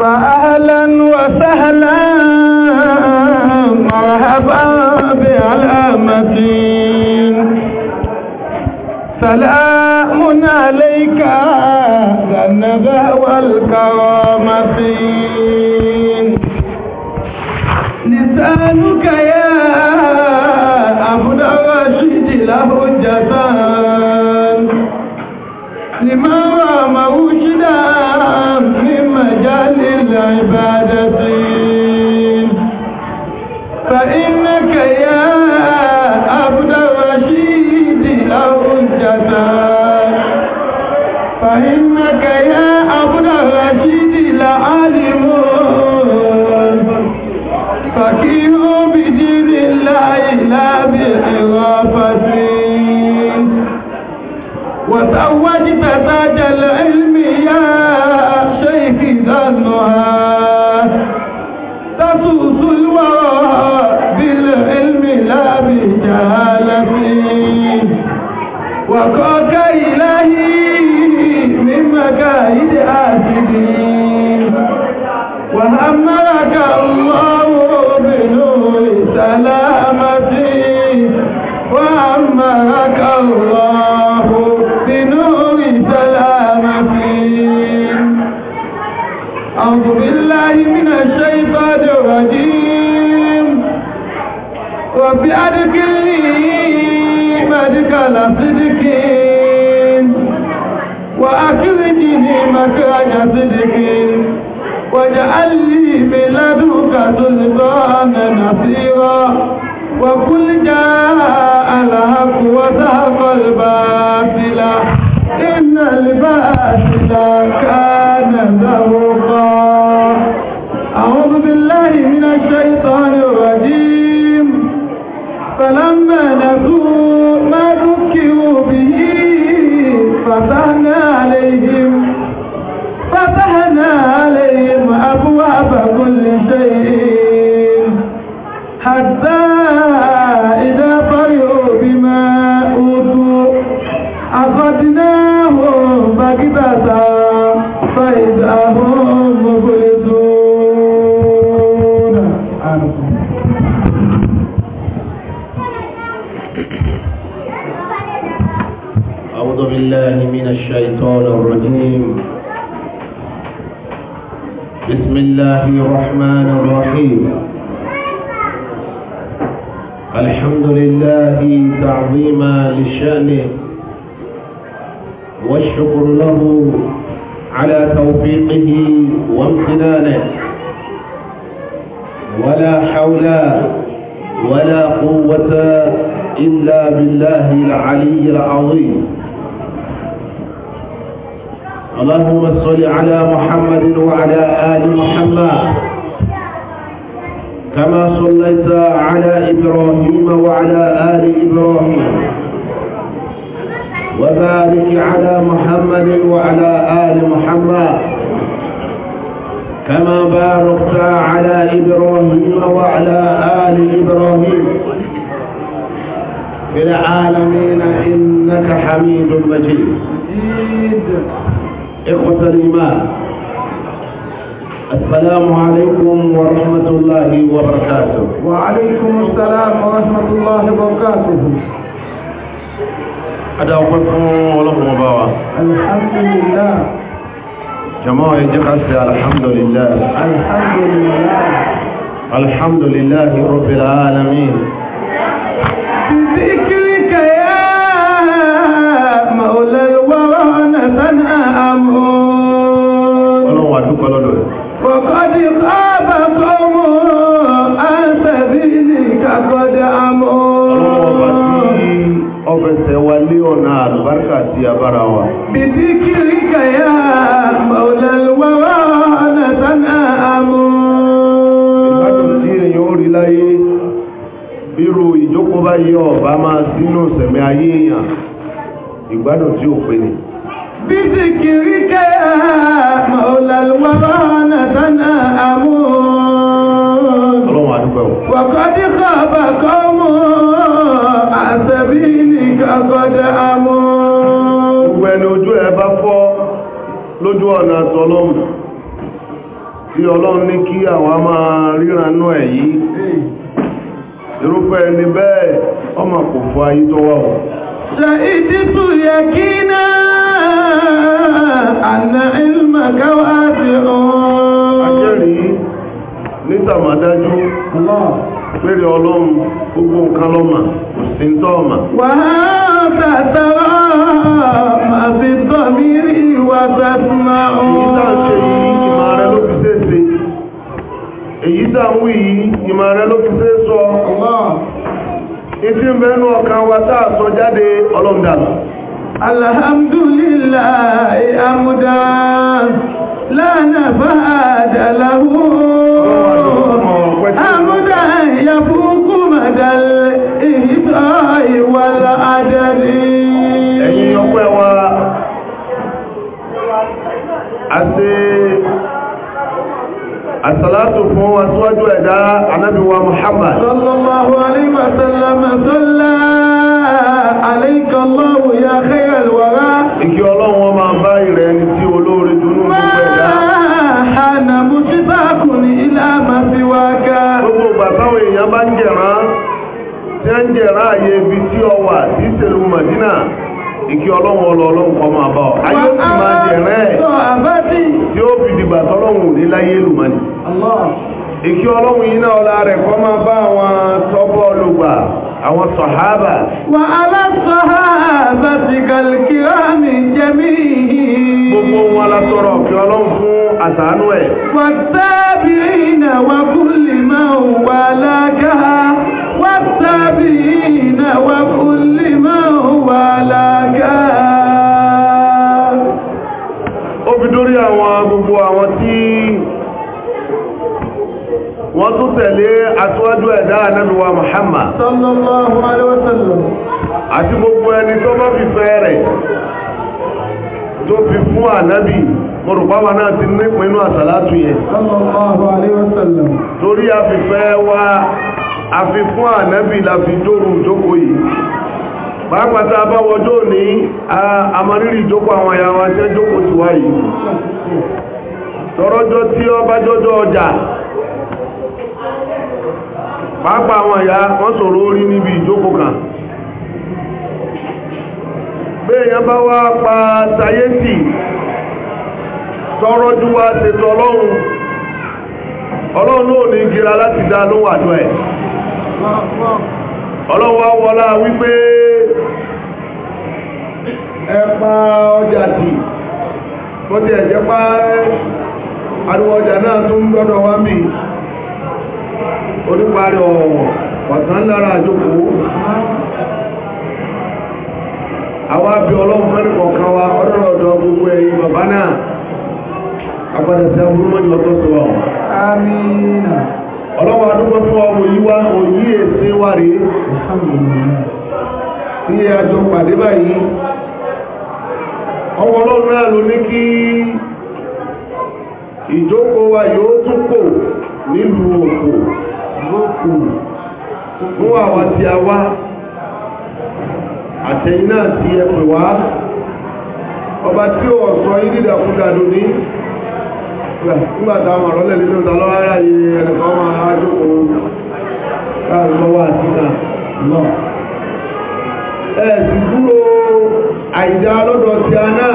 فأهلا وسهلا مرحبا بالأمتين سلام عليك ذا النبأ والكرامتين مكان صدق واجعل لي من لدنك سلطانا نصيرا وكل جاء الحق وذهب الباطل إن الباطل كان ذهبا لشانه والشكر له على توفيقه وامتنانه ولا حول ولا قوة إلا بالله العلي العظيم اللهم صل على محمد وعلى آل محمد كما صليت على إبراهيم وعلى آل إبراهيم وبارك على محمد وعلى آل محمد كما باركت على إبراهيم وعلى آل إبراهيم في العالمين إنك حميد مجيد إخوة الإيمان السلام عليكم ورحمة الله وبركاته وعليكم السلام ورحمة الله وبركاته adá ọpẹ́ fún ọlọ́run ọba wa alhamdulillah jama ẹ jẹ́ ká ṣe alhamdulillah alhamdulillah alhamdulillah rabbil alamin bizikrika ya maula alwara nasan amu ọlọ́run fẹsẹ̀ wa lé ọ̀nà àlùbáríkà sí abára wa. bìtí kiri kàyà mọ̀lẹ́lúwàwà ọ̀nà sánà ìbátan tí èèyàn rí láyé bírú ìjókòó báyìí ọ̀bá máa sínú sẹ̀mí ayé èèyàn ìgbádùn tí ò pé ni. bìtí kiri kàyà mọ̀lẹ́lúwàwà ọ̀nà sánà àmú. ọlọ́run àdúgbò. wàkọ́ kọ́ bàkọ́ mú àṣẹbí. akọ́jẹ́ amọ́ gbogbo ẹni ojú ẹ bá fọ́ lójú ọ̀nà tọ́lọ́mù tí ọlọ́run ní kí a máa ríranú ẹ̀ yìí irúfẹ́ ẹni bẹ́ẹ̀ ọmọ kò fọ́ ayé tó wà wọ́n لئتت يكينا أن علمك واسع أجري نتمدد الله pẹ̀lú ọlọ́run gbogbo nǹkan lọ́mà kò sí ń tọ́ọ̀mà. wà á tàtàrà máa fi tọ́ mi rí ìwà tàtàrà ọ̀hún. èyí tá à ń ṣe yìí ìmọ̀ rẹ ló fi ṣeéṣe èyí tá à ń wí yìí ìmọ̀ rẹ ló fi ṣe sọ. ìtì ń bẹnu wa tá a sọ jáde ọlọ́ndàlù. alhamdulillahi amúdá lánàá bá àdàlà بعد الإهداء والعدد ẹ̀yin ọpẹ́ wa àti àsàlátù fún aṣíwájú ẹ̀dá anábíwa Muhammad sallallahu alaihi wasallam sallá alayka Allahu ya khayral wara jẹ́ ráàyè ibi tí ọ wà sí ìṣèlú Mọ̀dínà ìkí ọlọ́run ọlọ́run kọ máa bá ọ ayé ti máa jẹ rẹ̀ tí ó fi dìgbà tọ́lọ́run ní láyé lùmọ́ni ìkí ọlọ́run yìí náà ọlá rẹ̀ kọ máa bá àwọn sọ́bọ̀ olùgbà àwọn sọ̀hábà wà aláṣọ́hábà ti kàlùkìrámì jẹ́mí gbogbo wọn la sọ̀rọ̀ kí ọlọ́run fún àtàánú ẹ̀ wà tábìrì náà wà kúlì máa wà lágáà الكتابين وكل من هو لك ó fi dórí àwọn gbogbo àwọn tí wọ́n tún tẹ̀lé aṣíwájú ẹ̀dá Ànábì wa Muhammad sallallahu alaihi wasallam àti gbogbo ẹni tó bá fi fẹ́ rẹ̀ tó fi fún ànábì mọ̀rùpáwà náà ti nípinnu àsàlátù yẹn sallallahu torí a fi fẹ́ wá àfi fún ànábì láfi dóòrù ìjókò yìí pàápàtà àbáwọjọ́ ní àmàrírí ìjókò àwọn àyàwó aṣẹ́ jókò ti wá yìí tọrọjọ́ tí ó bá jọjọ́ ọjà pàápàá àwọn àyà wọ́n sọ̀rọ̀ orí níbi ìjókò kan béèyàn bá wá pa sayéǹsì tọrọjú wa ṣètò ọlọ́run ọlọ́run náà ní gíra láti dá lóhùn àdó ẹ̀ ọlọ́wọ́ wọlá wípé ẹpa ọjà tì tó ti ẹ̀jẹ́ pa ariwo ọjà náà tó ń gbọ́dọ̀ wá mi oníparí ọ̀wọ̀ ọ̀sán lára àjókòó àwọn bí ọlọ́run mẹ́rin kọ̀ọ̀kan wa ọ̀dọ́rọ̀dọ̀ gbogbo ẹ̀yìn bàbá náà tó sọ ọlọ́wọ́ adúgbò fún ọmọ yíwá òyí èsè wà rí pàdé báyìí ọwọ́ ọlọ́run náà ló ní kí ìjókòó wa yóò túnkò nílùú òkò lókù fún tí a wá àtẹ̀yìn náà ti ẹ̀pẹ̀ ọba tí nígbàtà àwọn ọ̀rọ̀lẹ̀ nínú ìdálọ́wárá yìí ẹ̀kọ́ máa ájókòó káàlọ́wọ́ àtìkà náà ẹ̀sì dúró àìdá lọ́dọ̀ ti a náà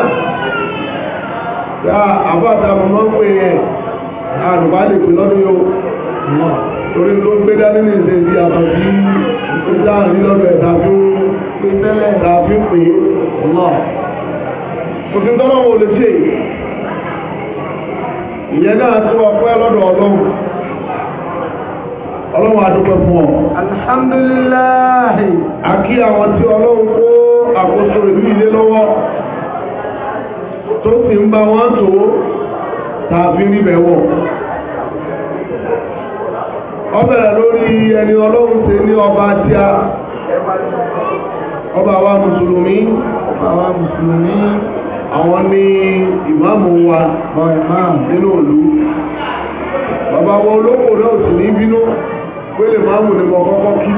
ya àbáta mọ́ pé ẹ̀ àrùbá lè pè lọ́dún yóò torí ló gbé dání ní ìṣẹ́ sí àbàbí ìdáàrí lọ́dọ̀ ẹ̀ tàbí ó pé tẹ́lẹ̀ tàbí pé náà òfin tọ́lọ́wọ́ olè ìyẹn náà tó ọpẹ́ lọ́dọ̀ ọlọ́run ọlọ́run adúpẹ́ fún ọ Alhamdulilahi. a àwọn tí ọlọ́run kó àkóso rẹ̀ bí lọ́wọ́ tó sì ń bá wọ́n tó tàbí níbẹ̀wọ̀ ọbẹ̀rẹ̀ lórí ẹni ọlọ́run ṣe ní ọba tí ọba wa mùsùlùmí àwọn ní ìmáàmù wa nínú òlú bàbá wọn olóko náà sì ní bínú pé lè máàmù ní kọ́kọ́ kí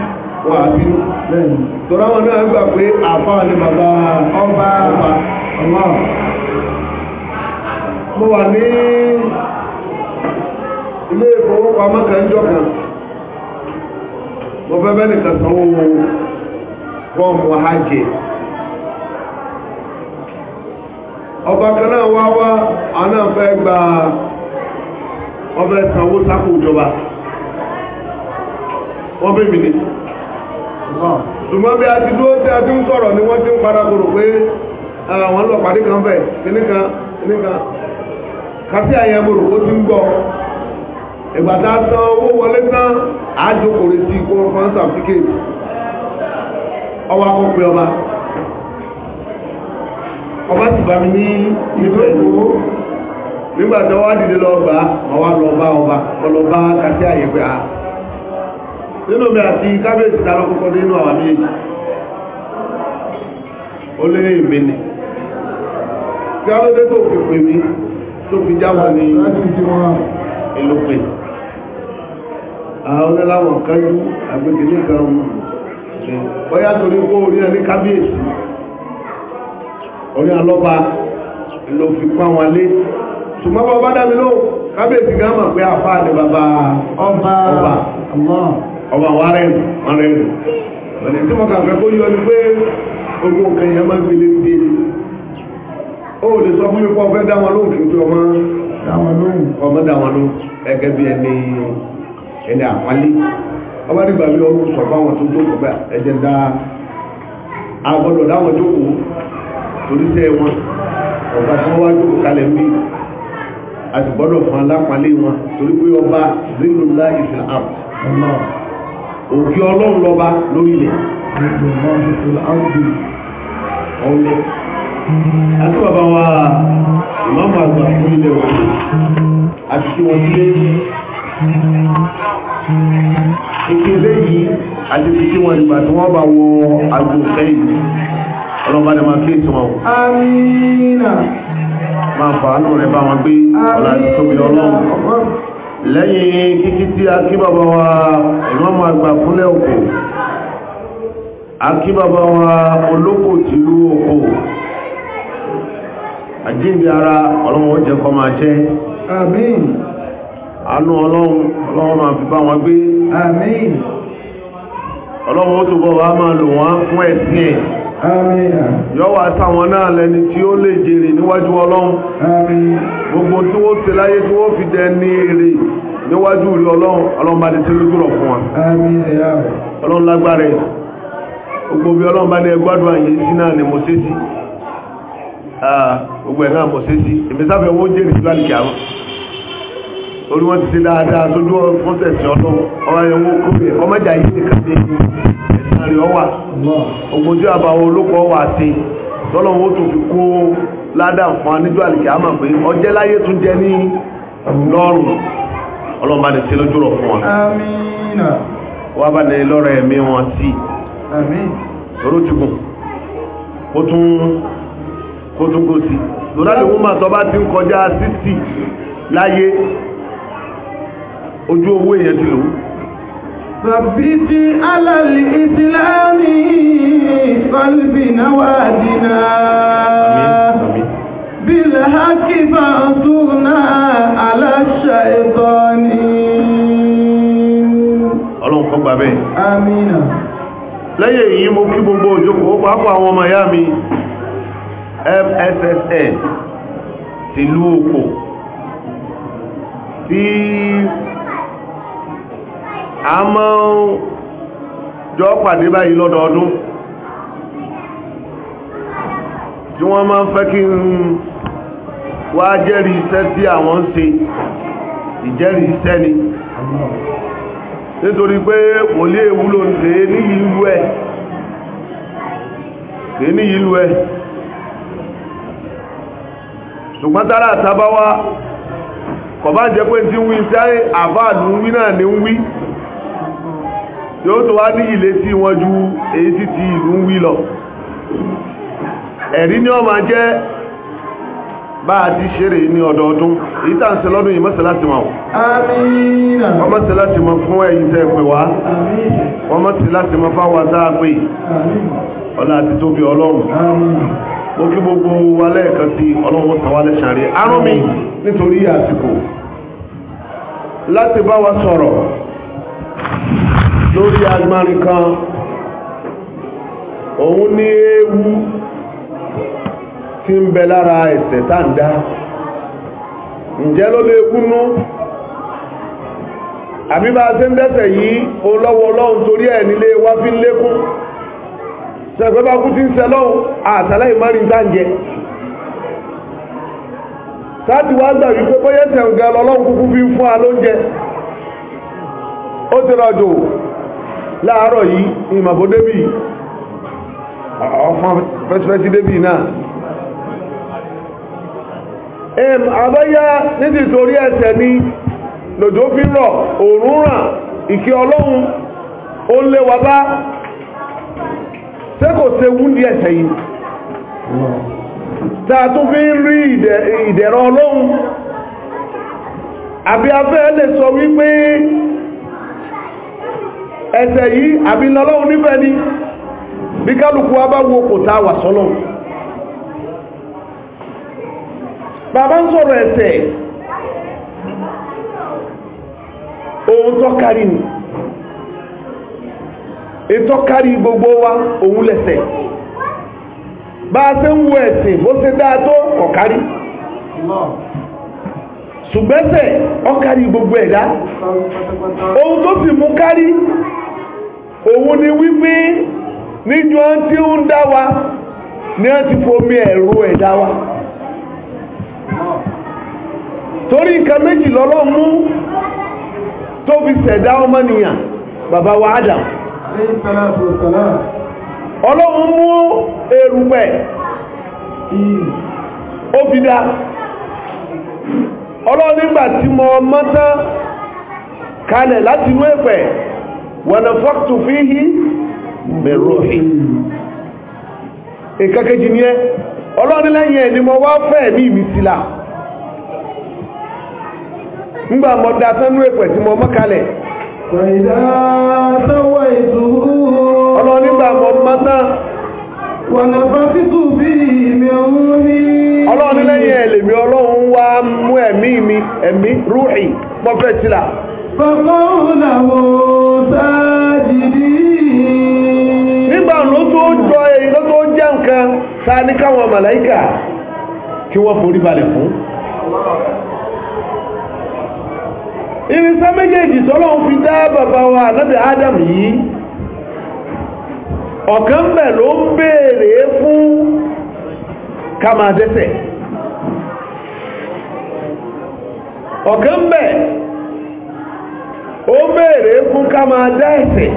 wà á bínú tọ́lá wọn náà gbà pé àfáà ni bàbá ọba ọba mo wà ní ilé ìfowópamọ́ kan jọ kan mo fẹ́ bẹ́ẹ̀ nìkan sanwó fọ́ọ̀mù hajj ọba kan náà wá wá àná fẹ́ gba ọbẹ̀ sanwó sápò ìjọba wọ́n bẹ̀ mí ṣùgbọ́n bí a ti dúró tí a ti ń sọ̀rọ̀ ni wọ́n ti ń padà kòrò pé àwọn lọ pàdé kan bẹ̀ kíníkan ó ti ń gbọ́ ìgbàdá wọlé ọba ti bá mi ní ìlú ìlú nígbàtí wọ́n dìde lọ bá ọwá lọ bá ọba ọlọ́bá kàtí àyẹ̀pẹ̀ à ah. nínú mi àti kábíyèsí dára kọ́kọ́ nínú àwọn méjì ó lé èmi ni kí a lóde tó fi pè mí tó fi jáwọ́ ní ìlú pè àwọn oníláwọ̀ kájú àgbègbè nìkan ọmọ bóyá torí kó orí ẹni kábíyèsí orí alọ́ba ló fi pa wọn lé ṣùgbọ́n bá bá dámi ló kábíyèsí gan mọ̀ pé àfáà ni bàbá ọba ọba wa rẹ̀ wọn rẹ̀ nù ọ̀nà tí mo kà fẹ́ kó yọ ni pé ogun kan yẹn máa ń fi lé dé ó lè dá wọn lóhùn kí n tó ọmọ dá wọn lóhùn ọmọ dá wọn lóhùn gẹ́gẹ́ bí ẹni ẹni àpálí ọba nígbà bí ọrùn sọ tó jókòó bẹ́ẹ̀ ẹ̀jẹ̀ dá agbọ́dọ̀ dáwọn jókòó toríṣẹ́ wọn ọba tí wọ́n wá jókòó kalẹ̀ mí a sì gbọ́dọ̀ fún alápàlé wọn torí pé ọba zilula isil am òkè ọlọ́run lọ́ba lórí ilẹ̀ ọlẹ́ àti bàbá wa ìmáàmù àgbà fún ilẹ̀ wọn àti tí wọ́n sílé ìkéde yìí àti tí wọ́n ìgbà tí wọ́n bá wọ àgbò sẹ́yìn ọlọ́pàá ni máa kí ètò wọn àmìnà máa rẹ̀ bá wọn gbé ọlọ́run lẹ́yìn kíkí tí a kí bàbá wa àgbà fúnlẹ̀ òkò a wa olóko tìlú òkò àjíǹde ara ọlọ́run ó jẹ́ kó máa jẹ́ àmín àánú ọlọ́run ọlọ́run máa fi bá wọn gbé ọlọ́run ó yọ wá sáwọn náà lẹni tí ó lè jèrè níwájú ọlọ́run gbogbo tí wọ́n ṣe láyé tí wọ́n fi dẹ ní èrè níwájú rí ọlọ́run ọlọ́run bá lè ṣe lójúrọ̀ fún wa ọlọ́run lágbára ẹ̀ gbogbo bí ọlọ́run bá ní ẹgbádùn àyè sí náà ni mo ṣe sí ah, gbogbo ẹ̀ náà mo ṣe sí èmi sáfẹ́ wọ́n jèrè sí lálẹ́ kìá orí ti ṣe dáadáa lójú wọ́n tẹ̀sí ọlọ́wọ́ ọmọ ẹ̀wọ̀n kóbè ọmọjà yìí nìkan dé ní àbáwọ̀ olóko ọwà àti lọ́lọ́wọ́ tó fi kó ládà fún aníjọ́ àlìkẹ́ àmà pé ọjẹ́ láyé tún jẹ́ ní lọ́rùn ọlọ́mọba ní ṣe lójú rọ̀ fún wọn. wọ́n bá ní lọ́rọ̀ ẹ̀mí wọn sí i torótìgùn kó tún kó tún kó sí i lọ́dọ̀ ojú owó èèyàn ti lòó Sàbítí alàlì ìsìláàmì qalbi nawadina Bilhaki fa'tuna ala shaytani Ọlọ́run kọ́ gbà bẹ́ẹ̀. Amina. Lẹ́yìn èyí mo kí gbogbo òjòkó pápọ̀ àwọn ọmọ ìyá mi FSSN tìlú òkò tí a máa ń jọ pàdé báyìí lọ́dọọdún tí wọ́n máa ń fẹ́ kí n wá jẹ́rìí iṣẹ́ tí àwọn ń ṣe ìjẹ́rìí iṣẹ́ ni nítorí pé kò lè wúlò ṣe ní ìlú ẹ̀ ṣùgbọ́n tára àtàbáwá kọ̀bá jẹ́ pé tí ń wí iṣẹ́ àbáàlú ń wí náà ni ń wí yóò tó wá ní ilé tí wọ́n ju èyí sí ti ìlú ń wí lọ ẹ̀rí ni ọmọ jẹ́ bá a ti ṣeré ní ọdọọdún èyí tà ń ṣe lọ́dún yìí mọ́sálásí wọn wọ́n mọ́sálásí wọn fún ẹ̀yin tẹ́ pè wá wọ́n mọ́sálásí wọn fáwọn tá a pè ọlá àti tóbi ọlọ́run mo kí gbogbo wa lẹ́ẹ̀kan sí ọlọ́run tàn wá lẹ́sàn rí arún mi nítorí àsìkò láti bá wa sọ̀rọ̀ lórí agbárin kan òun ní ewu tí ń bẹ lára ẹsẹ̀ tàǹdá ǹjẹ́ ló lè kúnú àbíbá tí ń dẹ́ṣẹ̀ yìí olówó ọlọ́run torí ẹ̀ nílé wá fi lékún sẹ̀fẹ́ kú ń sẹ lọ́hun àtàlẹ́ tàǹjẹ́ láàárọ̀ yìí ìmọ̀bó débì ọmọ fẹ́sífẹ́sí débì náà ẹm àbáyá nítorí torí ẹsẹ̀ ni lòjò fi rọ̀ òòrùn ràn ìkẹ́ ọlọ́run ó lé wa bá tẹ́ kò se wúndí ẹsẹ̀ yìí tàà tún fi ń rí ìdẹ̀rọ ọlọ́run àbí afẹ́ lè sọ wípé ẹ̀ṣẹ̀ yìí àbí lọ́lọ́run nífẹ̀ẹ́ ni bí kálukú wa bá wo kò tá wà sọ́lọ́ bàbá ń sọ̀rọ̀ ẹ̀ṣẹ̀ ohun tó kárí ni ètò gbogbo wa òun lẹ̀ṣẹ̀ bá a ṣe ń wo ẹ̀sìn bó ṣe dáa tó kọ̀kárí ṣùgbẹ́sẹ̀ ọkárí gbogbo ẹ̀dá ohun tó sì mú kárí òun ni wípé níjọ tí ó ń dá wa ní a ti fomi ẹ̀rọ ẹ̀dá wa torí nǹkan méjì lọ́lọ́ mú tó fi ṣẹ̀dá ọmọnìyàn bàbá wa Adam ọlọ́run mú erùpẹ̀ ó fi dá ọlọ́run nígbà tí mo mọ́ tán kalẹ̀ láti inú ẹ̀fẹ̀ wọ̀nà fọ́ktù fi hí ẹ ọlọ́run lẹ́yìn ẹni ni mo wá fẹ́ ní ìmì sílá ngbà ẹ̀fẹ̀ tí mo mọ́ kalẹ̀ wọ̀nà ọlọ́run ní lẹ́yìn ẹ̀lẹ̀mí ọlọ́run wá mú ẹ̀mí mi ẹ̀mí rúhì pọ́fẹ́ tìlà nígbà ló tó jọ èyí ló tó jẹ́ nǹkan ta ní káwọn màláíkà kí wọ́n forí balẹ̀ fún irinṣẹ́ méjèèjì fi dá bàbá wa nábì Adam yìí kama máa dẹ́ṣẹ̀ o bẹ̀ ó kama fún ala máa dá ẹ̀ṣẹ̀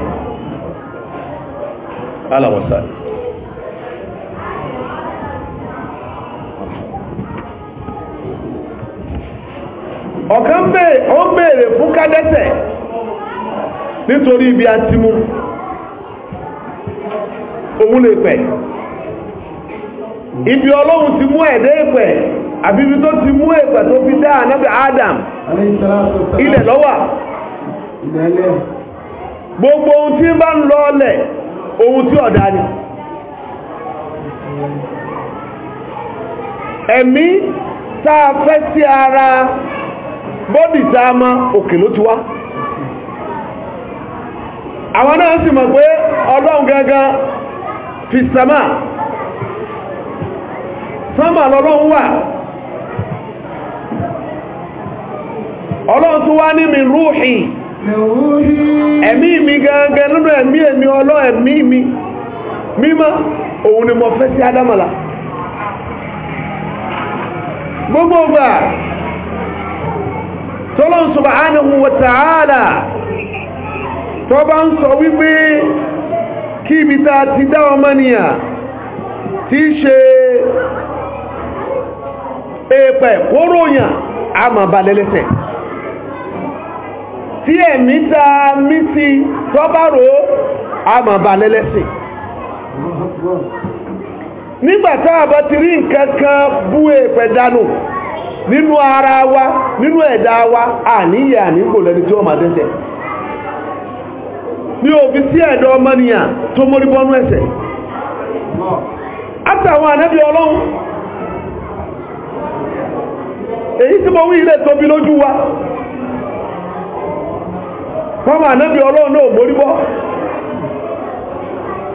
alamọ̀sá ọ̀kan bẹ̀ ó nítorí ibi mú òun ibi ọlọ́run ti mú ẹ̀dẹ́ ìpẹ̀ àbíbi tó ti mú ìpẹ̀ tó fi dá ànábì Adam ilẹ̀ lọ́wà gbogbo ohun tí ń bá ń lọ ọlẹ̀ ohun tí ọ̀dá ni ẹ̀mí táa fẹ́ sí ara bọ́dì táa mọ́ òkè ló ti wá àwọn náà sì mọ̀ pé ọlọ́run gangan fi sàmáà sánmà lọ́lọ́run wà ọlọ́run tó wá ní mi rúhì ẹ̀mí mi gangan nínú ẹ̀mí ẹ̀mí ọlọ́ ẹ̀mí mi mímọ́ òun ni mo fẹ́ sí adámọ̀lá gbogbo gbà tọ́lọ́n subhanahu wa ta'ala tó bá ń sọ wípé kí ibi ta ti dá ọmọ nìyà tí ṣe èèpẹ̀ kóró yàn a ma ba lẹ́lẹ́sẹ̀ tí ẹ̀mí ta mí tọ́bárò a ma ba lẹ́lẹ́sẹ̀ nígbàtá àbá ti rí nǹkan kan bú èèpẹ̀ dànù nínú ara wa nínú ẹ̀dá wa àníyà ànígbò lẹ́ni tí wọ́n ma dẹ́sẹ̀ ní òbí sí ẹ̀dọ́ ọmọnìyàn tó mórí bọ́nú ẹ̀sẹ̀ àtàwọn ànábì ọlọ́run èyí tí mo wí ilé tóbi lójú wa kọ́mọ ànábì ọlọ́run náà móríbọ́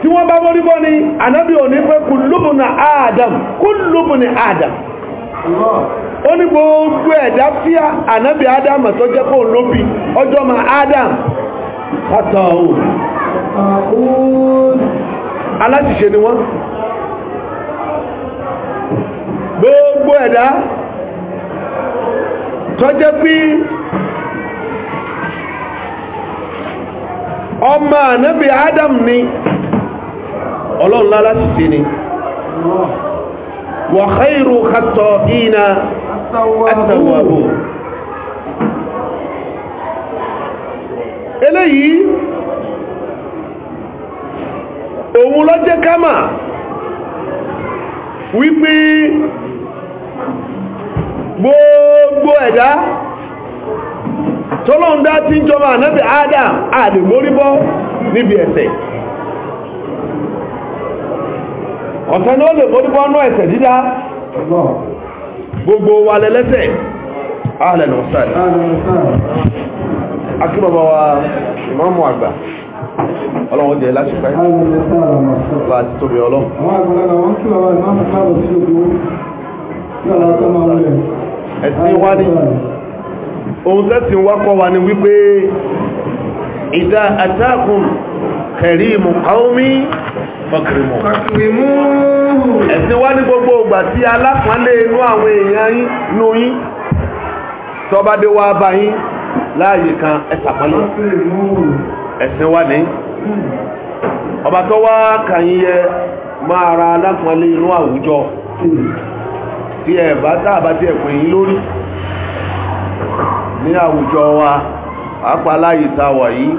tí wọ́n bá ni ànábì ò ní pé kùlùmùnà Adam kùlùmùnà Adam ó ní gbogbo ẹ̀dá fí ànábì Adam tó jẹ́ kó lóbi ọjọ́ ma Adam pátá òun aláṣìṣe ni wọ́n gbogbo ẹ̀dá tó jẹ́ pé ọmọ ànábì Adam ni ọlọ́run lára sì sí ni wa khayru khatta'ina at-tawwabun eléyìí òun lọ jẹ́ wípé gbogbo ẹ̀dá tọ́lọ́ndá tí ń jọba ànábì Adam àdègbóríbọ́ níbi ẹ̀ṣẹ̀ ọ̀sán ni ó lè móríbọ́ ní ẹ̀ṣẹ̀ dídá gbogbo wa lẹ́lẹ́ṣẹ̀ ahlan wa sahlan akínọ̀bọ̀ wa ìmọ́mù àgbà ọlọ́run jẹ láti pẹ́ láti tóbi ọlọ́run ẹ̀sìn wá ní ohun tẹ́sìn wá kọ́ ní wípé ìdá àtàkùn kẹrí ẹ̀sìn wá ní gbogbo ìgbà tí alápánlé inú àwọn èèyàn inú yí tọ́bádé wá bá láàyè kan ẹ̀sìn wá ní tí ẹ bá dáàbá tí ẹ̀pẹ̀ yìí lórí ní àwùjọ wa apáláyì ta wà yìí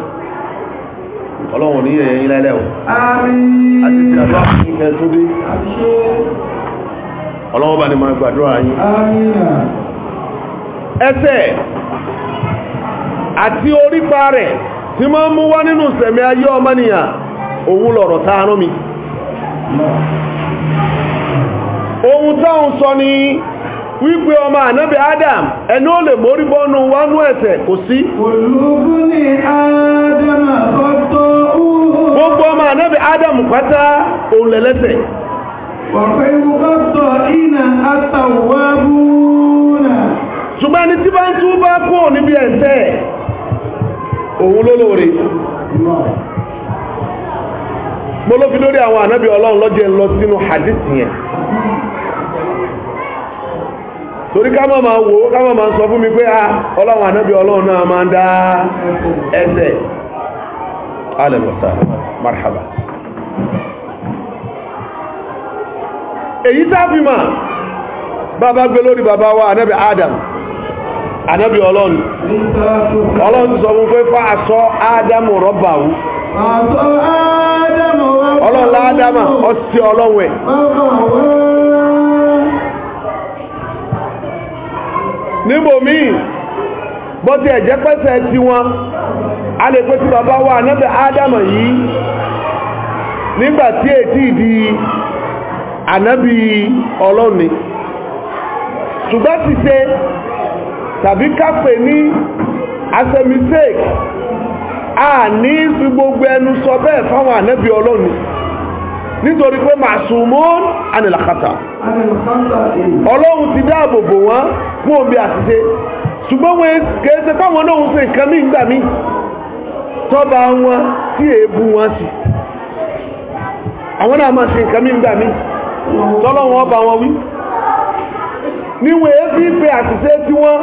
ọlọ́run ní ẹ̀yìn lẹ́lẹ́ o àti ọlọ́run bá ní gbàdúrà yín ẹsẹ̀ àti orípa rẹ̀ tí máa mú wá nínú ayé òun lọ̀rọ̀ mi ohun táwọn sọ ni wípé ọmọ ànábì adam ẹni ó lè mórí bọ́nu wánú ẹ̀tẹ̀ kò sí gbogbo ọmọ ànábì adam pátá òun lẹ́lẹ́ṣẹ̀ ṣùgbọ́n ẹni tí bá ń túbá kúrò níbi ẹ̀ṣẹ̀ òun lólóore mo ló fi lórí àwọn ànábì ọlọ́run lọ́jọ́ ń lọ sínú hadith yẹn torí ká ma sọ fún mi pé ah, ọlọ́run ànábì ọlọ́run náà máa ń dá ẹsẹ̀ alẹ́mọ̀sá èyí tá a Adam ànábì ọlọ́run ọlọ́run sọ fún pé fàásọ ádámù rọ́bàwú ọlọ́run ádámà ọsí ọlọ́wẹ̀ níbòmí bọ́tí ẹ̀jẹ́ pẹ́sẹ̀ tí wọn a lè pẹ́ tí bàbá wà ànábì ádámà yìí nígbàtí ètí ìdí ànábì ọlọ́run ni ṣùgbọ́n ti ṣe tàbí kápẹ̀ ní as a mistake a ní fi gbogbo ẹnu sọ bẹ́ẹ̀ fáwọn ànẹ́bí ọlọ́run nítorí pé màṣùmún anìlàkàtà ọlọ́run ti dáàbò bò wọ́n fún omi àtìṣe ṣùgbọ́n wọn kèése fáwọn náà ń ṣe nǹkan ní ìgbà mí tọ́ba wọn tí èébú wọn sí àwọn náà máa ṣe nǹkan mí ìgbà mí tọ́lọ́wọ́n ọba wọn wí níwọ̀n èébí pé àtìṣe tí wọ́n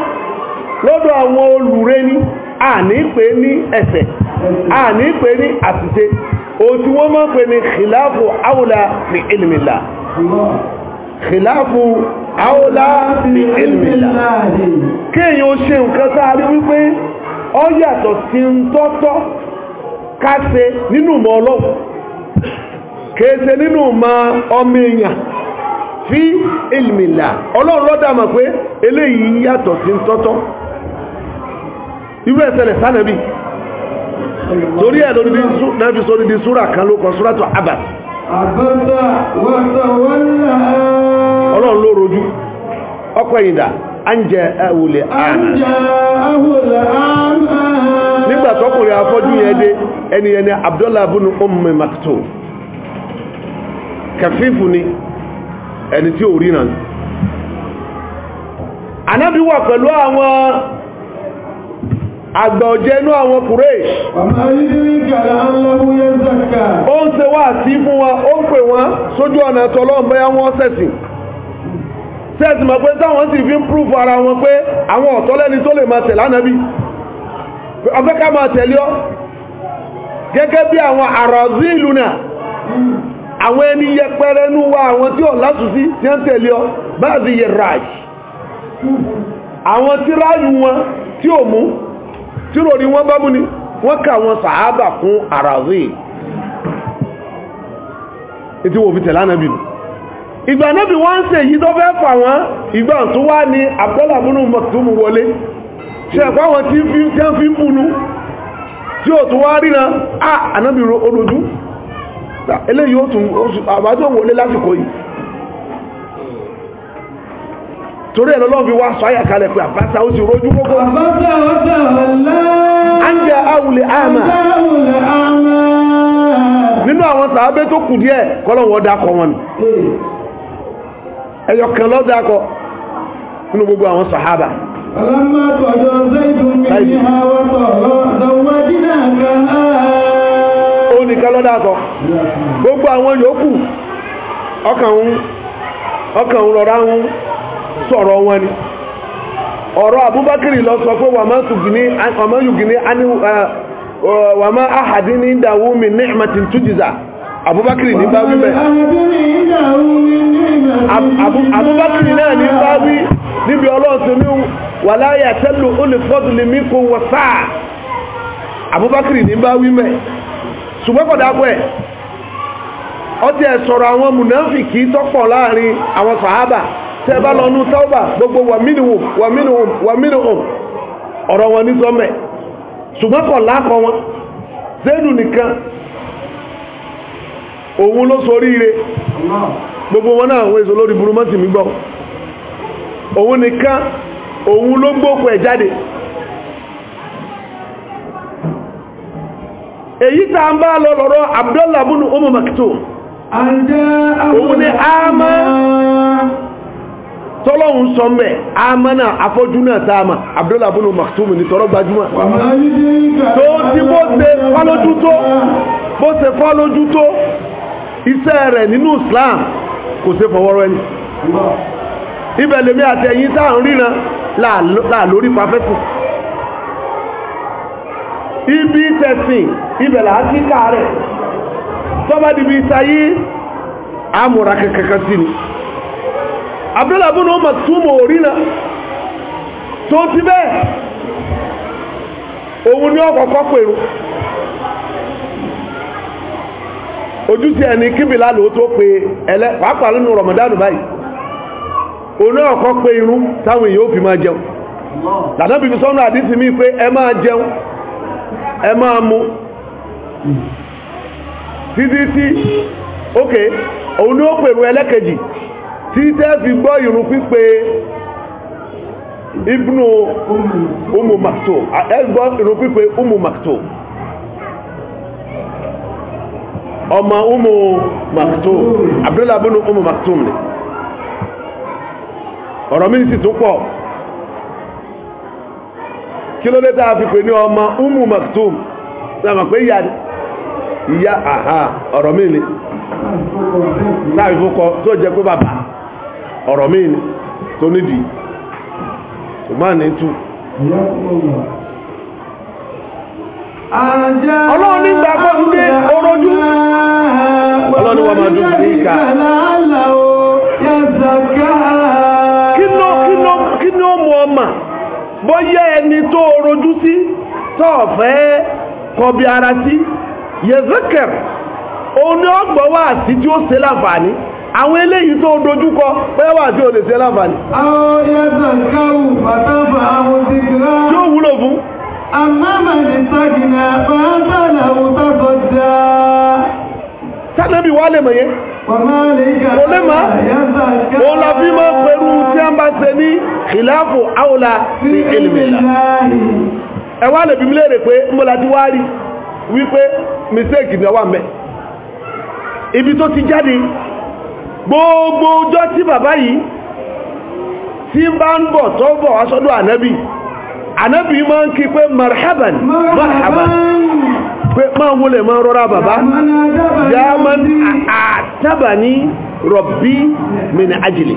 lọ́dọ̀ àwọn olùre ní ànípe ní ẹ̀ṣẹ̀ ànípe ní àtìṣe òtí wọ́n mọ́ pé ní khilafu aula ní ilmìlá khilafu aula ní ilmìlá kéèyàn ó ṣe nǹkan sáárí wípé ọ yàtọ̀ sí ń tọ́tọ́ káṣe nínú mọ́ ọlọ́wọ́ kéèṣe nínú ma ọmọ èèyàn fi ilmila ọlọ́run lọ́dà mọ̀ pé eléyìí yàtọ̀ sí ń tọ́tọ́ irú ẹ̀sẹ̀lẹ̀ sánàbí torí ẹ̀ lórí nẹ́bí sórí di kan ló kọ súra tó àbà ọlọ́run ló rojú ọkọ̀ ìdá ánjẹ ẹ̀wùlẹ̀ ààrùn nígbà tọ́kùnrin afọ́jú yẹn dé ẹni ni Abdullah ibn Umm kẹfífù ni ẹni tí ò rí pẹ̀lú àwọn àgbà ọ̀jẹ́nú àwọn kùrẹ́ ó ń ṣe wá sí fún wọn ó ń pè wọn sójú ọ̀nà tọ́lọ́run bóyá wọ́n ṣẹ̀sìn sẹ́ẹ̀sì mọ̀ pé táwọn sì fi ń prúfù ara wọn pé àwọn ọ̀tọ́lẹ́ni tó lè máa tẹ̀lé ànábì ọ̀fẹ́ ká máa tẹ̀lé ọ́ gẹ́gẹ́ bí àwọn àrọ̀zí ìlú náà àwọn ẹni yẹpẹrẹ nú wa àwọn tí ò lásùsí tí ó ń tẹ̀lé ọ báàzì yẹ ráàjì àwọn tí ráàjì wọn tí ò mú tí rò ní wọ́n bá mú ni wọ́n kà wọn sàábà fún àràzí ètí wò fi tẹ̀lá náà bìnú ìgbà náà bí wọ́n ń ṣe èyí tó fẹ́ fà wọ́n ìgbà tó wá ní Abdullah múnú mọ̀túnmù wọlé ṣe ẹ̀kọ́ àwọn tí ń fi ń bùnú tí ó tún wá ríran à ah, ànábìrò olójú eléyìí ó tún àbájọ́ wọlé lásìkò yìí torí ẹ̀rọ lọ́wọ́ fi wá sọ àyà kalẹ̀ pé àbáta ó sì rojú gbogbo. àbáta ọ̀tá ọ̀lá. àǹjẹ́ àwùlẹ̀ àmà. àwùlẹ̀ àmà. nínú àwọn sàábé tó kù díẹ̀ kọ́lọ́wọ́ dákọ̀ wọn ni. ẹyọ kan lọ́ dákọ̀ nínú gbogbo àwọn sàhábà. ọlọ́mọ tọ̀jọ́ sẹ́yìn mi ní àwọn tọ̀rọ̀ kan á. ó gbogbo àwọn yòókù ọkàn ń rọra sọ̀rọ̀ wọn ni ọ̀rọ̀ abúbákìrì lọ sọ pé wàmá yùgìní wàmá àhàdí ní ìdáwó mi ní ìmàtí tújìzà abúbákìrì ní bá wíbẹ̀ abúbákìrì náà ní bá wí níbi ọlọ́ọ̀sẹ̀ mi wà láyà tẹ́lù olùfọ́dù lè mí kò wọ sáà abúbákìrì ní bá wíbẹ̀ ṣùgbọ́n kọ̀dápọ̀ ẹ̀ ọtí ẹ̀ sọ̀rọ̀ àwọn mùnáfìkì tọ́pọ̀ láàrin àwọn sàhábà tẹ́ bá lọ gbogbo wàmínìhùn ọ̀rọ̀ wọn ní sọ́mẹ̀ ṣùgbọ́n kọ̀ lákọ̀ wọn zénù nìkan òun ló soríire gbogbo wọn náà àwọn èso lórí burúmọ́sì mi gbọ́ òun nìkan òun ló gbókò ẹ̀ jáde èyí tá ń bá lọ umm òun ni tọ́lọ́hun sọ mẹ́ àmánà afọ́jú náà tààmà Abdullah ibn Maktum ní tọ́rọ gbajúmọ̀ tó tí bó ṣe fọ́lójú tó bó ṣe fọ́lójú tó iṣẹ́ rẹ̀ nínú Islam kò ṣe fọwọ́rọ́ ẹni ibẹ̀ lèmi àti ẹ̀yin tá à ń ríran láàlórí pàfẹ́sì ibi tẹ̀sìn ibẹ̀ làásíkà rẹ̀ tọ́bá dìbí sayé àmúra kẹkẹkẹ sí ni abdullahi abu náà túnmọ̀ orínà tó ti bẹ́ẹ̀ òun ní ọkọ̀ọ̀kọ́ pèrò ojúṣe ẹni kíbìlá ló tó pe ẹlẹ́ pàápàá nínú rọ̀mọ̀dánù báyìí òun náà kọ́ pé irun táwọn èèyàn ó fi máa jẹun lànàbí fi sọ́nà àdísí mi pé ẹ máa jẹun ẹ máa mu títí tí ókè òun ní ó pèrò ẹlẹ́kẹ̀jì tí tẹ́ fi gbọ́ ìrun pípé ibnu umu maktum ẹ gbọ́ ìrun pípé umu maktum ọmọ umu maktum abdullahi abunu umu maktum ni ọ̀rọ̀ mi sì tún pọ̀ kí ló dé tá a fi pè ní ọmọ umu maktum sáàmà pé ìyá ìyá àhà ọ̀rọ̀ mi ni láàrín fún kọ tó jẹ pé bàbá ọ̀rọ̀ míì ni tó nídìí ṣùgbọ́n ní tú ọlọ́run nígbà kọ́ ń gbé orójú ọlọ́run wọ́n máa dùn sí ìka kí ni ó mú ọmọ bóyá ẹni tó rojú sí tọ́ọ̀fẹ́ kọbi ara sí yẹ̀zẹ́kẹ̀rẹ̀ òun ni ọgbọ̀ sí tí ó ṣe láǹfààní àwọn eléyìí tó dojúkọ bóyá wà tí o lè ṣe láǹfààní. àwọn yàtọ̀ káwù bàtà fà àwọn ti la fi máa pẹ̀lú tí a bá ṣe ní khilafu awla ní ilmila. ẹ wá lè bí mi léèrè pé mo la ti wá rí wípé mistake ni ọwọ́ mẹ́ ibi tó ti jáde gbogbo ọjọ́ tí bàbá yìí tí bá ń bọ̀ tó bọ̀ wá ànábì ànábì máa ń kí pé marhaban pé máa wọlé máa bàbá ya àtàbàní rọ̀bí min ajili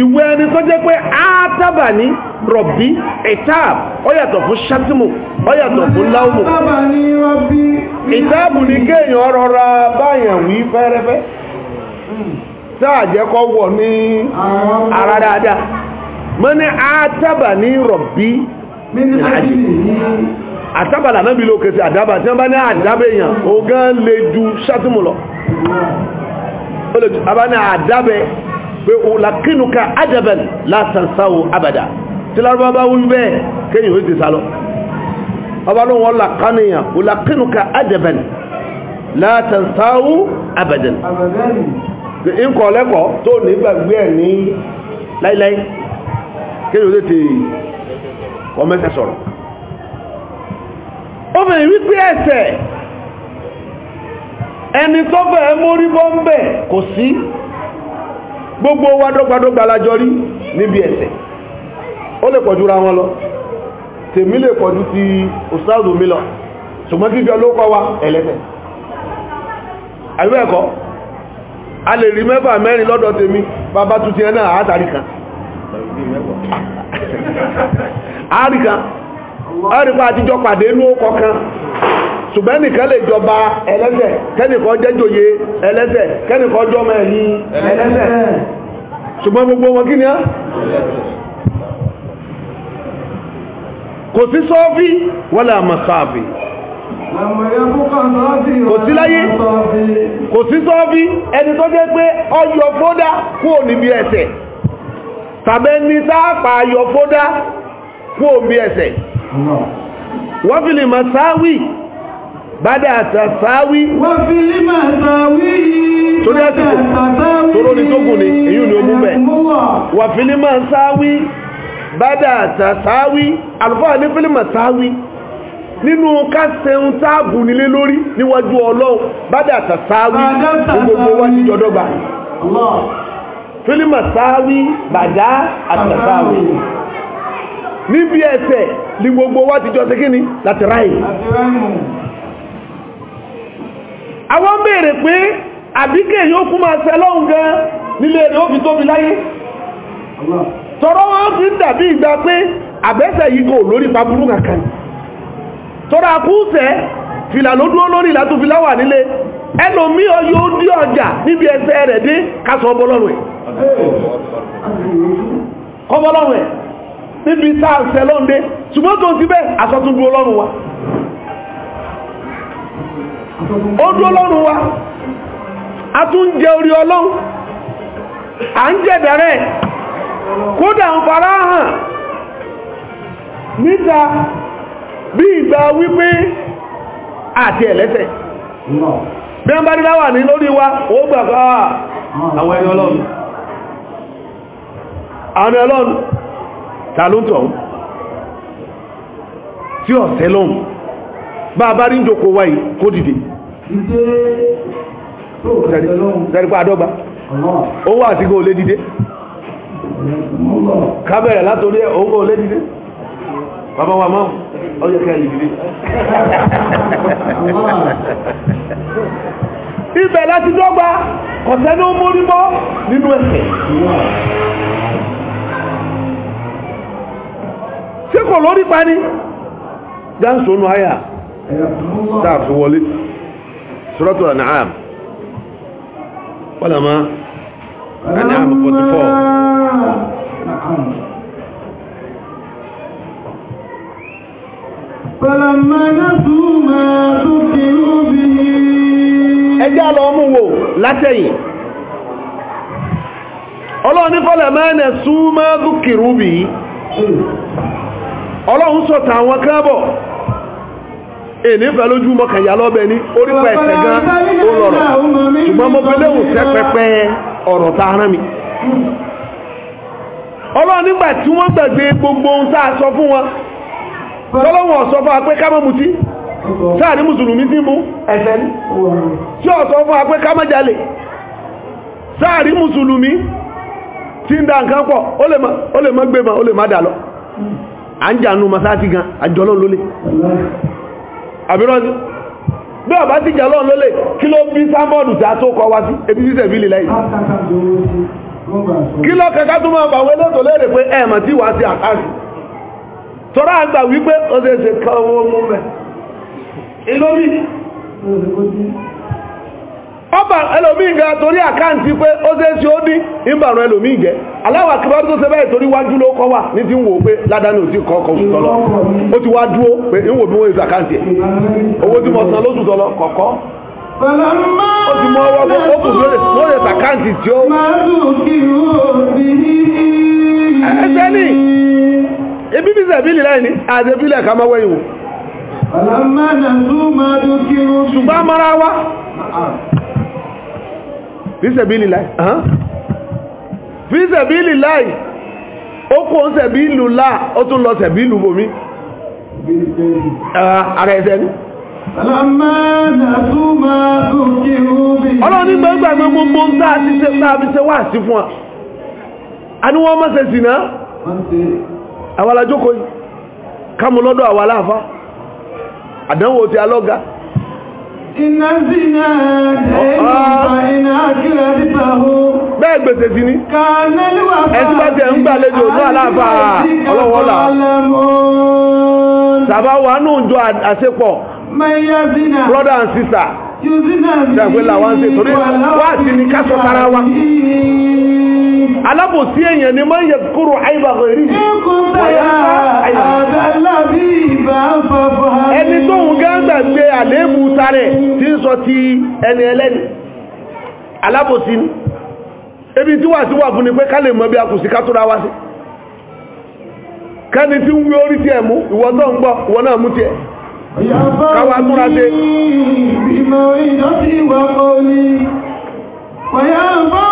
ìwé ẹni tó jẹ́ pé àtàbàní rọ̀bí ìtàb ọyàtọ̀ fún ṣátìmù ọyàtọ̀ fún láwùmù ìtàbù ní kéèyàn rọra sáàjẹ́kọ́ wọ̀ ní ara dáadáa mọ́ ní àtàbà ní rọ̀bí àtàbà lànàbí ló kẹsì àdábà tí wọ́n bá ní àdábà èèyàn ó gán lè ju sátìmù lọ abá ní àdábà pé o làkínúka àdábà látànsáwò àbàdà tí lárúbá bá wú bẹ́ẹ̀ kéyìn ó ti sálọ ọba ló wọ́n làkánìyàn o làkínúka àdábà látànsáwò àbàdà nǹkan lẹ́kọ̀ọ́ tó ní gbàgbé ẹ̀ ní láíláí kéde ó tètè kọ́mẹ́sẹ̀ sọ̀rọ̀ obìnrin wípé ẹ̀sẹ̀ ẹni tó bẹ̀ẹ́ mórí bọ́m̀bẹ̀ kò sí gbogbo wa dọ́gbadọ́gba lájọ rí níbi ẹ̀sẹ̀ ó lè pọ̀jú ra wọn lọ tèmi lè pọ̀jú ti òsáàdù mi lọ ṣùgbọ́n kí wa a lè rí mẹ́fà mẹ́rin lọ́dọ̀ tèmi bàbá tún ti ẹ náà àtàrí kan àárí kan àrípa àtijọ́ pàdé ní ó kan ṣùgbẹ́ nìkan lè jọba ẹlẹ́sẹ̀ kẹ́nìkan jẹ́jòyè ẹlẹ́sẹ̀ kẹ́nìkan jọmọ ẹ̀yìn ẹlẹ́sẹ̀ ṣùgbọ́n gbogbo wọn kí ni á kò sí sọ́ọ́fí kò sí láyé kò sí sọ́ọ́bí ẹni tó jẹ́ pé ọyọ fódá kúò níbi ẹ̀ṣẹ̀ tàbẹ́ ní táàpà ayọ fódá kúò níbi ẹ̀ṣẹ̀ wọ́n fi lè mọ̀ sáwì bádà àtàsáwí wọ́n fi lè mọ̀ sáwì torí àsìkò tóró ní tókù ni ní fi lè mọ̀ sáwì nínú kásẹ̀hún táàbù nílé lórí níwájú ọlọ́run bádà tàṣáwí gbogbo wá ní jọdọ́gba fílímà sáwí bàdá àtàṣáwí níbi ẹsẹ̀ ní gbogbo wá ti jọ sí kíni láti ráyè àwọn béèrè pé àbíkẹ́ yóò kú máa ṣẹ lọ́hùn gan nílé rẹ̀ ó fi tóbi láyé tọrọ wọn fi dàbí ìgbà pé àbẹ́sẹ̀ yìí kò lórí pàbùrù kankan tọ́ra kúùsẹ́ fìlà ló dúró lórí ìlà tó fi láwà nílé ẹlòmí ọyọ ó dí ọjà níbi ẹsẹ̀ rẹ̀ dé kásọ ọbọlọ́rùn ẹ̀ ọbọlọ́rùn ẹ̀ níbi sáàsẹ̀ lọ́ndé ṣùgbọ́n tó síbẹ̀ asọ́túndú wa wa a tún jẹ orí ọlọ́run à ń jẹ dẹ̀rẹ̀ kódà ń fara hàn níta bí ìgbà wípé àti ẹ̀lẹ́sẹ̀ bí wọ́n bá ní láwà ní lórí wa ó gbà ah, àwọn ẹni ọlọ́run àwọn ọlọ́run tàlóntọ̀ tí ọ̀sẹ̀ lọ́n bá bá rí jòkó wáyé kó dìde tẹ́rípa àdọ́gba ó wà kó lé dìde kábẹ̀rẹ̀ látorí ẹ̀ ó kó lé dìde bàbá wa máa ọ yẹ ká ìdílé ibẹ̀ láti dọ́gba ọ̀sẹ̀ ní ó mórí mọ́ nínú ẹ̀sẹ̀ tí kò lórí pa ní dáńsónú àyà dáàfin wọlé suratul an'am wọ́n lè máa an'am 44 Fẹ́lẹ̀mọ́ náà tún máa tún kí ó bí i. Ẹjá lọ mú wò látẹ̀yìn. Ọlọ́run ní fẹ́lẹ̀mọ́ náà tún máa tún kí ó Ọlọ́run sọ̀tà àwọn káàbọ̀ èní fẹ́ lójú mọ́kànlá lọ́bẹ̀ ní orípa ẹ̀sẹ̀ gan ó lọ́rọ̀ ṣùgbọ́n mo fẹ́ léhùn fẹ́ pẹpẹ ọ̀rọ̀ ta rán mi mm. ọlọ́run nígbà tí wọ́n gbàgbé gbogbo ohun tá a sọ fún wọn lọ́lọ́wọ́ ọ̀sọ́ fún apẹ́ ká má mutí sáà ní mùsùlùmí tí mú ẹ̀ṣẹ̀ ní tí ọ̀sọ́ fún apẹ́ ká má jalè sáà ní mùsùlùmí tí ń da nǹkan ma ó lè má dà à ń jànú masáàtì gan bí ti jà lọ́n kí ló lọ kẹta tó máa bàwẹ́ lẹ́tọ̀ lẹ́rẹ̀ pé ẹ̀mà tọrọ àgbà wípé ó ṣe ṣe ilómi ọba ẹlòmí ìgá torí àkáǹtì pé ó ṣe ṣe ó ní ìbàrún ẹlòmí ìgẹ́ aláwà kìbárú tó wájú ló kọ́ wà ní ti ń wò pé ládání ò tí kọ́ ọkọ̀ oṣù tọ́lọ ó ti wá pé ń wò bí wọ́n àkáǹtì ẹ̀ owó tí san lóṣù tọ́lọ ibi bí sẹ̀bílì láìní àjẹ́bílẹ̀ ká máa wẹ́yìn wò ṣùgbọ́n mara wá fíṣẹ̀bílì láì fíṣẹ̀bílì láì ó kó ń sẹ̀bílù láà ó tún lọ sẹ̀bílù bòmí ara ẹ̀sẹ̀ ni ọlọ́run ní gbẹ́gbẹ́ gbogbo ń tàà ti ṣe wá sí fún wa a ní wọ́n mọ́ sẹ̀sì náà àwọn alájókò yìí kámù lọ́dọ̀ àwọn aláàfá àdánwò ti alọ́gá iná ah. sí náà ẹ̀yìn ìná kílẹ̀ nípa ohun bẹ́ẹ̀ sí ní ẹ̀sí bá tẹ̀ ń gbàlejò ní brother and sister ń ṣe ní tara alábòsí èèyàn ni man yadhkuru àìbà rẹ̀ ẹni tó ń gáńgbà gbé àléébù tarẹ̀ tí ń sọ ti ẹni ẹlẹ́ni alábòsí ni ebi tí wà tí wà fún ni pé ká lè mọ̀ bí a kù sí ká wá sí kẹ́ni tí ń wí orí tí ẹ̀ mú ń gbọ́ ìwọ náà mú tí ẹ̀ káwà múra ní wọ́yá ń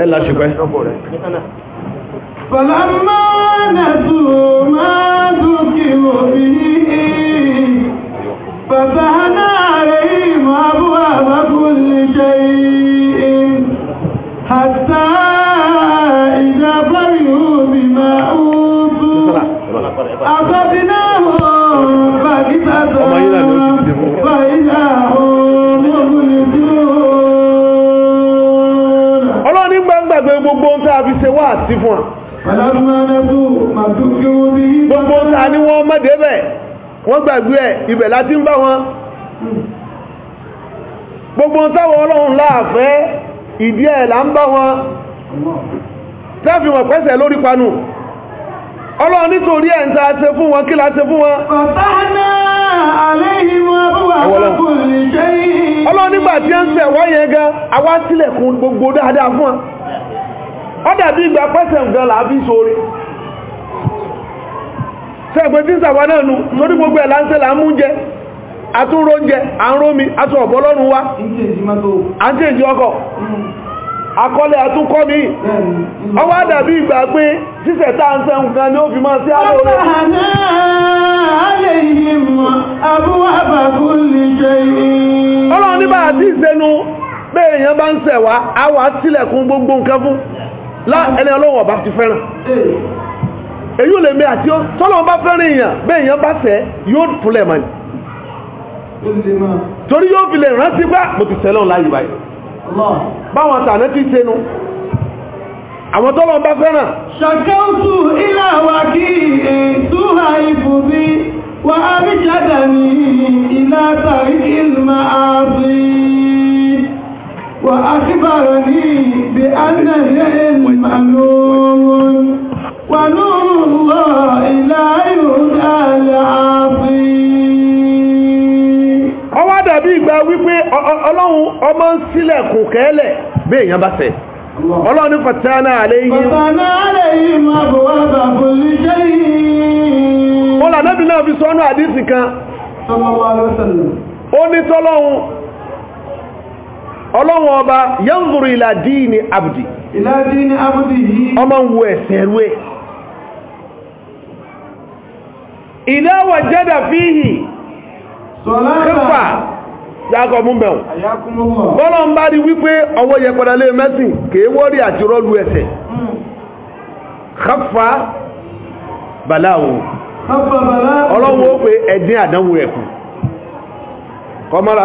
ẹ láṣùpẹ́ Fọ̀lámọ́ nàtù máa dúkì òbí bàbá náà rẹ̀ ìmọ̀ abúwà bá kú lè ṣe yìí. sí fún gbogbo ta ni wọ́n mọ́dé bẹ̀ wọ́n gbàgbé ẹ̀ ibẹ̀ láti ń bá wọn gbogbo táwọn ọlọ́run láàfẹ́ ìdí ẹ̀ là ń bá wọn tẹ́fì wọn pẹ́sẹ̀ lórí panu ọlọ́run nítorí ẹ̀ ń ta ṣe fún wọn kí la ṣe fún wọn ọlọ́run nígbà ẹ ń tẹ̀wọ́ yẹn gan awá sílẹ̀kùn gbogbo dáadáa fún wọn ó dàbí ìgbà pẹ́sẹ̀ gan làábí sórí sẹ́gbẹ̀ tí sàwọn náà nù torí gbogbo ẹ̀ láńsẹ́ là mú jẹ àtúrò oúnjẹ àrómi àtú ọ̀bọ̀ lọ́rùn wa ọkọ̀ akọ́lẹ̀ àtúkọ́ mi ọwọ́ dàbí ìgbà pé sísẹ̀ tá ń sẹ́hùn ni fi ma bẹ́ẹ̀ èèyàn bá ń sẹ̀wá gbogbo nǹkan fún ẹni ọlọ́wọ̀ bá ti fẹ́ràn èyí ò lè mẹ́ àti tọ́lọ́wọ́ bá fẹ́ràn èèyàn bẹ́ẹ̀ èèyàn bá fẹ́ yóò fúnlẹ̀ mọ́ torí yóò fi lè rántí pé ah, mo ti tẹ́lọ́ láyé báyìí báwọn tàná ti tẹnu àwọn وأخبرني بأن العلم نور ونور الله لا يهدى العاصي ó wá dàbí ìgbà wípé ọlọ́run ọmọ ń sílẹ̀ kò kẹ́lẹ̀ bí èèyàn bá fẹ́ ọlọ́run ní fàtánà lè jẹ́ fi sọ́nà àdísì kan ó ní ọlọ́wọ́ ọba yanzuru ila dini abdi ila abdi yìí ọmọ ń wo ẹ̀sẹ̀ ẹ̀rú ẹ̀ ila wajada fihi kífà yàgọ̀ mú bẹ̀rùn bọ́lọ̀ ń bá rí wípé ọwọ́ yẹ padà lé mẹ́sìn kèé wọ́rí àti rọ́lù ẹ̀sẹ̀ hmm. khafa bàláwò ọlọ́wọ́ pé ẹ̀dín àdánwò ẹ̀kù kọ́ mọ́ra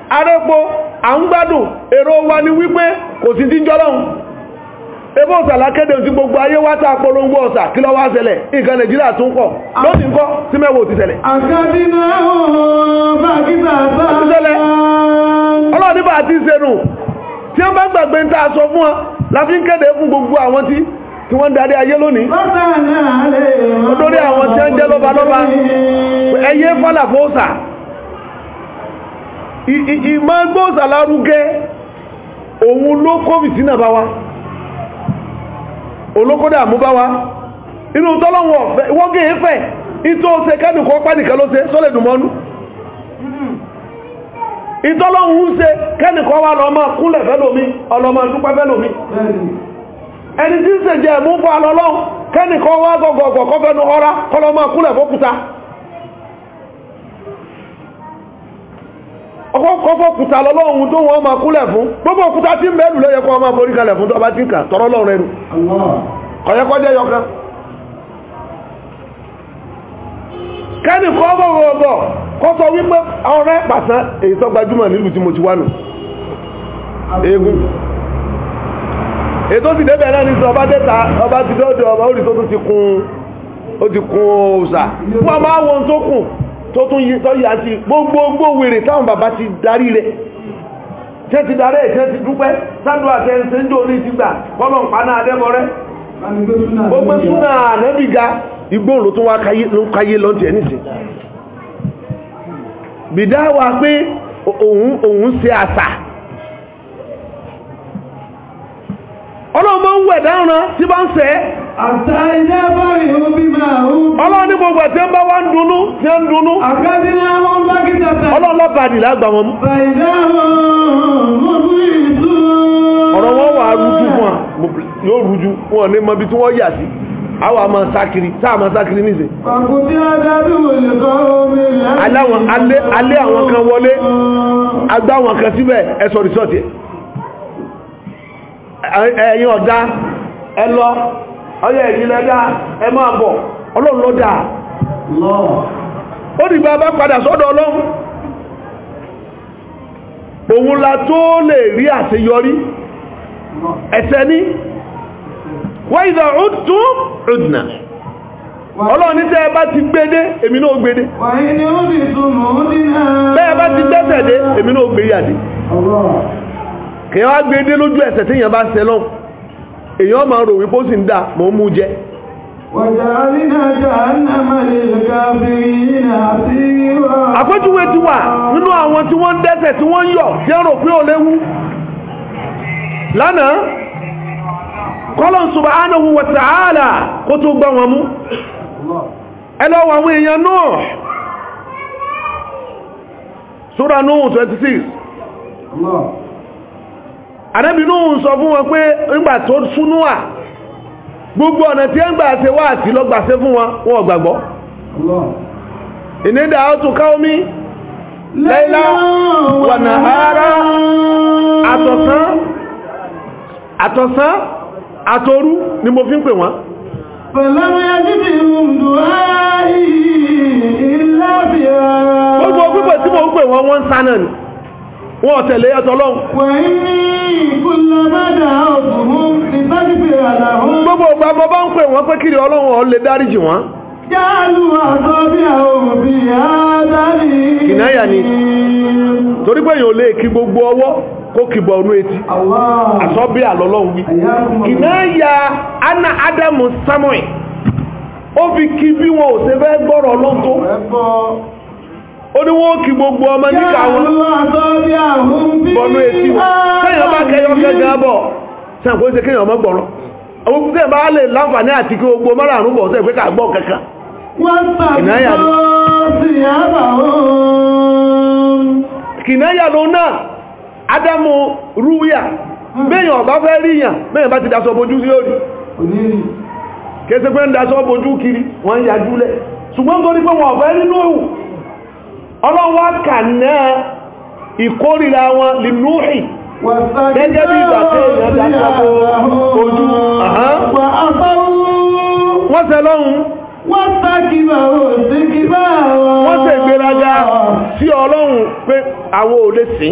arẹ́po à ń gbádùn èrò wa ni wípé kò sí díjọ́ lọ́hun ọ̀sà lákéde gbogbo ayé wá tá polongo ọ̀sà kí ló wá ṣẹlẹ̀ nǹkan nàìjíríà tún kọ̀ ah. lónìí tí mẹ́wọ̀ ti ṣẹlẹ̀ àti ìṣẹ́nu tí wọ́n bá gbàgbé ń tàà sọ fún láti ń fún gbogbo àwọn tí darí ayé lónìí ìmọ́gbóòsàlárúgẹ́ òun ló kó fìtínà bá wa olókódà mú bá wa inú tọ́lọ́wọ̀ wọ́n gẹ́ ẹ̀fẹ́ ìtọ́ e ṣe kẹ́dùkọ́ pánìkà ló ṣe sọ́lẹ̀ dùmọ́nú ìtọ́lọ́hun ṣe kẹ́nìkọ́ wá lọ kúnlẹ̀ fẹ́lòmí ọlọ́mọ dúpẹ́ fẹ́lòmí ẹni tí ń ṣe jẹ́ mú fún alọ́lọ́hun kẹ́nìkọ́ wá gọ̀gọ̀gọ̀ kọ́fẹ́nu ọra kọlọ́mọ kúnlẹ̀ fókúta ọkọ̀ọ̀kọ́ kùtà lọ́lọ́run tó wọ́n máa kúlẹ̀ fún gbogbo òkúta tí mẹ́lù ló yẹ kó máa forí kalẹ̀ fún tọba tí ń kà tọrọ lọ́run ẹnu ọ̀yẹ́kọ́jẹ́ yọkan kẹ́nì kọ́ bọ̀bọ̀ kọ́ sọ wípé ọ̀rẹ́ pàṣán èyí tó gbajúmọ̀ nílùú tí mo ti wá nù eégún ètò sì débẹ̀ náà ní sọ ọba dẹ́ta ọba ti dọ́dọ̀ ọba ó rí tó tún ti kun ó ti kun òòsà fún ọmọ àwọn tó kù tó tún yí tọ́ yà gbogbogbò ti darí rẹ̀ jẹ́ ti darí ẹ̀ ti dúpẹ́ sádù àtẹ́sẹ́ ń jò ní ti gbà adẹ́mọ́rẹ́ gbogbo súnà ànẹ́bìga igbóòrò tó wá káyé lọ́ntì ọlọ́run máa ń wẹ̀ dáran tí bá ń sẹ́ ọlọ́run ní gbogbo tí ó bá wá ń dunú tí ó ń dunú ọlọ́run lọ́bàdì lágbà wọn mú ọ̀rọ̀ wọn wà rújú fún à yóò rújú wọn ní mọ́bí tí wọ́n yà sí àwọn àmà sákiri táà àmà sákiri nìsẹ̀ alẹ́ àwọn kan wọlé agbáwọn kan síbẹ̀ ẹ̀sọ̀ rìsọ́ọ̀tì ẹ̀yin ọ̀dá ẹlọ ọyẹ ìdílẹ́dá ẹmọ máa bọ̀ ó dìgbà bá padà sọ́dọ̀ ọlọ́run òun la tó lè rí àṣeyọrí ẹ̀sẹ̀ ní wọ́n ìdà ọdún ọdún ọlọ́run ní tẹ́ẹ̀ bá ti gbédé èmi náà gbédé bẹ́ẹ̀ náà kìí wá gbé dé lójú ẹsẹ̀ tí èèyàn bá ṣe lọ èèyàn máa rò wípé sì ń dà mọ́ mú jẹ àpéjúwe nínú àwọn tí wọ́n ń tí wọ́n yọ̀ tí rò pé ó léwu lánàá kọ́lọ̀n subhanahu wa ta'ala kó tó gbá wọn mú èèyàn náà 26 ànábìnú sọ fún wọn pé nígbà tó súnúwà gbogbo ọ̀nà tí ń gbà ṣe wá àti lọ́gbàṣẹ́ fún wọn wọn gbàgbọ́ ìnídà ọ̀tún káómi lẹ́lá wọ̀nàhárá àtọ̀sán àtọ̀sán àtòru ni mo fi ń pè wọ́n gbogbo pípẹ̀ tí mo ń pè wọ́n tẹ̀lé ẹ̀tọ́lọ́un gbogbo ọgbà bá ń pè wọ́n pé kiri ọlọ́run ọ lè dáríjì wọ́n kìnáyà ni torí pé èyàn lè kí gbogbo ọwọ́ kó bọ̀ ọ̀nú etí àsọ́bí àlọ́lọ́run wí kìnáyà anna Adamu Samuel ó fi kí bí wọn ò ṣe fẹ́ gbọ́rọ̀ ọlọ́tọ́ ó ní gbogbo ọmọ níkà wọn bọ̀nú etí wọn sẹ́yìn ọba kẹyọ kẹjọ bọ̀ sẹ́yìn kó ṣe kéèyàn ọmọ gbọ̀rọ̀ àwọn kúkẹ́ bá lè láǹfààní àti kí gbogbo bọ̀ sẹ́yìn pé ká gbọ́ ń bojú kiri wọ́n yà ṣùgbọ́n pé wọ́n ọ̀fẹ́ nínú òun ọlọ́wọ́ kà náà ìkórìíra wọn lè núhì gẹ́gẹ́ bí ìgbà tí èèyàn ojú wọ́n tẹ lọ́hun wọ́n tẹ́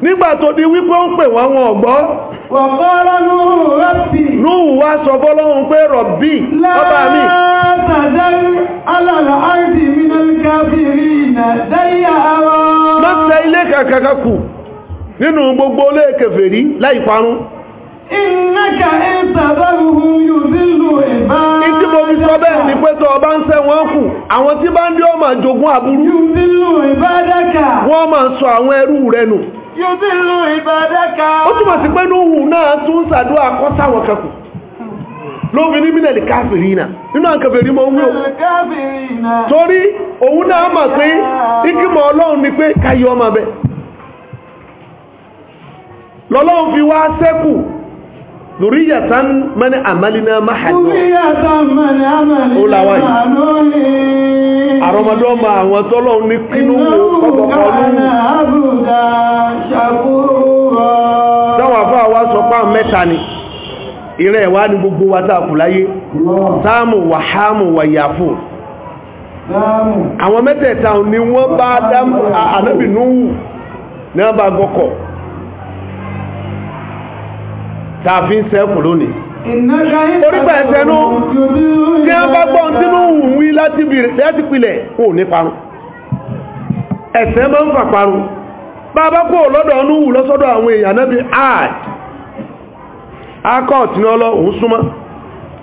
nígbà tó di wípé ó ń pè wọ́n wọn ọ̀gbọ́ wọ̀kọ́rọ̀ núhù rọ́bì núhù wá sọ bọ́lọ́hun pé rọ̀bì ọba mi mọ́sẹ̀ ilé kàkàkà kù nínú gbogbo olé kèfèrí láì parun ìnáka ìtàbáhùn yóò sílù ìbá ìtí mo fi sọ bẹ́ẹ̀ ni pé tọ́ ọba ń sẹ́ wọ́n kù àwọn tí bá ń dí ọmọ jogún àbúrú yóò sílù ìbá dákà wọ́n máa sọ àwọn ẹrú rẹ̀ nù yóò ìbàdáka ó túnmọ̀ sí pé Nuhu náà tún sàdúrà kọ́ sáwọn kankù lóbi ní mílẹ̀ káfìrínà nínú àkàfèrí mọ́ wí torí òun náà mọ̀ pé ikímọ̀ ọlọ́run ni pé káyọ ọmọ bẹ lọ́lọ́run fi wá sẹ́kù zuriyatan mani amalina mahadọ ọláwáyí àrọmọdọ́mà àwọn tọ́lọ̀ ní kínú ọkọ̀kọ̀ olúwù ìrẹ́ ẹ̀wà ní gbogbo wa tàà kù láyé sáàmù wà háàmù wà yàfò àwọn mẹ́tẹ̀ẹ̀ta ni wọ́n bá anábìnúwù ní wọ́n bá gọ́kọ̀ tàbí sẹ́kù lónìí orípa ẹ̀sẹ̀nú tí a bá gbọ́n tí ló wù wí láti pilẹ̀ kò ní parun ẹ̀sẹ̀ máa ń fà parun bàbá kò lọ́dọ̀ ọ̀nú wù lọ́sọ́dọ̀ àwọn èèyàn náà bí i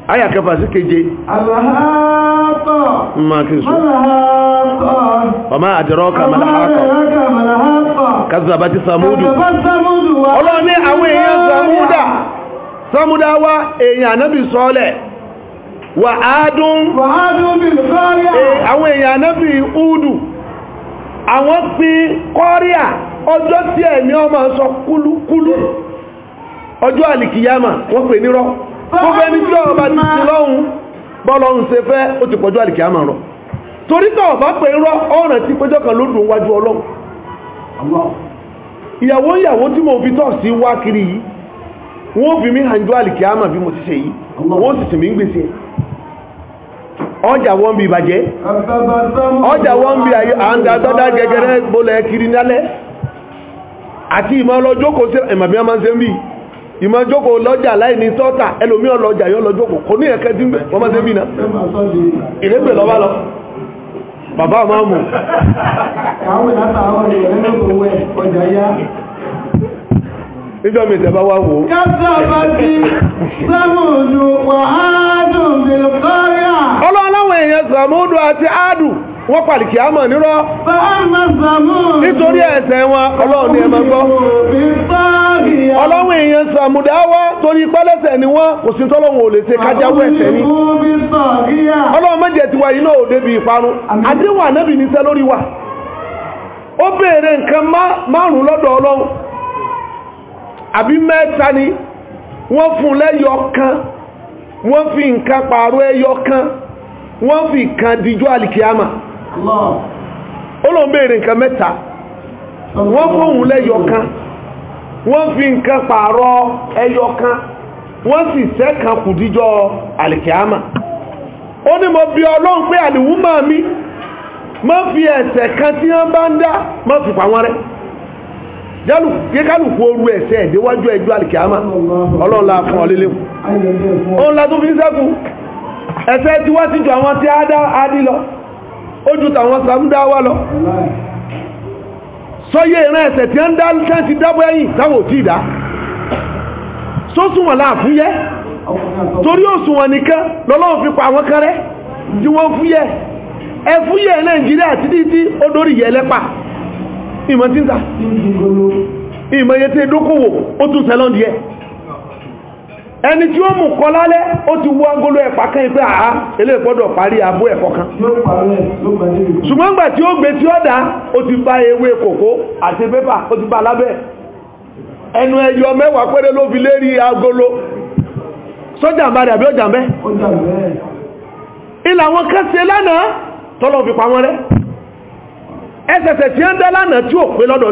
Aya kẹfà sí keje. Àlàáàkọ̀. Mma Ọmọ ọkà Kazaba ti Samudu. Ọlọ́ni àwọn èèyàn Samuda. Samuda wa èèyàn Wà áádùn Àwọn èèyàn Udu. Àwọn Kọ́ríà ọjọ́ tí ẹ̀mí ọmọ sọ Ọjọ́ àlìkìyàmà wọ́n pè nírọ́. gbogbo ẹni tí ọba ti ti lọ́hun bọ́lọ́hun ṣe fẹ́ ó ti pọ̀jọ́ àlìkì rọ torí tọ́ ọba pé rọ ọ̀ràn tí péjọ́ kan ló dùn wájú ọlọ́run ìyàwó ìyàwó tí mo fi tọ́ sí wá kiri yìí wọ́n fi mí hànjọ́ àlìkì àmà bí mo ti ṣe yìí wọ́n sì sì mí gbèsè ọjà ìmọ̀ jókò lọ́jà láì ní tọ́ta ẹlòmí ọlọ́jà yọ́ lọ́jọ́kò kò ní ẹ̀kẹ́ tí wọ́n máa débìnà ìrẹ́gbẹ̀ lọ́bá lọ bàbá máa mú níjọ́ mi tẹ́ bá wá wò ó ọlọ́ọ̀lọ́wọ̀ èèyàn sàmúdù àti áàdù wọ́n pàdìkì àmọ̀ nírọ́ nítorí ẹ̀ṣẹ̀ wọn ọlọ́run ni ẹ máa gbọ́ ọlọ́run èèyàn sàmùdáwá torí pẹ́lẹ́ṣẹ̀ ni wọ́n kò sí tọ́lọ́run ò lè ṣe kájáwó ẹ̀ṣẹ̀ ni ọlọ́run mẹ́jẹ̀ tiwa yìí náà ò débi ìparun àdéhùn ànábì níṣẹ́ lórí wa ó béèrè nǹkan márùn ún lọ́dọ̀ ọlọ́run àbí mẹ́ta ni wọ́n fún lẹ́yọ kan wọ́n fi nǹkan pààrọ̀ ẹyọ kan wọ́n fi kan díjọ́ àlìkíyàmà ọlọ́run béèrè nǹkan mẹ́ta wọ́n fóhun lẹ́yọkan wọ́n fi nǹkan pààrọ̀ ẹyọkan wọ́n sì sẹ́kàn kùdíjọ́ àlìkíámà ó ní mo bí ọlọ́run pé àlìwúmà mi má fi ẹ̀ṣẹ̀ kan tí wọ́n bá ń dá má fi pa wọ́n rẹ́ kíkálùkù orú ẹ̀ṣẹ̀ ìdíwájú ẹjọ́ àlìkíámà ọlọ́run la fún ọlélẹ́kù òun la tó fi ń sẹ́kù ẹ̀ṣẹ̀ tí wọ́n ti jọ àwọn tí á dá á dí ojú tàwọn sàmúdá wá lọ sọ́yé ìran ẹ̀sẹ̀ tí ó ń dá lẹ́sẹ̀ ti dábọ́ ẹ̀yìn táwọn ìdá torí òsùnwọ̀n nìkan lọ́lọ́wọ́ fi pa àwọn kan rẹ́ wọ́n fúyẹ́ ẹ fúyẹ́ nàìjíríà títí tí ó dórí yẹlẹ́pà ìmọ̀ tí ń ta ìmọ̀ tí dókòwò ó ẹni tí ó mú kọ lálẹ́ ó ti wú angolo ẹ̀pà kan ipẹ́ àá ilé ìgbọ́dọ̀ parí abú ẹ̀kọ́ kan ṣùgbọ́n gbà tí ó gbé tí ó dá ó ti bá ewé kòkó àti pépà ó ti bá lábẹ́ ẹnu ẹyọ mẹ́wàá péré ló fi agolo àbí ilà wọn kẹsẹ̀ lánàá fi ẹsẹ̀sẹ̀ tí ó ń dá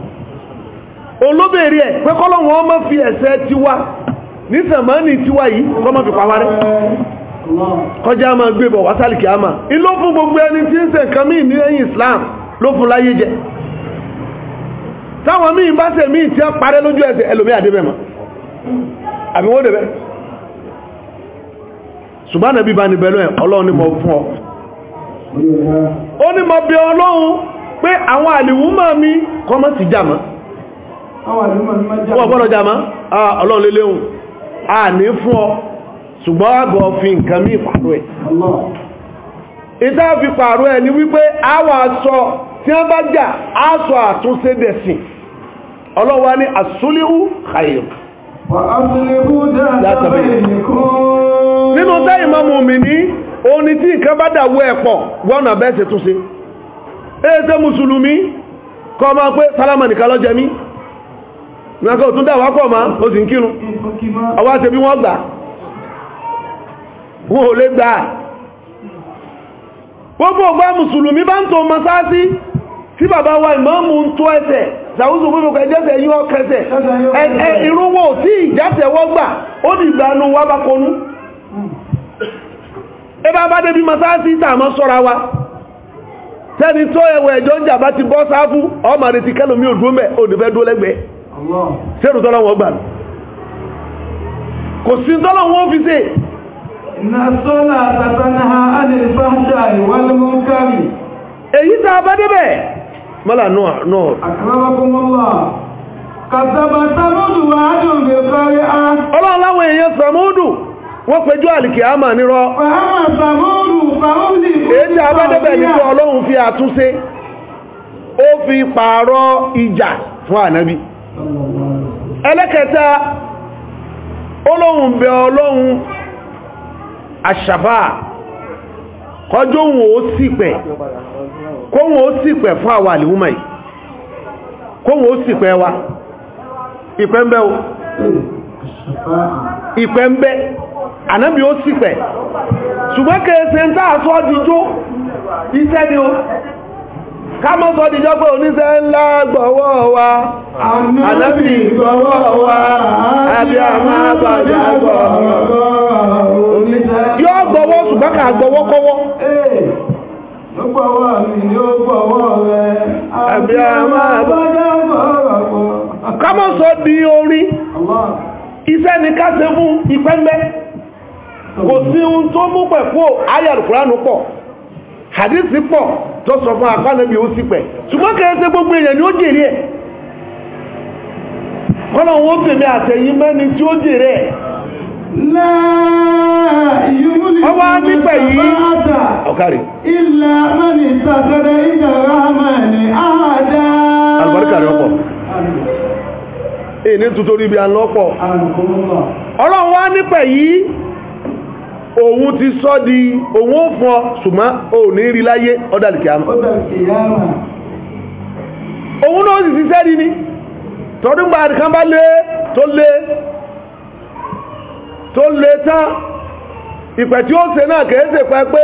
olóbèrè ẹ̀ pé kọ́lọ́wọ́n ọmọ fi ese tiwa ní sàmánì tiwa yìí fi pàwárẹ́ kọjá ma gbé bọ̀ wátàlìkì àmà iló fún gbogbo ẹni tí ń ṣe nǹkan Islam ló fún láyé jẹ táwọn míì bá ṣe míì tí ó parẹ́ lójú ẹsẹ̀ ẹlòmí àdébẹ̀mọ̀ àbíwọ́ mi wọ́n gbọ́dọ̀ jàmá ọlọ́run léléhùn a ní fún ọ ṣùgbọ́n àgọ́ fi nǹkan mí pàrọ̀ ẹ̀ ìta fi pàrọ̀ ẹ̀ ni wípé a wà sọ tí wọ́n bá jà a sọ àtúnṣe dẹ̀sìn ọlọ́run wá ní àsúlíhù khayr nínú tẹ́ ìmọ̀mù mi ní oní tí nǹkan bá dàwó ẹ̀pọ̀ wọ́nà bẹ́ẹ̀ kọ́ máa pé sálámà nìkan lọ́jẹ́ ìrìnàkọ́ òtún dáwà pọ̀ ma ó sì ń kírun ọwá ṣe wọ́n gbà wọ́n ò lè gbà gbogbo ọgbà musulumi bá ń tó masáàtí tí bàbá wa ìmọ́mù ń tó ẹsẹ̀ ṣàwúsù púpọ̀ ẹjẹ́sẹ̀ yíó kẹsẹ̀ ìrúwò tí ìjásẹ̀ wọ́n gbà ó wa tere sẹ́rù tọ́lọ́wọ́ gbà kò sí tọ́lọ́wọ́ fi ṣe èyí tàà bá débẹ̀ mọ́là náà àkàràwọ́kúnmọ́lá kàtàbà sàmúdù wọ́n pẹ̀jú àlìkì àmà nírọ́ èyí débẹ̀ ní ọlọ́run fi àtúnṣe ó fi pààrọ̀ ìjà fún ẹlẹ́kẹta olóhun bẹ ọlọ́hun àṣàfà kọjọ́ ó sì pẹ̀ kóhun ó sì pẹ̀ fún àwọn àlìwúmọ̀ ó sì wa ìpẹ́ o ìpẹ́ ń ó sì pẹ̀ ṣùgbọ́n kẹsẹ̀ ń tàà iṣẹ́ ni ó kámọ́ sọ dìjọ́ pé oníṣẹ́ ńlá gbọ́wọ́ wa ànábì gbọ́wọ́ wa àbí àmà bàjá gbọ́wọ́ yóò gbọ́wọ́ ṣùgbọ́n kà gbọ́wọ́ kọ́wọ́ gbọ́wọ́ mi ni ó gbọ́wọ́ rẹ̀ àbí àmà bàjá gbọ́wọ́ kámọ́ sọ di orí iṣẹ́ ni ká ṣe fún ìpẹ́ńbẹ́ kò sí ohun tó mú pẹ̀kú ayàlùkùránù pọ̀ hadith pọ̀ tó sọ fún àpánàbí ó sì pẹ̀ ṣùgbọ́n kẹ́ẹ̀ tẹ́ gbogbo èèyàn ni ó jèrè ẹ̀ kọ́nà wọ́n tèmi àtẹ̀yìn mẹ́ni tí ó jèrè ẹ̀ ọwọ́ nípẹ̀ yìí ọ̀kàrí ilẹ̀ mẹ́ni tàbẹ̀rẹ̀ ìjọra mẹ́ni àádá alùbáríkàrí ọ̀pọ̀ èyí ní tutorí ibi alọ́pọ̀ ọlọ́run wá nípẹ̀ yìí òun ti sọ́ di òun ó fún ọ ṣùgbọ́n o ní rí láyé ọdàlìkì àmà òun náà sì rí ni tọdún gbà kan bá lé tó lé tó lé tán ìpẹ̀ tí ó ṣe náà kẹ́ẹ́sẹ̀ pẹ́ pé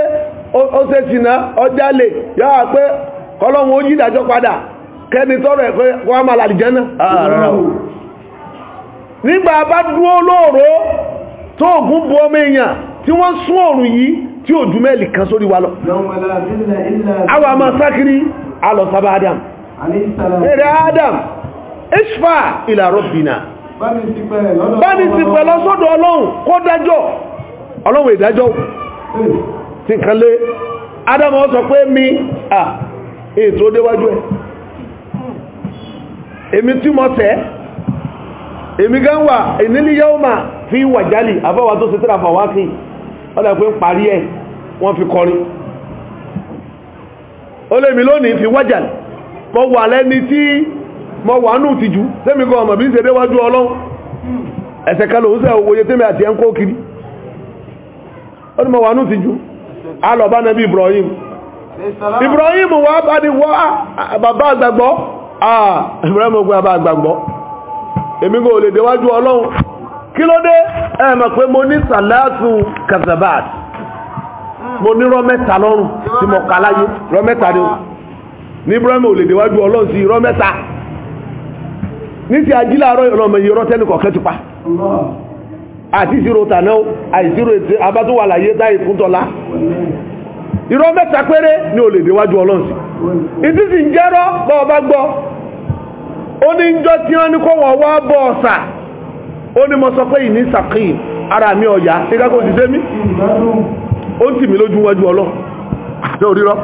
ó ṣe ṣìnà ọjà lè yáà pé ó padà kẹ́ni tọ́rọ ẹ̀kọ́ wọ́n nígbà bá dúó lóòró tó ògún bu ọmọ èèyàn tí wọ́n sún oòrùn yìí tí ò jù mẹ́lì kan sórí wa lọ àwọn àmà sákiri alọ̀sába adam ẹ̀rẹ̀ adam ishfa ila rabbina báni ti pẹ̀ lọ́sọ́dọ̀ ọlọ́run kó dájọ́ ọlọ́run ìdájọ́ ti kan lé adam ó sọ pé mi à ètò déwájú ẹ̀ èmi tí mọ́ tẹ́ èmi gánwà ìnílíyàwó ma fi wà jálì àbáwà tó ṣe tíra fàwákìí ọ̀dà pé ń parí ẹ̀ wọ́n fi kọrin ó lè mi lónìí fi wájà mọ́ wà lẹ́ni tí mọ́ wà nù ti jù sẹ́mi kan ọmọ bí ń ṣe déwájú ọlọ́run ẹ̀sẹ̀ kan lòun sẹ́ òwòye tẹ́mi àti ẹ̀ ń kó kiri ó ní mọ́ wà nù ti jù á lọ Ibrahim Ibrahim wà bá ní wọ́ bàbá àgbàgbọ́ ah Ibrahim gbé bàbá àgbàgbọ́ èmi kò lè déwájú ọlọ́run kí ló dé ẹ mọ̀ pé mo ní sàlátù kazabat mo ní rọ lọ́rùn tí mo rọ ni o ní ibrahim lè ọlọ́run sí rọ ní ti ajíláàrọ̀ ìrọ̀mọ̀ yìí rọ́tẹ́nì kọ̀ọ̀kẹ́ ti pa àti ìṣirò tàná àìṣirò ètò abátúwà láyé táyì fún tọ́lá péré ní ọlọ́run ó ní mo sọ pé ìní sàkíyìn ara mi ọ̀yá ìkákò ti dé mí ó tì mí lójú wájú ọlọ́ àjọ rírọ́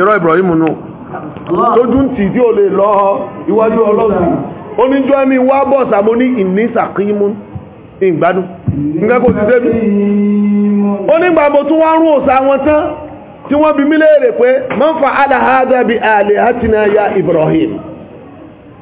ìrọ́ Ibrahim nù lójú tì tí ó lè lọ iwájú ọlọ́sìn ó ní jọ́ ní wá bọ̀ sàmó ní ìní sàkíyìn mú ìgbádùn ìkákò ti dé ó nígbà mo tún wá rún òsà wọn tán tí wọ́n bi mí léèrè pé man fa'ala hadha bi alihatina ya Ibrahim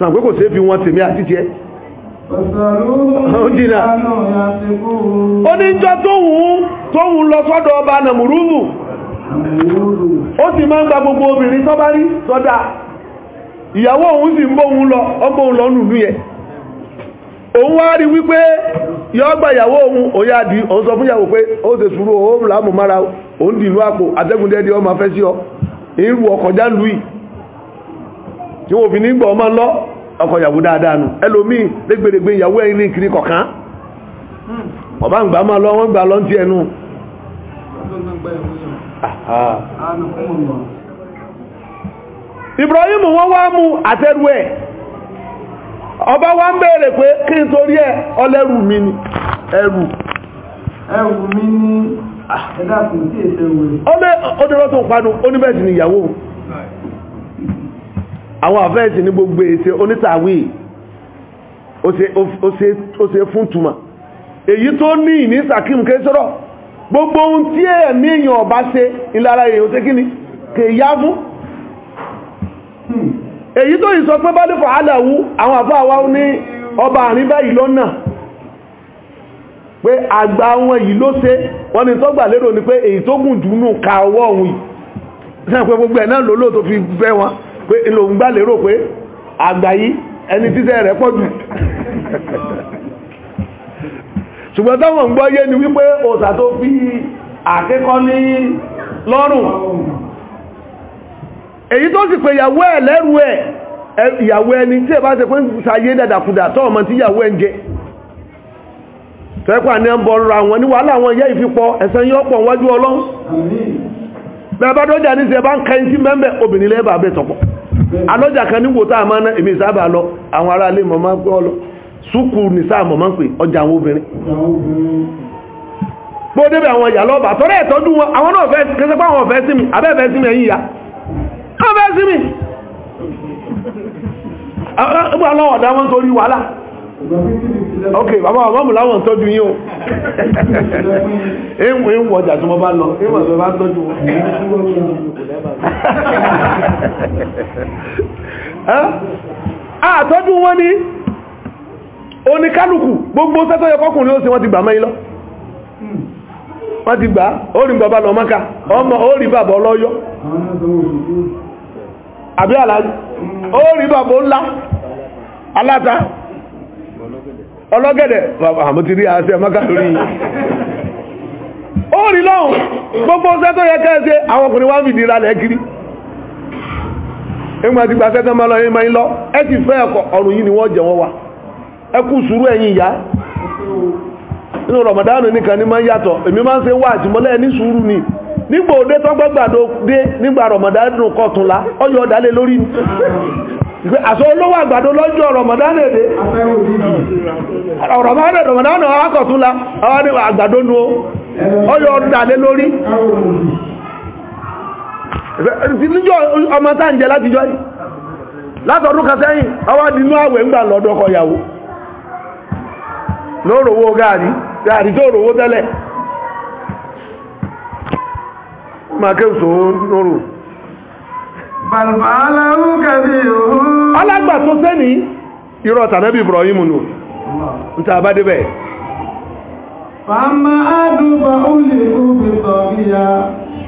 na kò sí fi wọn tèmi àti tiẹ̀ jìnà ó ní jọ tóhun lọ sọ́dọ̀ ọba nàmùrúmù ó sì máa ń gba gbogbo obìnrin tó rí sọ́dá ìyàwó òun sì ń lọ ọgbóhun lọ nùnú yẹ òun wá rí wípé yọ́ ìyàwó òun òyà dì òun sọ fún ìyàwó pé ó òun dì ìlú àpò ọmọ afẹ́ sí ọ ìrù tí wọ́n fi nígbà ọmọ lọ ọkọ ìyàwó dáadáa nù ẹlòmí lẹ́gbẹ̀rẹ̀gbẹ̀ ìyàwó ẹ̀yìn ní kiri ọba ń gbà lọ wọ́n gbà lọ ti ẹnu Ibrahim wọ́n wá mú àtẹ́rù ẹ̀ ọba wá ń bẹ̀rẹ̀ pé kí n torí ẹ ọlẹ́rù mi ni ẹrù ni àwọn àfẹ́ẹ̀sì ní gbogbo èsẹ onítàwí ó se fún túmà èyí tó ní ìní sàkíìm ké gbogbo ohun tí ẹ̀mí èèyàn ọba se ìlara èèyàn tẹ́ kíní kè yá fún èyí tó ìsọ pé bá lè fà àwọn àfáà ní ọba àrin báyìí lọ́nà pé àgbà wọn yìí ló wọn ni lérò ni pé èyí ka òun yìí pé lòun gbá lérò pé àgbáyí ẹni títẹ́ rẹ̀ pọ̀ jù ṣùgbọ́n táwọn gbọ́ yé ni wípé òsà tó fi àkẹ́kọ́ ní lọ́rùn èyí tó sì pé ìyàwó ẹ̀ lẹ́rù ẹ̀ ìyàwó ẹni tí ẹ bá ṣe pé ọmọ tí ẹ̀ ń jẹ tẹ́kọ̀ ra ní wàhálà àwọn ìfipọ̀ ẹ̀sẹ̀ yọ́pọ̀ wájú bẹ́ẹ̀ bá dọ́jà ní ṣe bá ń kẹ́ sí mẹ́mẹ́ obìnrin lẹ́bà bẹ́ tọ́pọ̀ alọ́jà kan ní wòtá náà ìsábà lọ àwọn ará ilé mọ̀má pẹ́ ọlọ súkù ní sáà mọ̀má pè ọjà àwọn obìnrin gbódébẹ̀ àwọn ìyà lọ́bà ìtọ́jú wọn àwọn náà fẹ́ kẹsẹ́ àwọn fẹ́ sí mi sí mi ẹ̀yìn ìyá wọ́n fẹ́ sí mi ok bàbá àwọn ọmọ láwọn tọ́jú yín o ẹ̀wọ̀n ẹ̀wọ̀n ọjà tó mọ́ bá lọ ẹ̀wọ̀n tó bá tọ́jú wọn àtọ́jú wọn ni oníkálùkù gbogbo sẹ́tọ́ yẹ kọkùnrin ó sì wọ́n ti gbà mẹ́ ilọ́ wọ́n ti gbà ó rí bàbá lọ mọ́ká ọmọ ó rí bàbá ọlọ́yọ́ àbí àlàájú ó rí bàbá ńlá aláta ọlọ́gẹ̀dẹ̀ àmọ́ ti rí àṣẹ mọ́ká lórí ó rí lọ́hùn gbogbo ṣẹ́ tó yẹ kẹ́ẹ̀ṣẹ́ àwọn ọkùnrin wá ń fìdí ralẹ̀ kiri ẹgbà ti gbà máa ń lọ ẹ ti fẹ́ ẹ̀kọ́ ọ̀rùn yìí ni wọ́n jẹ wọ́n wa ẹ kú sùúrù ẹ̀yin ìyá nínú rọ̀mọ̀dánù nìkan ni máa ń yàtọ̀ èmi máa ń wá àtìmọ́lẹ̀ ní sùúrù ni nígbà ìgbé àṣọ olówó àgbàdo lọ́jọ́ Ramadan èdè Ramadan Ramadan arákọ̀túnlá àwọn ní àgbàdo nù ọyọ ọdúnlẹ̀ lórí ọmọ tá ń jẹ láti jọ látọ̀dún kan sẹ́yìn àwọn dínú àwẹ̀ ń gbà lọ́dọ̀ alágbà tó sẹ́ni irọ́ tàbí Ibrahim nù ní tàbá débẹ̀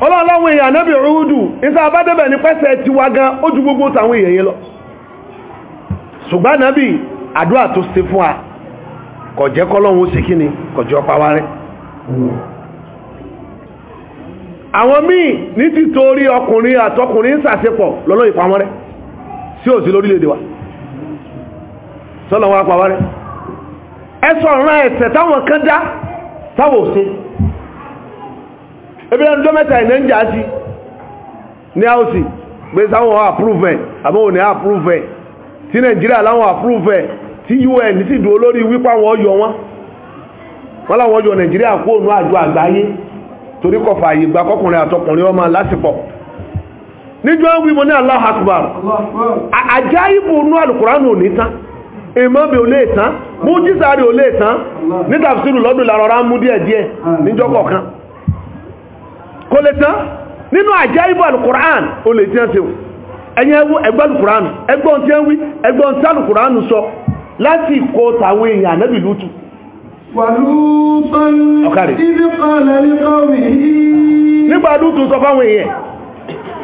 ọlọ́lọ́wọ́ èèyàn náà bí rúdù ìta bá débẹ̀ ní pẹ́sẹ̀ ti wá gan ó ju gbogbo tàwọn èèyàn lọ ṣùgbọ́n náà bí àdúrà tó fún a kọ̀jẹ́kọ́lọ́wọ́ sí kíni àwọn míì ní ti torí ọkùnrin àtọkùnrin ń sàṣepọ̀ lọ́lọ́ ìpamọ́ rẹ̀ sí òsì lórílẹ̀-èdè wa sọ́lọ́ wa pàwọ́ rẹ̀ ẹ sọ ọ̀ràn ẹ̀ṣẹ̀ táwọn kan dá táwọn òsìn ebi ẹnu dọ́mẹ́ta ìnẹ́ ń jà sí ní un sì dúró lórí wípé àwọn ọyọ wọn wọ́n láwọn ọyọ nàìjíríà kó torí kò fààyè gba kọkùnrin àtọkùnrin ọmọ lásìpọ̀ níjọ́ wímọ ní Allahu Akbar àjáyìbò nú alùkùránù ò ní tán ìmọ́bẹ̀ ò lè tán mú jísàárì ò lè tán ní tàfsírù lọ́dún lárọrá mú díẹ̀díẹ̀ níjọ́ kọ̀ọ̀kan kò lè tán nínú àjáyìbò alùkùrán ò lè tí ẹ̀yẹ ẹgbẹ́ alùkùránù ẹgbọ́n tí ẹ wí ẹgbọ́n tí alùkùránù sọ láti kó tàwọn èèyàn ànábì lútù wàlúùtàn ìdíkọ̀ọ̀lá nípàwé yìí nípa lútù sọ fáwọn èèyàn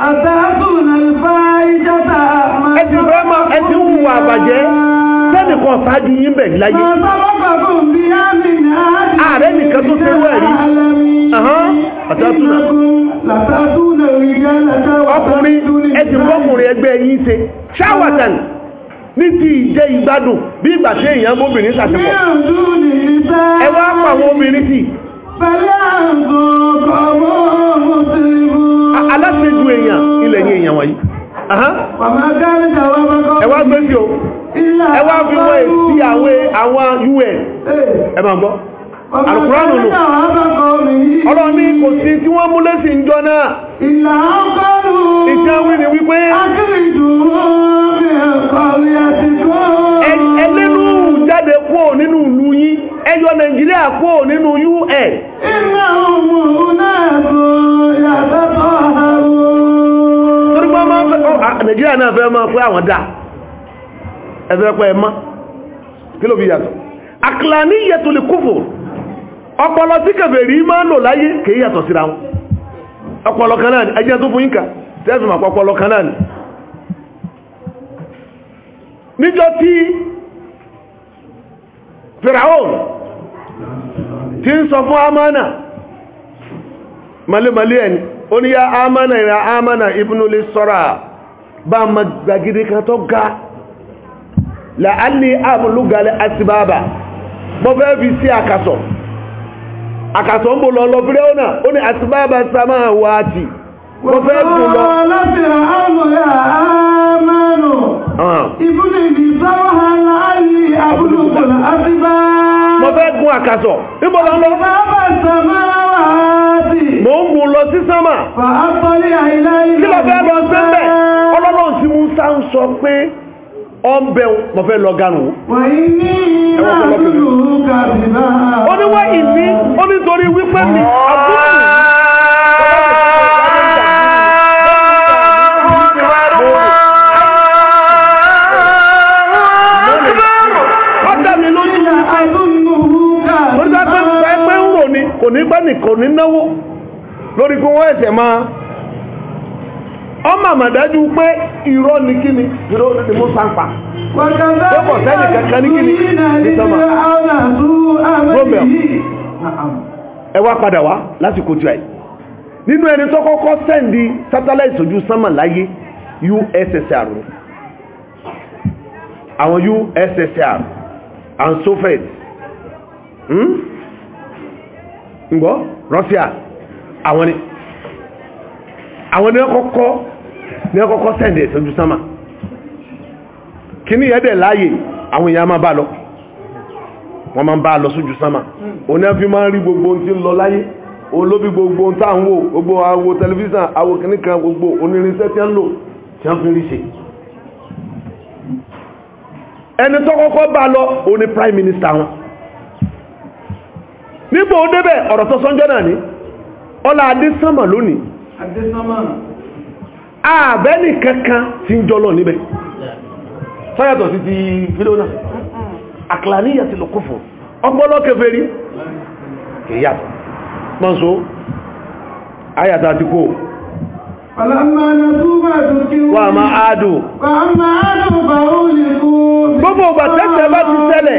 àtàkùnà ìfà ìjọta ẹ̀sìn wù àbàjẹ́ tẹ́nìkan ṣáájú yín bẹ̀ láyé ààrẹ nìkan tó tẹ́rù ẹ̀rí àtàkùnà ọkùnrin ẹ̀sìn fọ́kùnrin ẹgbẹ́ yín ṣe ṣáwàtàn ní ti ìjẹ́ ìgbádùn bí ìgbà tí èèyàn bóbìnrin sàṣepọ̀ ẹ wá pa àwọn obìnrin sí aláṣejù èèyàn ilẹ̀ ní èèyàn wọ̀nyí ẹ wá gbé sí o ẹ wá fi wọ́n èsì àwọn un ẹ máa alukuraanu nù ọlọ́run ní kò sí tí wọ́n mú lẹ́sìn jọ náà ìjà wí ni wípé ẹlẹ́nu jáde kúrò nínú ìlú yín ẹ yọ nàìjíríà kúrò nínú un iná òmùú náà tó yàtọ̀ nàìjíríà náà fẹ́ máa pé àwọn dáa ẹ̀fẹ́ pẹ́ ẹ mọ́ kí ló fi yàtọ̀ àkìlà ní yẹtùlẹ̀ kúfò ọpọlọ tí kèfèrí máa ń lò láyé kìí yàtọ̀ síra wọn ọpọlọ kan náà ni ẹjẹ́ tó fún yínká tẹ́fìmọ̀ ọpọlọ kan náà ni níjọ́ tí fìràwọ̀ tí ń sọ fún amánà malémalé ẹni ó ní yá amánà ìrà amánà ibnulé sọ́ra bá ma kan tó ga láàrín àkàsọ̀ ń bò lọ lọ fíréhónà ó ní àtibábà sàmà wà áti wọ́n fẹ́ kú lọ láti àmọ́ ya àmánù ìbúlé ìbí sáwọ́hà láàrí àbúrúkù àtibá mo fẹ́ gun àkàsọ̀ níbo lọ lọ àtibábà sàmà wà áti mo ń gun lọ sí sánmà fà á tọ́lé àìláyé lọ sí bẹ́ẹ̀ ọlọ́lọ́ ọ̀bẹ̀un mọ̀fẹ́ lọ gánú ìní mi àbúrò kò ní ní náwó lórí wọ́n ẹ̀sẹ̀ máa ọmọ ma pé daju ní kí ni irọ́ ní mú nke pẹ́pọ̀ sẹ́nì kankan ní kí ni ìtọ́mà romel ẹ wá padà wá lásìkò tí a yìí nínú ẹni tó kọ́kọ́ sẹ́ndì satellite ojú sánmà láyé USSR àwọn USSR and Soviet hmm? ǹgbọ́ Russia àwọn ni àwọn ni wọ́n kọ́kọ́ ní ọkọ̀kọ́ sẹ́ndì ẹ̀sọ́jú sánmà kí ní ẹ̀dẹ̀ láàyè àwọn èèyàn máa bá lọ wọ́n máa bá lọ sójú sánmà onífí máa rí gbogbo ohun tí ń lọ láyé olóbi gbogbo ohun táà ń wò gbogbo awo tẹlifíṣàn awo kìnnìkan gbogbo onírinṣẹ́ tí ń lò tí wọ́n fi rí ṣe ẹni tó kọ́kọ́ bá lọ o ní prime minister wọn nígbò ó débẹ̀ ọ̀rọ̀ tó sọ́njọ́ náà ní ọlá adésánmà lónìí adésánmà àbẹ́ni kankan tí ń jọlọ níbẹ̀ sáyàtọ̀ sí ti fílónà àkìlàníyà ti lòkúfò ọgbọ́lọ́ kẹfẹ́rí kìíyàtọ̀ mọ́só ti kó wà máa áàdù gbogbo ọgbà tẹ́tẹ̀ bá ti ṣẹlẹ̀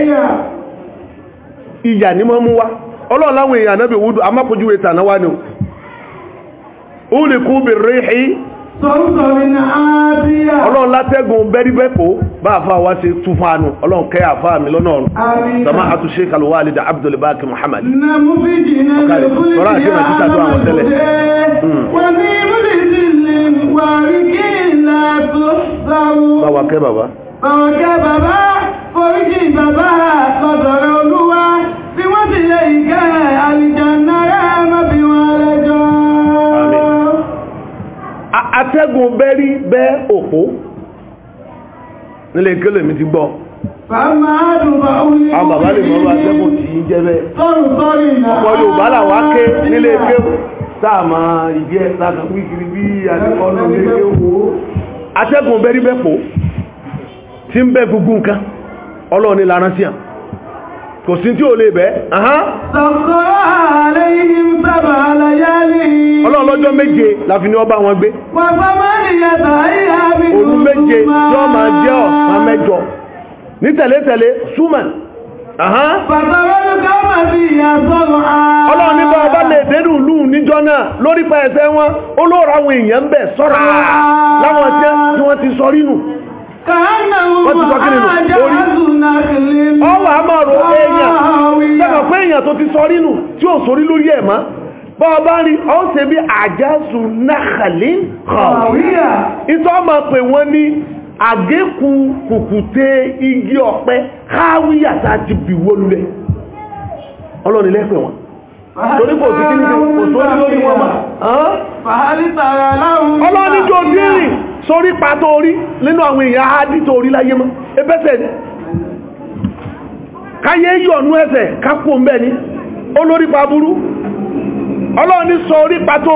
ìyà ní mọ́ mú wá ọlọ́ọ̀láwọ̀ èèyàn náà a ètà náà wá ní ọlọ́run látẹ́gùn bẹ́rìbẹ́pò bá àfáà wá ṣe tún fánu ọlọ́run kẹ́ àfáà mi lọ́nà ọ̀run sàmá àtúnṣe kàlùwà àlejò Abdul Baki Muhammad ọ̀rọ̀ àti ìrìn àti àwọn tẹ́lẹ̀. Hmm. báwa kẹ́ bàbá. báwa kẹ́ bàbá foríjì bàbá ọ̀dọ̀rọ̀ olúwa bí wọ́n ti lè ìkẹ́ àlejò. atẹ́gùn bẹ́rí bẹ́ òpó nílé mi ti gbọ́ àwọn lè mọ́rọ̀ atẹ́gùn tí ń jẹ́ bẹ́ ọ̀pọ̀ Yorùbá làwá ké nílé ké sáàmà ìdí ẹ̀ sáàkàn wíkiri bí àdìkọ́nù nílé ké atẹ́gùn bẹ́ pò tí kò sí tí ó lè bẹ́ ọlọ́ọ̀lọ́jọ́ méje láfi ní ọba wọn gbé òru méje tí ó máa jẹ́ ọ̀sán mẹ́jọ ní tẹ̀lé-tẹ̀lé suman ọlọ́run nípa ọba lè dẹ́rù lù níjọ́ náà lórí pa ẹ̀ṣẹ̀ wọn olóòràwọ̀ èèyàn ń bẹ̀ sọ́ra láwọn tí wọ́n ti sọ rínú bọ́ọ̀bá rí ọ́n ṣe bí àjásù náàlì kọ̀wíyà ìtọ́ ọmọ pè wọ́n ní àgékù kùkùté igi ọ̀pẹ káwíyà tàbí wólulẹ̀ ọlọ́nilẹ́pẹ̀ wọn torí kò sí kíní kò sórí lórí wọn mà. ọlọ́ni tó dírìn sórí pa tó nínú àwọn èèyàn áádì tó rí láyé mọ́ ebẹ́sẹ̀ ni káyé yọ̀nú ẹsẹ̀ kápò mbẹ́ ni olórí pa burú ọlọ́ni sọ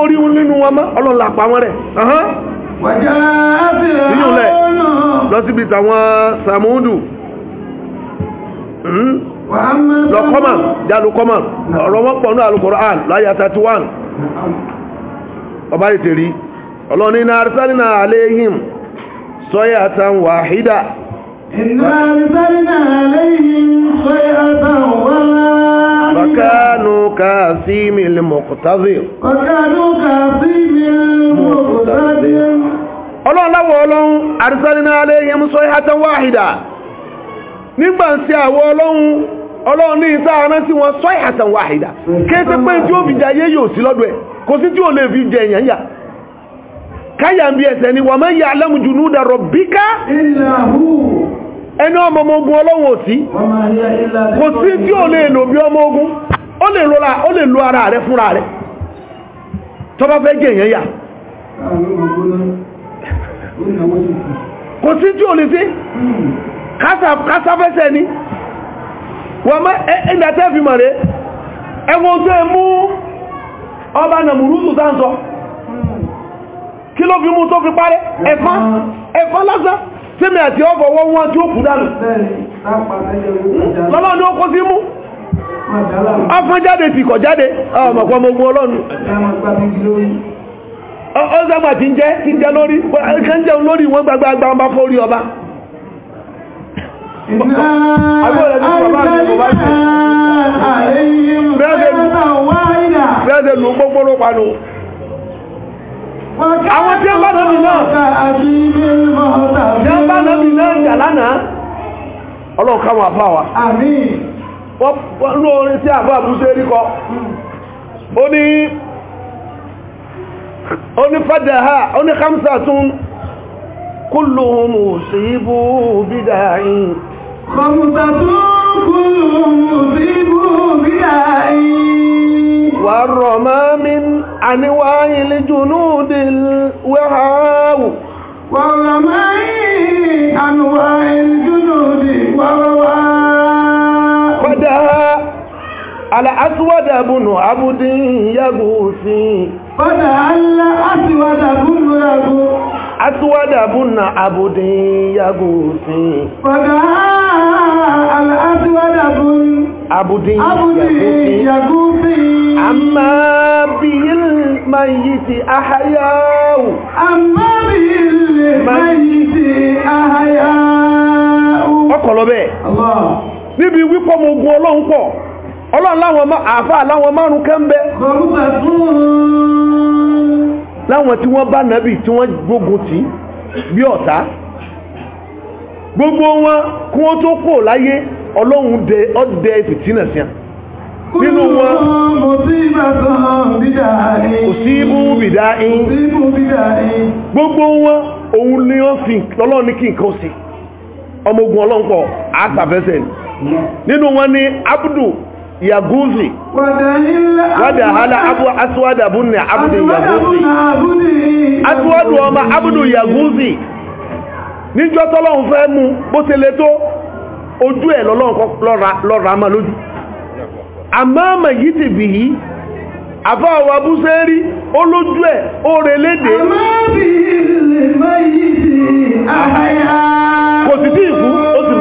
orí nínú wọn làpá wọn rẹ̀ lọ kọ́mà jálu kọ́mà ọ̀rọ̀ wọn pọ̀ ní Al-Qur'an láyà 31 ọba ìtẹ̀rí ọlọ́ni na arsalina aléhìm sayatan wàhídà inna arsalina aléhìm sayatan wàhídà fakanu kasimil muqtazir fakanu kasimil muqtazir ọlọ́láwọ̀ ọlọ́run arsalina aléhìm sayatan wàhídà nígbà tí àwọ ọlọ́run ọlọ́run ní ìta aná tí sọ ìhàtàn wàhìdà kéèsé pé tí ó fi jẹ yóò sí lọ́dọ̀ ẹ̀ kò sí tí ó lè fi jẹ káyà ń bí ni wàmọ́ ya alẹ́mùjù ní ìdàrọ̀ bíká ẹni ọmọ ogun ọlọ́run kò sí tí ó ogun kásáfẹ́sẹ̀ ni wọ́n mọ́ ẹgbẹ̀tẹ́ fi mọ̀ rẹ̀ ẹwọ́n tó mú ọba nàmùrúsù sáńsọ kí ló fi mú tó fi parẹ́ ẹ̀fán ẹ̀fán lásán tí mẹ́ àti ọgbọ̀ wọ́n wọ́n tí ó kù dánù ó kó sí mú Bẹ́ẹ̀dẹ̀ ló gbogbo pàánù. Àwọn tí ó bá náà mi náà, tí ó bá náà mi náà jà lánàá, ọlọ́run káwọn àpá wa. Wọ́n ló orin tí àbá àbúṣe rí kọ. Ó ní, ó ní fàdà ha, ó ní kámsà tún, kúlùhùn mú sí ibú bídà yìí. والرمام أنواع الجنود الوهاو والرمام أنواع الجنود والرواو فدها الأسود بن عبد يغوثي فدها الأسود بن يغوثي asiwadabu na abudin yagusin fada al aswada bun abudin abudin yagusin amma bil mayyit ahya'u amma bil mayyit ahya'u okolo be allah níbi wípọ́ mo gun ọlọ́run pọ̀ ọlọ́run láwọn àfáà láwọn márùn-ún kẹ́ ń bẹ. kọ̀rùbà fún láwọn tí wọ́n bá nàbì tí wọ́n gbógun tì bí ọ̀tá gbogbo wọn kí wọ́n tó kò láyé ọlọ́run dẹ ọdẹ fìtínà sí àn nínú wọn kò sí ibú bìdá in gbogbo wọn òun ni wọ́n fi lọ́lọ́ ní kí nǹkan sí ọmọ ogun ọlọ́run àtàfẹ́sẹ̀ nínú wọn ni abdu yaguzi wadda hala abu aswada bunne abudu yaguzi aswadu ọmọ abudu yaguzi níjọ́ tọ́lọ́run fẹ́ mú bó ṣe lè tó ojú ẹ̀ lọ́lọ́run ama ma lójú yìí ti bì yìí àfáwọ̀ abúṣẹ́ rí ó lójú ẹ̀ ó rẹ léde kò tí ìfú ó sì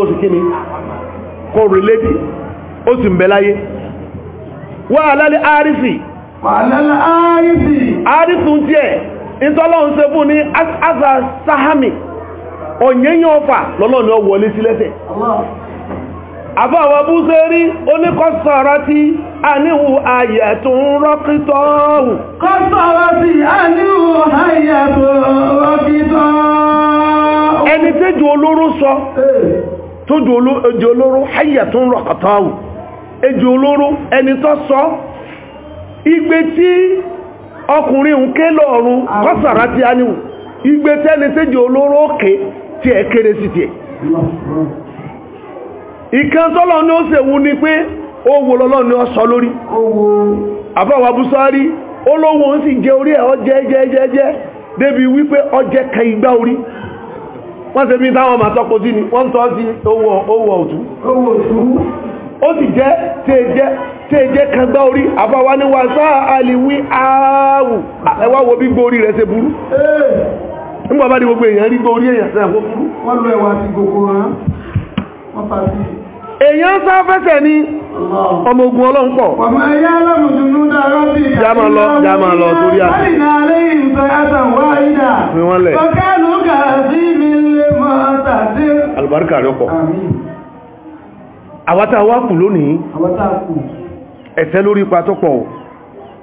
ó sì kí ni kò rìlẹ́dì ó sì ń bẹ láyé wà wa àrísì àrísùn tí ẹ̀ ìtọ́lọ́ ń ṣe fún ní azà sahami ọ̀yẹ́yàn ọfà lọ́lọ́ni ọ wọlé sí lẹ́sẹ̀ àbáwà bú ṣe rí oníkọ́sọ̀rọ̀ tí a níhù ayẹ̀ tó ń rọ́kítọ́ ọ̀hùn kọ́sọ̀rọ̀ tí a níhù ayẹ̀ tó rọ́kítọ́ ọ̀hùn ẹni tẹ́jù olóró sọ tó di eh, olóró ẹ̀yà tó ń rọ̀kọ̀tọ̀ àwù ejò eh, olóró ẹni tó sọ igbe tí ọkùnrin ń ké lọ́ọ̀run kọ́sàrá ti áníwù igbe tẹ́ni tẹ́jì olóró òkè tí ẹ kéré sí tiẹ̀ ìkan tọ́lọ ní ó sì wù ní pé ó wo lọ́lọ́ ní ó sọ lórí àbáwà olówó ń sì jẹ orí ẹ̀ débi wípé wọ́n se bí táwọn ma tọ́kọ sí ni wọ́n tọ́ sí owó òtú ó sì jẹ́ tí è jẹ́ kan gbá orí àbáwá ní àlìwí ààwù ẹwà wo bí rẹ̀ ṣe burú nígbàbá ní gbogbo èèyàn rí orí èèyàn sẹ́yàn fún èyàn sáfẹ́sẹ̀ ní ọmọ ogun ọlọ́run pọ̀ jáma lọ jáma lọ torí àti wọ́n lẹ̀ alùbáríkà rẹ̀ pọ̀ àwátá wá kù lónìí ẹ̀tẹ́ lórí ipa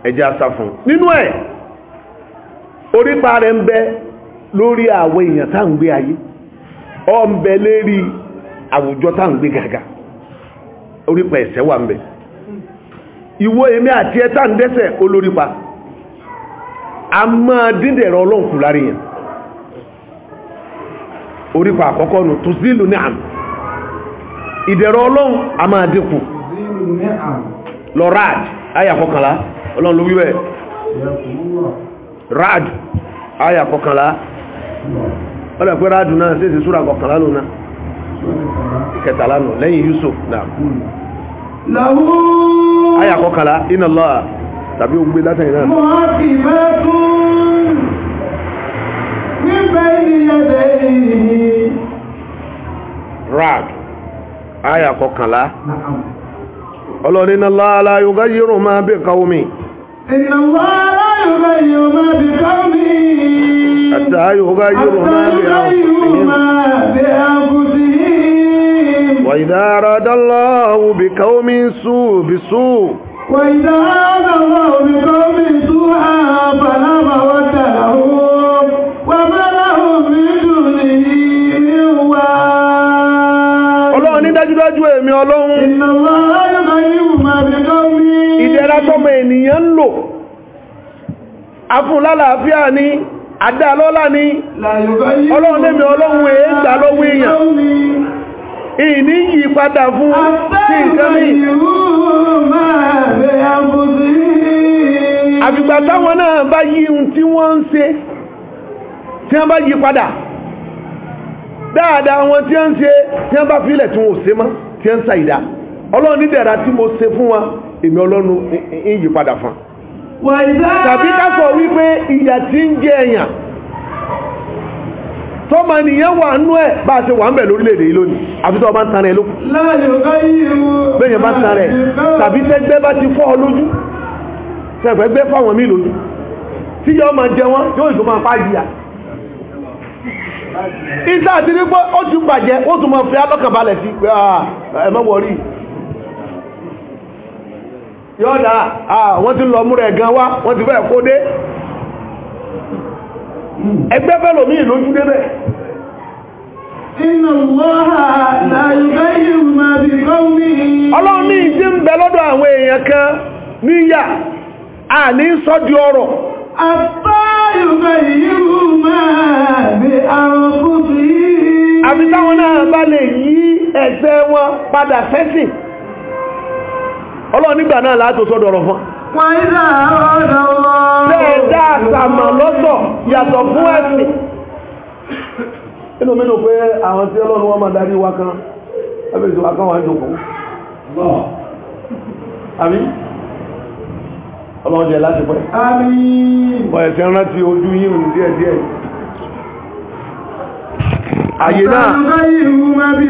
ẹ̀jẹ́ nínú ẹ̀ orípa rẹ̀ ń lórí àwọn èèyàn ń gbé ayé ọ ń bẹ lérí àwùjọ ń gbé gàgà orípa ẹ̀ṣẹ̀ wà mẹ́ ìwọ èmi àti ẹta ń dẹ́ṣẹ̀ olórípa a máa díndẹ̀rẹ̀ ọlọ́run kù lárí yẹn orípa àkọ́kọ́ nù tó sílù ní àmì ọlọ́run a máa dínkù lọ ráàd kọkànlá ọlọ́run ìkẹtàlá nù lẹ́yìn Yusuf náà ayà kọkànlá iná lọ́à tàbí ó gbé látàrí náà rag ayà kọkànlá ọlọ́ni iná lọ́la yóò gáyírò máa bí kàwọ́mí iná lọ́la yóò gáyírò máa bí kàwọ́mí àtàyò gáyírò máa bí kàwọ́mí وإذا أراد الله بقوم سوء بسوء وإذا أراد الله بقوم سوءا فلا مود لهم وما لهم من دونه Ọlọ́run ní dájúdájú èmi Ọlọ́run. Ìdẹ̀ra tọ́mọ ènìyàn ń lò. Afúnlálàáfíà ni, àdá lọ́lá ni, Ọlọ́run lèmi Ọlọ́run èé gbà lọ́wọ́ èèyàn ìní yìí padà fún sí nǹkan ní àfìgbà táwọn náà bá yí ohun tí wọ́n ń ṣe tí wọ́n bá yí padà dáadáa wọn tí wọ́n ń tí wọ́n bá fílẹ̀ tí wọ́n ò mọ́ tí wọ́n sa ìdá ọlọ́run nídẹ̀ra tí mo ṣe fún wa èmi ọlọ́run ń padà fún tàbí ká wípé ìyà tí ń jẹ èèyàn tọ́mọ ènìyàn wà nú ẹ̀ bá a ṣe wà ń bẹ̀ lórílẹ̀-èdè yìí lónìí àbí tó bá ń tan rẹ̀ lókù bẹ́yẹn bá ń tan rẹ̀ tàbí tẹ́gbẹ́ bá ti fọ́ ọ lójú tẹ́gbẹ́ fáwọn mí lójú tí yọ ma jẹ yóò ìta àti ní pé ó bàjẹ́ ó tún ma fi alọ́kànbalẹ̀ sí pé ah, ah, wọ́n ti lọ gan wá wọ́n ti fẹ́ kó dé ẹgbẹ́ fẹ́lò ní ìlójú débẹ̀ ọlọ́run ní ìdí ń bẹ lọ́dọ̀ àwọn èèyàn kan níyà a ní sọ́dí ọ̀rọ̀ àbí táwọn náà bá lè yí wọn padà ọlọ́run wọ́n ìdá ọ̀dọ̀ wọn. bẹ́ẹ̀ dá àtàmà lọ́tọ̀ yàtọ̀ fún ẹ̀sìn. inú mi nù pé àwọn tí ọlọ́run wọn máa darí wa kan ẹgbẹ́ ìṣòwò akán wà ń jòkó. àmín ọlọ́run jẹ láti pẹ́. àmín. ọ̀ẹ̀sẹ̀ rántí ojú yìí rùn díẹ̀díẹ̀ yìí àyè náà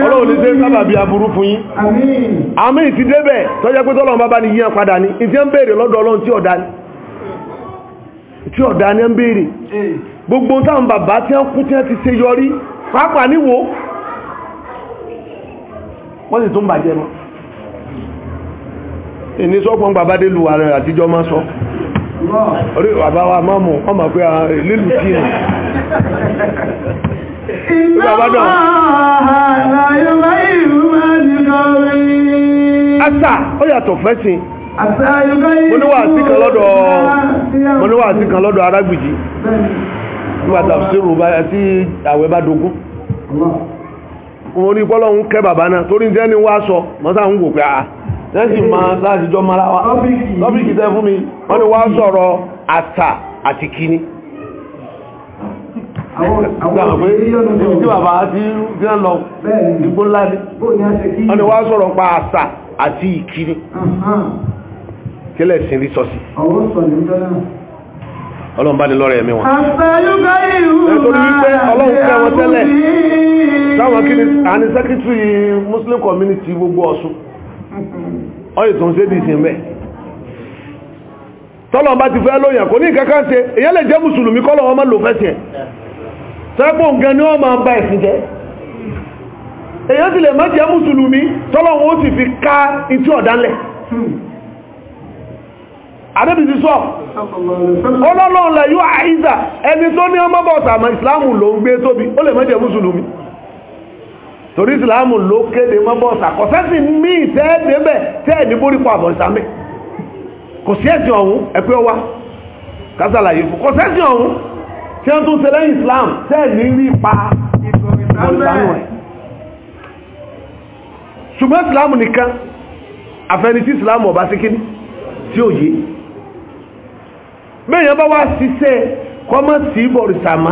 ọlọ́run ní ṣe sábà bí aburú fún yín àmì ìtì débẹ̀ tó jẹ́ pé tọ́lọ́run bàbá ni yíyàn padà ní ìtì ń béèrè lọ́dọ̀ ọlọ́run tí ọ̀dá ni tí ọ̀dá ni ń béèrè gbogbo táwọn bàbá tí wọ́n kú tí wọ́n ti ṣe yọrí pápá níwò wọ́n sì tún bàjẹ́ mọ́ ìní sọ́pọ̀n bàbá dé lu ààrẹ àtijọ́ máa sọ orí bàbá wa máa mọ̀ ọmọ pé ah, lílù tí ẹ̀ àṣà ó yàtọ̀ fẹ́sìn mọ́níwàásí kan lọ́dọ̀ kan lọ́dọ̀ arágbìjì nígbàtà sírù tí àwẹ̀ bá dogun orí pọ́lọ̀ ń kẹ́ bàbá náà torí jẹ́ ni wá sọ mọ́sá ń gò àà lẹ́sìn ma láti jọ mara wa lọ́bíkì tẹ́ fún mi wọ́n ni wá sọ̀rọ̀ àtà àti kíní àwọn tí wá sọ̀rọ̀ pa àṣà àti ìkiri kílẹ̀ sí rí sọ́sí ọlọ́run bá lọ́rẹ̀ ẹ̀mí wọn nítorí wípé ọlọ́run ni ti fẹ́ lóyìn kò ní ìkẹ́kẹ́ sẹ́gbò nǹkan ni ọ máa bá ẹ̀sìn jẹ́ èyàn ti lè má jẹ́ mùsùlùmí tọ́lọ́wọ́ ó sì fi ká ìtí ọ̀dánlẹ̀ àdébì ti sọ ọlọ́lọ́run lẹ̀ yóò àìsà ẹni tó ní ọmọ bọ̀ọ̀sà àmà ìsìláàmù ló ń gbé tóbi ó lè má jẹ́ mùsùlùmí torí ìsìláàmù ló kéde mọ́ bọ̀ọ̀sà kọ̀sẹ́sì mí ìtẹ́ẹ̀dẹ́bẹ̀ kọ̀sẹ́sì ọ̀hún tí wọ́n tún ṣe lẹ́yìn Islam tẹ́ ní rí pa ṣùgbọ́n Islam nìkan àfẹni tí Islam ọba sí kíní tí ó yé bẹ́yàn bá wá ṣiṣẹ́ kọ́mọ́ sí bọ̀rìsàmá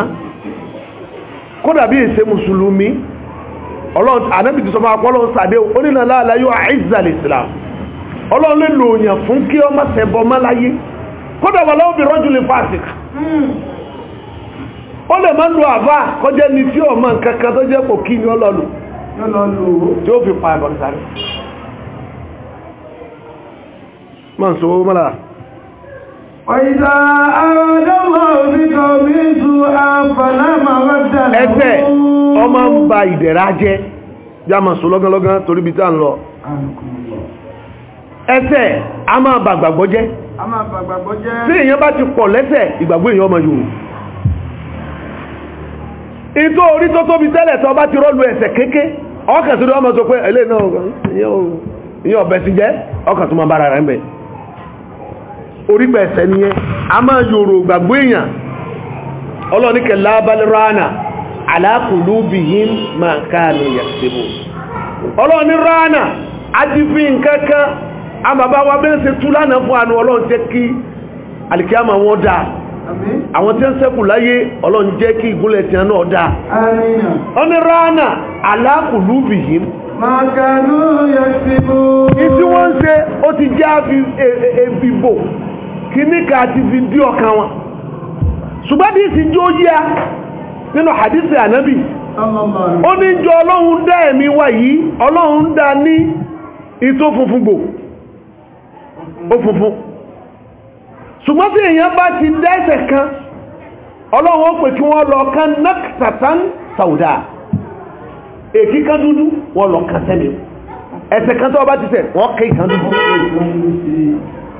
kódà bí èsè mùsùlùmí ọlọ́run ànábì ti sọ máa pọ́ ọlọ́run sàdé onílàláàlá yóò àìzàlì islam ọlọ́run lè lò òyàn fún kí ọmọ sẹ́bọ̀ mọ́ láyé kódà wà lọ́wọ́ bí rọ́jùlẹ̀ fásitì hmm. ó lè mọ́ lu àbá kọjẹ́ ni tí ò mọ́ tó jẹ́ pòkí ni ọlọ́lù tí ó fi pa ẹ̀bọ̀n sáré mọ́ sọ owó mọ́lá ba bí ẹsẹ̀ a máa bàgbàgbọ́ jẹ́ tí èèyàn bá ti pọ̀ lẹ́sẹ̀ ìgbàgbọ́ èèyàn ọmọ yòó ìtò orí tó tóbi tẹ́lẹ̀ tó bá ti rọ́lù ẹ̀sẹ̀ kéèké ọkàn tó dọ́mọ tó pé ẹlé náà yóò bẹ̀ sí jẹ́ tó bára rẹ̀ ń bẹ̀ orígbẹ̀ ẹ̀sẹ̀ niyẹn a máa yòrò gbàgbó èèyàn ọlọ́nikẹ̀ i ma a a àwọn tí ń ṣẹ́kù láyé ọlọ́run jẹ́ kí ìgúnlẹ̀ tí náà dá ọmọ ránà aláàkùlú bìyí ìtí wọ́n ń ṣe ó ti jẹ́ àfibò e, e, e, kìníkà àti fi dí ọkàn wọn ṣùgbọ́n bí ìsìn jó yíya nínú hadisi ànábì ó ní jọ ọlọ́run dá ẹ̀mí wa yìí ọlọ́run dá ní ìtó funfun gbò ó funfun ṣùgbọ́n tí èèyàn bá ti dẹ́ẹ̀ṣẹ̀ kan ọlọ́run ó pè kí wọ́n lọ kan nákàtàn sàúdà èkí kan dúdú wọ́n lọ kan sẹ́mi ẹ̀ṣẹ̀ kan tó bá ti ṣẹ̀ wọ́n kẹ́ ìkan dúdú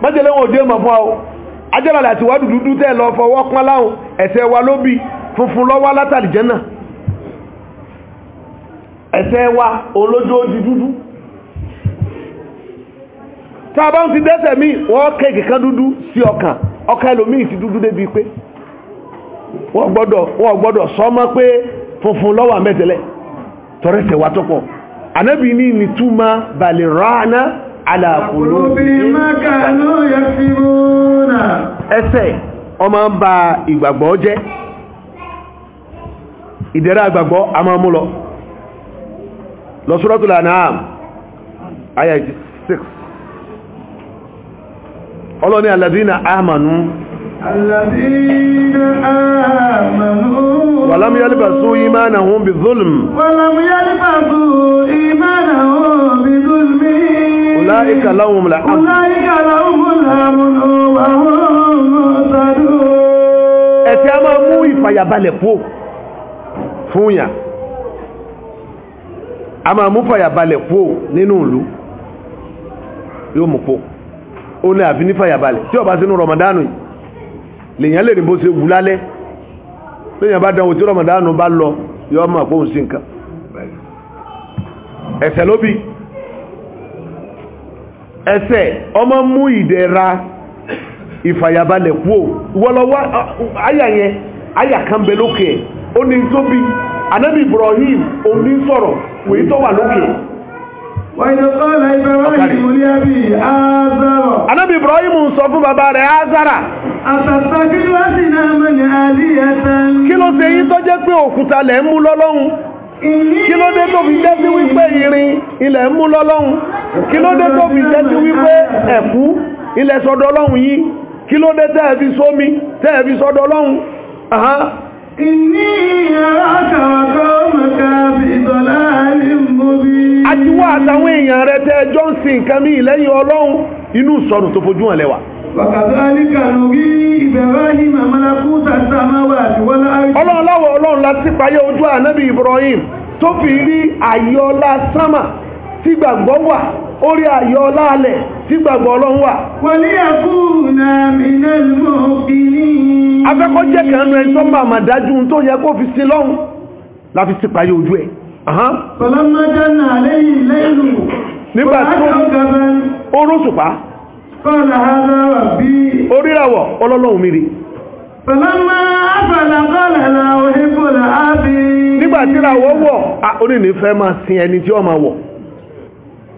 mọ́jẹ̀lẹ́ wọn ò dé mọ̀ fún ọ ajẹ́lẹ̀ àti wádùú dúdú tẹ́ lọ fọwọ́ pọ́n láhùn ẹ̀ṣẹ̀ wa ló bí funfun lọ́wọ́ látàlì jẹ́nà ẹ̀ṣẹ̀ wa olójó di dúdú tàbá ń ti dẹ́sẹ̀ mí wọ́n kéèkì kan dúdú sí ọkàn ọkàn ẹlòmíì ti dúdú débi pé wọ́n gbọ́dọ̀ sọmọ́ pé funfun ló wà tọrẹsẹ̀ wà tọ́pọ̀ anábì ní nìtúmọ̀ balẹ̀ ránà alàkùnrin ẹsẹ̀ ọmọ ń ọlọ́ni alàdínà àmànú alàdínà àmànú wàlámú yálìbàsú ìmánà hún bí zulm wàlámú yálìbàsú ìmánà hún bí zulmi ọláìkà láwọn ẹ̀tí a máa mú ìfàyàbalẹ̀ pò fúnyà a máa mú ìfàyàbalẹ̀ pò nínú ìlú yóò mú pò ó ní àfi nífàyàbalẹ̀ tí ó sínú Ramadanu yìí lèyàn lè ní bó ṣe wù lèyàn bá dánwò tí Ramadanu bá lọ yọ ọmọ àpòhùn sí nǹkan ẹ̀ṣẹ̀ ló bí ẹ̀ṣẹ̀ ọmọ mú ìdẹ̀ra ìfàyàbalẹ̀ kú ò wọ́lọ́wọ́ àyà yẹn àyà kan bẹ lókè ó ní tóbi anábì Ibrahim òun ní sọ̀rọ̀ wèé tó lókè Anábì Ibrahim ń sọ fún bàbá rẹ̀ Azara. Àtàtà kí ló sì náà mọ̀ ní àríyàtàn. Kí ló ṣe yí tó jẹ́ pé òkúta lẹ̀ ń mú lọ́lọ́run? Kí ló dé tó fi jẹ́ sí wípé irin ilẹ̀ ń mú lọ́lọ́run? Kí ló dé tó fi jẹ́ sí wípé ẹ̀kú ilẹ̀ sọ́dọ̀ ọlọ́run yìí? Kí ló dé tẹ́ẹ̀ fi sómi tẹ́ẹ̀ fi sọ́dọ̀ ọlọ́run? àtiwá àtàwọn èèyàn rẹ̀ tẹ́ ẹjọ́ ń sin nǹkan mí lẹ́yìn ọlọ́run inú sọ̀rọ̀ tó fojú hàn ọlọ́run láwọ̀ ọlọ́run láti ojú ànábì Ibrahim tó fi rí àyọ́lá sámà tí gbàgbọ́ wà orí ayọ̀ láàlẹ̀ tí gbàgbọ́ ọlọ́run wà. wọlé àkúrùnà mìíràn mọ́ obìnrin. afẹ́kọ́ jẹ́ kẹ́nu ẹni tó máa mà dájú tó yẹ kó fi sí lọ́hùn láfi sí payé ojú ẹ̀. nígbà tó ó rọ́ṣùpá. fọlá orí ní fẹ́ máa sin ẹni tí ọ ma wọ̀.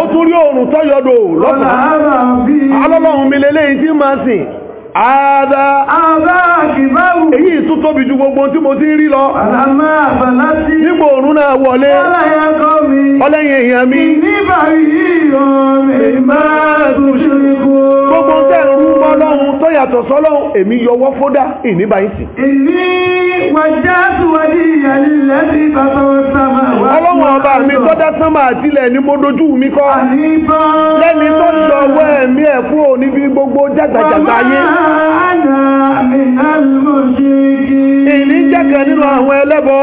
ó tún rí oòrùn tọ́yọdò lọ́sàn-án alọ́lọ́run mi lélẹ́yìn tí máa sìn àádá àádá kìbáwù èyí tó tóbi ju gbogbo tí mo ti rí lọ àlámà àbàlá sí nígbò òrùn náà wọlé ọlẹ́yìn èèyàn mi nígbà yìí ọ̀rẹ́ máa dùn ṣe gbogbo tẹ́ ń rú ọlọ́run tó yàtọ̀ sọ́lọ́run èmi yọwọ́ fódà ìníbà yìí sí. èmi wàjá àtúwájú ìyàlílẹ̀ sí bàbá ọ̀sàmà wà. ọlọ́run ọba mi tó dá sánmà àtìlẹ̀ ni mo dojú mi kọ́. àníbọ̀ lẹ́ni tó yọ ọwọ́ ẹ̀mí ẹ̀ kúrò níbi gbogbo jàgbàjàgbà ayé. bàbá Ìní jẹ́kẹ̀ nínú àwọn ẹlẹ́bọ.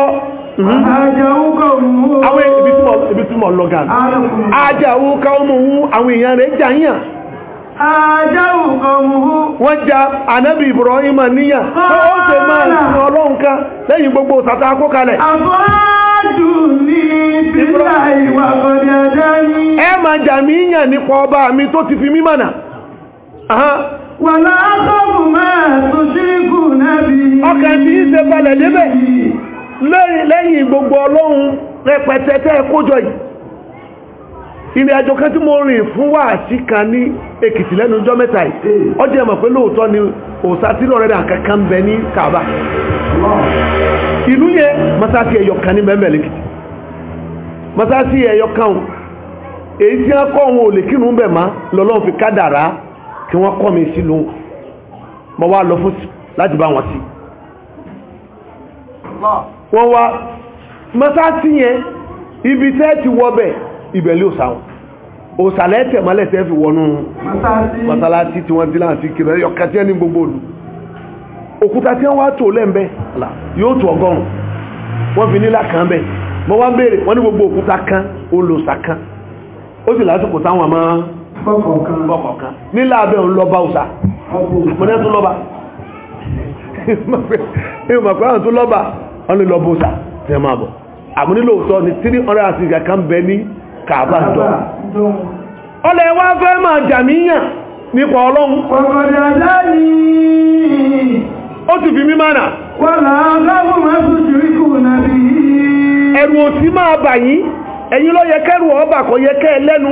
Àwọn ibi túnmọ̀ lọ́gán. Ajáwú káwọ́mùhú àwọn èèyàn rẹ̀ jàyàn. Ajáwú káwọ́mùhú. Wọ́n ja ànábì Ibrahim níyàn. Ó ṣe máa ń sin ọlọ́run ká lẹ́yìn gbogbo sàtà akókalẹ̀. Àbọ́dùn ní ìpínlẹ̀ Ẹ máa jà mí nípa ọba mi tó ti fi mímọ̀nà. Wàlá sọ́bù tó ṣíkù tí í ṣe balẹ̀ débẹ̀ lẹ́yìn gbogbo ọlọ́run rẹpẹtẹ tẹ́ kójọ yìí. Ìrìn àjò fún wà sí kan ní Èkìtì lẹ́nu ọjọ́ mẹ́ta yìí. jẹ́ mọ̀ pé lóòótọ́ ni ń bẹ ní Kàbá. Ìlú ní mẹ́mẹ́ lẹ́kìtì. tí kọ́ kí wọ́n kọ́ mi sí lóhun mọ́ wá lọ fún láti bá wọn sí wọ́n wá mọ́sáàtì yẹn ibi tẹ́ ti wọ́bẹ̀ ìbẹ̀lẹ̀ òsàwọn òsàlẹ́tẹ̀ mọ́lẹ̀tẹ́ fi wọnú mọ́sáàtì tí wọ́n dí láti kìrẹ́ yọkà tí ẹni gbogbo olù òkúta tí wọ́n wá tó lẹ́m̀bẹ́ yóò tó ọgọ́rùn wọ́n fi nílá kan bẹ́ mọ́ wá bèèrè wọ́n ní gbogbo òkúta kan olùsà kan ó sì lásìkò táwọn máa fọ́kọ̀ọ̀kan nílá abẹ́ òun lọ́bá òsà mọ̀nẹ́ tó lọ́bá ìwọ̀n mọ̀kànlá tó lọ́bá ọ̀nà lọ́bá òsà tí máa bọ̀ ni bẹ ní ọlẹ̀ wá fẹ́ máa jàmíyàn nípa ọlọ́run ẹ̀rù òsì máa bà yẹ ọba yẹ kẹ́ lẹ́nu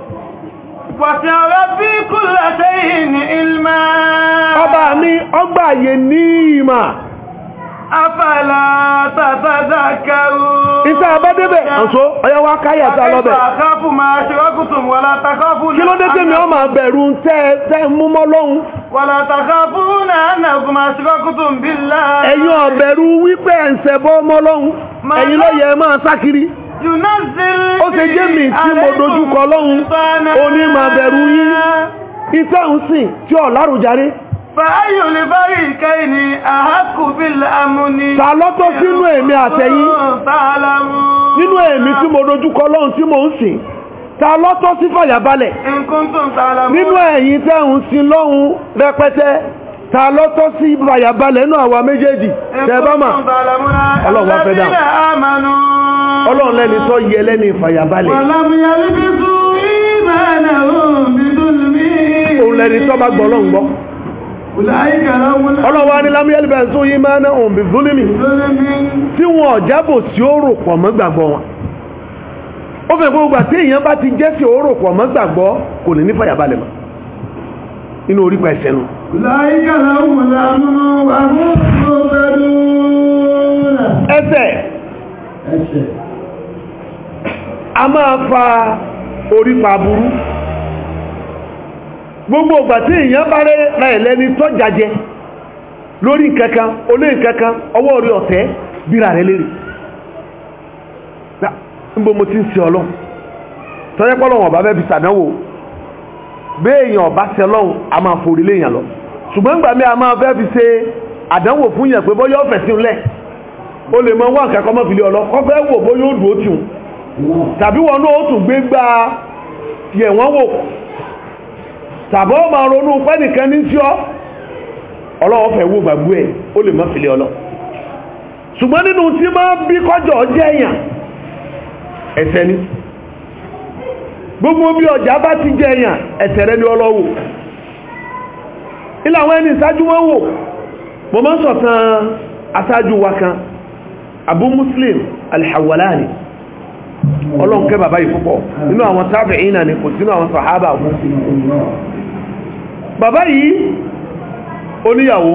Wàtí rabbi kulla shay'in ilma. Ọba ní ọgbà yẹ ní ìmà. Afala tatadhakkarun. Ìta àbádébẹ̀, ọ̀ṣọ́, ọya wá káyà tá lọ́bẹ̀. Kí ló dé tí mi ọ máa bẹ̀rù tẹ́ múmọ́ lọ́hun? Wàlá takhafuna annakum ashraktum billah. Ẹ̀yin ò bẹ̀rù wípé ẹ̀ǹsẹ̀bọ́ ọmọ lọ́hun. Ẹ̀yin ló máa sákiri ó ṣe jẹ́ mi tí mo dojúkọ ọlọ́run ó ní máa bẹ̀rù yín ìtẹ́ ń sìn tí ọ̀ lárùjárí fàáyò ni ta lọ́tọ́ sínú èmi àtẹ̀yìn nínú èmi tí mo dojúkọ ọlọ́run tí mo ń sìn ta lọ́tọ́ sí fàyàbalẹ̀ nínú ẹ̀yin tẹ́ ń sìn lọ́hun rẹpẹtẹ ta ló tọ́ sí ìbàyàbalẹ̀ náà àwa méjèèjì tẹ́bọ́mà ọlọ́wọ́ fẹ́dà ọlọ́run lẹ́ni tọ́ yẹ lẹ́ni ìfàyàbalẹ̀ òun lẹ́ni tọ́ bá gbọ́ ọlọ́run gbọ́ ọlọ́wọ́ anílámú yẹ́lìbẹ̀ tó yí máa náà òun bí zulimi tí wọn ọ̀jábò tí ó rò pọ̀ mọ́ gbàgbọ́ wọn ó fẹ́ gbogbo àti èèyàn bá ti jẹ́ sí ó rò pọ̀ mọ́ gbàgbọ́ kò ní ní fàyàbalẹ̀ mọ́ nínú orípa pẹ̀sẹ̀ nù ẹsẹ̀ a máa fa orí burú gbogbo tí èèyàn bá rẹ̀ lórí olé ọwọ́ orí ọ̀tẹ́ bíra rẹ̀ mo ti ń se ọlọ́ tọ́jẹ́pọ́lọ̀ bá bẹ́ bí sàdánwò béèyàn bá ṣe lọ́hùn a máa forí léèyàn lọ ṣùgbọ́n gbà mí a máa fẹ́ fi ṣe àdánwò fún yàn pé bóyá ọ̀fẹ́ sí lẹ̀ o lè mọ wá nǹkan kan mọ́ fìlẹ̀ ọlọ́ kọ́fẹ́ wò bóyá ó dùn ó tìhun tàbí wọn náà ó tún gbé gba tiẹ̀ wọ́n wò tàbí ó máa ronú pẹ́nìkan ní tí ọ́ ọlọ́wọ́ fẹ́ wò gbàgbé ẹ̀ ó lè mọ́ fìlẹ̀ ọlọ́ ṣùgbọ́n nínú tí máa bí kọjọ́ jẹ́ yàn. ẹ̀ṣẹ̀ ni gbogbo bí ọjà bá ti jẹ èèyàn ẹ̀sẹ̀ rẹ̀ ní ọlọ́wọ́ ilé àwọn ẹni ìsájú wọ́n wò mo mọ́ sọ̀tàn asájú wa kan abu muslim alhawalani ọlọ́nkẹ́ bàbá yìí púpọ̀ nínú àwọn tábíìnà ni kò sínú àwọn sàhábà bàbá yìí oníyàwó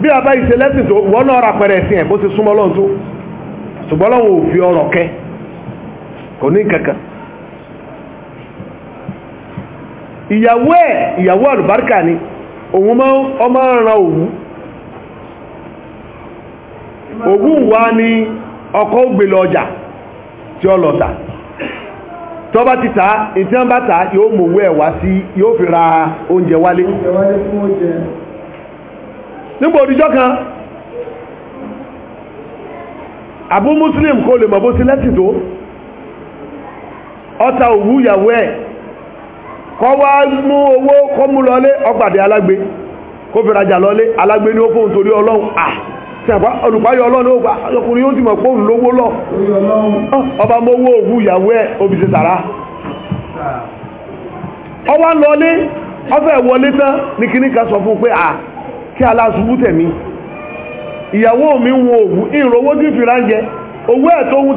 bí a bá ìṣẹ́lẹ́sìn tó wọ́n náà rà pẹ̀rẹ̀ sí ẹ̀ bó ti súnmọ́ lọ́n tó ṣùgbọ́n lọ́wọ́ òfin kẹ́ kò ní kankan ìyàwó ẹ̀ ìyàwó àlùbáríkà ni òun ọmọ ọ̀ràn òun òun wá ní ọkọ̀ ògbèlè ọjà tí ó lọ́ta tó bá ti tàá ìtí wọ́n bá tàá yóò mú owó ẹ̀wà sí yóò fi ra oúnjẹ wálé nígbà òdíjọ́ kan Abu Muslim kò lè mọ̀ bó sí lẹ́sìn ọta òwú ìyàwó ẹ̀ kọ́ wá mú owó kọ́ mú lọlé ọgbàdé alágbé kó fi rajà lọlé alágbé ní ó fóun torí ọlọ́run à sẹ̀pá olùpáyọ̀ ọlọ́run ó gbà ọkùnrin ó ti mọ̀ pé lówó lọ ọba mówó òwú ìyàwó ẹ̀ obì ti ọwá lọlé ọfẹ́ wọlé tán ní kíní kan sọ fún pé à kí aláṣubú tẹ̀mí ìyàwó mi ń wo òwú tí fi ránjẹ ẹ̀ tó ohun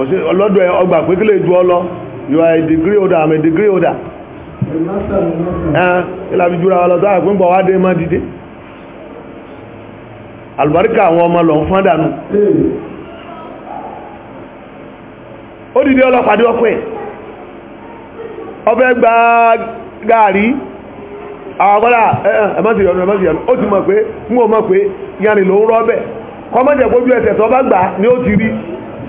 ọlọ́dọ̀ ọgbà pé kí lè ju ọ lọ you are a degree holder i'm a degree holder ẹn ìlàbí jura ọ lọ sáà pín bọ̀ wá dé má dìde àlùbáríkà àwọn ọmọ lọ ń fọ́n dànù ó dìde ọlọ́pàdé ọkọ̀ ẹ̀ ọbẹ̀ gba àwọn ọgbọ́dà ẹ̀mọ́sì yọnu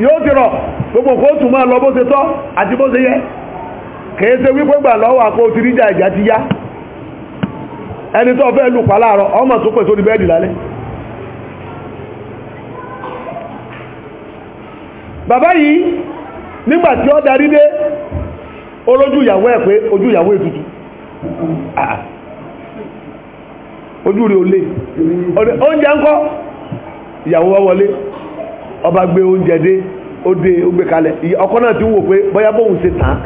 yóò ti rọ̀ gbogbo kó tún máa lọ bó ṣe tọ́ àti bó ṣe yẹ kìí ṣe wípé gbà lọ́wọ́ àpò ti ríjà ìjà ti yá ẹni tó fẹ́ lù ọmọ tó pèsè orí bẹ́ẹ̀dì lálẹ́ bàbá yìí tí ó darí dé olójú ìyàwó ẹ̀ pé ojú ìyàwó ètùtù ojú ọba gbé oúnjẹ dé ó dé ó gbé kalẹ̀ ọkọ náà ti wò pé bóyá bóun ṣe tán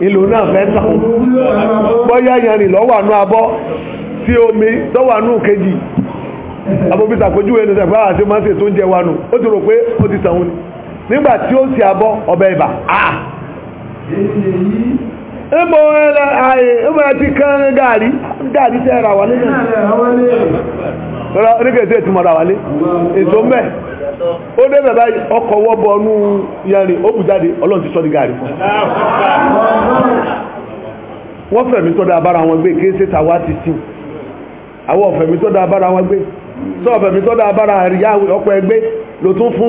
ìlú náà fẹ́ tán bóyá yanrìn lọ́wọ́ abọ́ omi lọ́wọ́ kejì abobita kojú ẹni sẹ́pẹ́ àwọn àti mọ́sẹ̀ tó ń jẹ wánu ó ti rò pé ó ti wọn nígbà tí ó ti abọ́ ọbẹ̀ ibà ah! ẹgbọ́ ẹlẹ́ ààyè ọmọ gari kan gàrí gàrí tẹ́ ra tí ètò ó dé bẹ̀bá ọkọ̀ wọ́bọ̀ ọnú yẹrin ó bù jáde ọlọ́run ti sọ́ di gàrí wọ́n fẹ̀mí tọ́ da bára wọn gbé tàwa ti àwọn ọ̀fẹ̀mí wọn gbé sọ ọ̀fẹ̀mí àríyá ẹgbẹ́ ló tún fún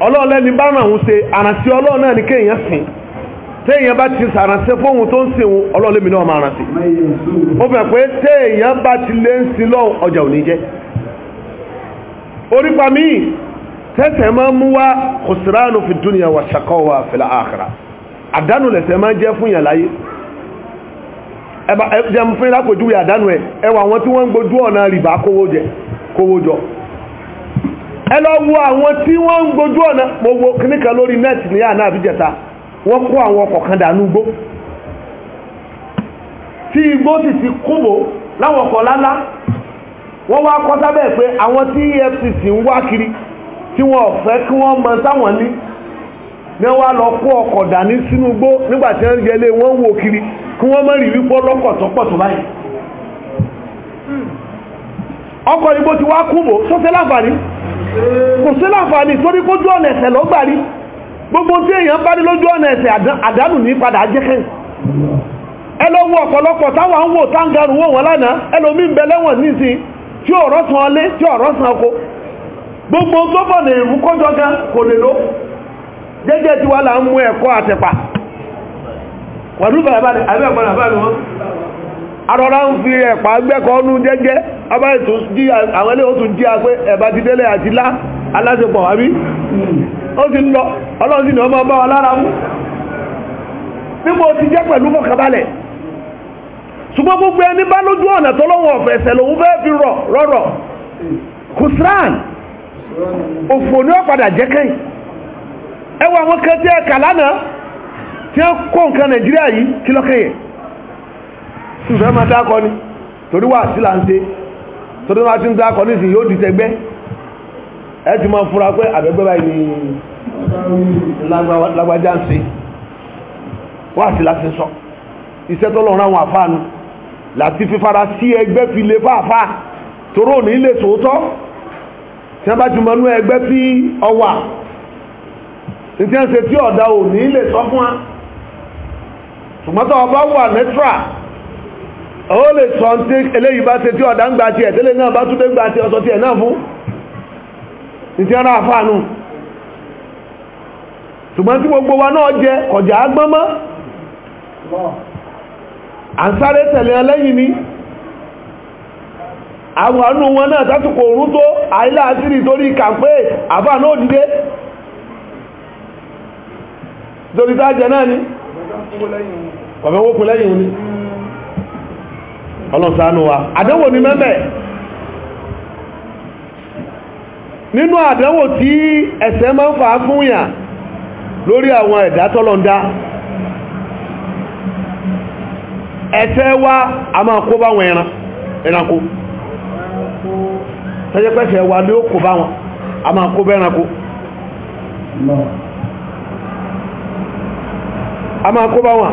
ọlọ́ọ̀lẹ́ni bá ràn òun ṣe àrànṣe ọlọ́ọ̀ náà ní kéèyàn sìn téèyàn bá ti sàrànṣẹ́ tó ń sìn òun náà máa ràn sí fẹ́ pé téèyàn bá ti lé ń sin lọ́hùn ọjà ò jẹ́ orípa míì tẹ́sẹ̀ máa mú wá fi wà fìlà àkàrà àdánù lẹ̀sẹ̀ máa jẹ́ fún yàn láyé mú fún àdánù ẹ̀ ẹwà àwọn jọ ẹ lọ wo àwọn tí wọ́n ń gbójú ọ̀nà gbogbo kìníkà lórí nẹ́ẹ̀tì ní àná àbíjẹta wọ́n kó àwọn ọkọ̀ kan dànù gbó tí igbó sì ti kúbò láwọn ọkọ̀ lálá wọ́n wá kọ́ sábẹ́ pé àwọn tí EFCC ń wá kiri tí wọ́n fẹ́ kí wọ́n mọ sáwọn ní ní wọ́n lọ kó ọkọ̀ dání sínú igbó nígbà tí wọ́n yẹlé wọ́n wò kiri kí wọ́n mọ̀ rí wípọ́ lọ́kọ̀ tó tó báyìí ọkọ̀ igbó ti wá kúbò sọ́sẹ́ láǹfààní kò sí láǹfààní torí kójú ọ̀nà ẹ̀sẹ̀ lọ gbà rí gbogbo tí èèyàn bá rí lójú ọ̀nà ẹ̀sẹ̀ àdánù ní padà jẹ́kẹ́ ẹ ọ̀pọ̀lọpọ̀ táwọn ń wò táǹgarù wọn lánàá ẹlòmí ń bẹ tí ọ̀rọ̀ san tí ọ̀rọ̀ san gbogbo arọ́lá ń fi ẹ̀pà gbẹ́kọ̀ọ́nú jẹ́jẹ́ àwọn ilé tún jí agbé ẹ̀bá ti délé àti lá aláṣepọ̀ àbí ó ti ń lọ ọlọ́run sì ni ọmọ mú ti jẹ́ pẹ̀lú mọ̀kàbalẹ̀ ṣùgbọ́n gbogbo ẹni bá lójú ọ̀nà tọ́lọ́wọ̀n fẹ́ fi ìfẹ́ máa dákọ ni torí wà sí láǹṣe torí máa ti ń dákọ ní ìsìn yóò di tẹgbẹ́ ẹ ti máa fura pé àbẹ́gbẹ́ báyìí ni lágbájá ń ṣe wà sí láti sọ iṣẹ́ tó lọ́rùn àwọn àfáànù láti fífara sí ẹgbẹ́ fi lè fáàfá toró ní ilé tòótọ́ tí wọ́n bá ti mọ́nú ẹgbẹ́ tí ọwà ní tí wọ́n ṣe tí ọ̀dà ò ní ilé sọ fún wa ṣùgbọ́n tó ọba wà nẹ́tíra o le sọ tí eléyìí bá ṣe tí ọ̀dá ń gba ti ẹ̀tẹ́lẹ̀ náà bá túnbé gba ti ọ̀sọ̀ ti ẹ̀ náà fún ìtí ara àfáànù ṣùgbọ́n tí gbogbo wa náà jẹ ọjà agbọ́mọ́ à ń sáré tẹ̀lé ẹlẹ́yìn ni àwọn àánú wọn náà tásùkò òrùn tó torí kàpé torí ọlọ́sàánú wa àdánwò ní mẹ́mẹ́ nínú àdánwò tí ẹ̀ṣẹ̀ máa ń fà á fún yàn lórí àwọn ẹ̀dá tọ́lọ̀ndá ẹ̀ṣẹ̀ wa a máa kó bá wọn ẹran ẹranko tẹ́jẹ́pẹ́ṣẹ̀ wa ní ó kó bá wọn a máa kó bá ẹranko a máa kó bá wọn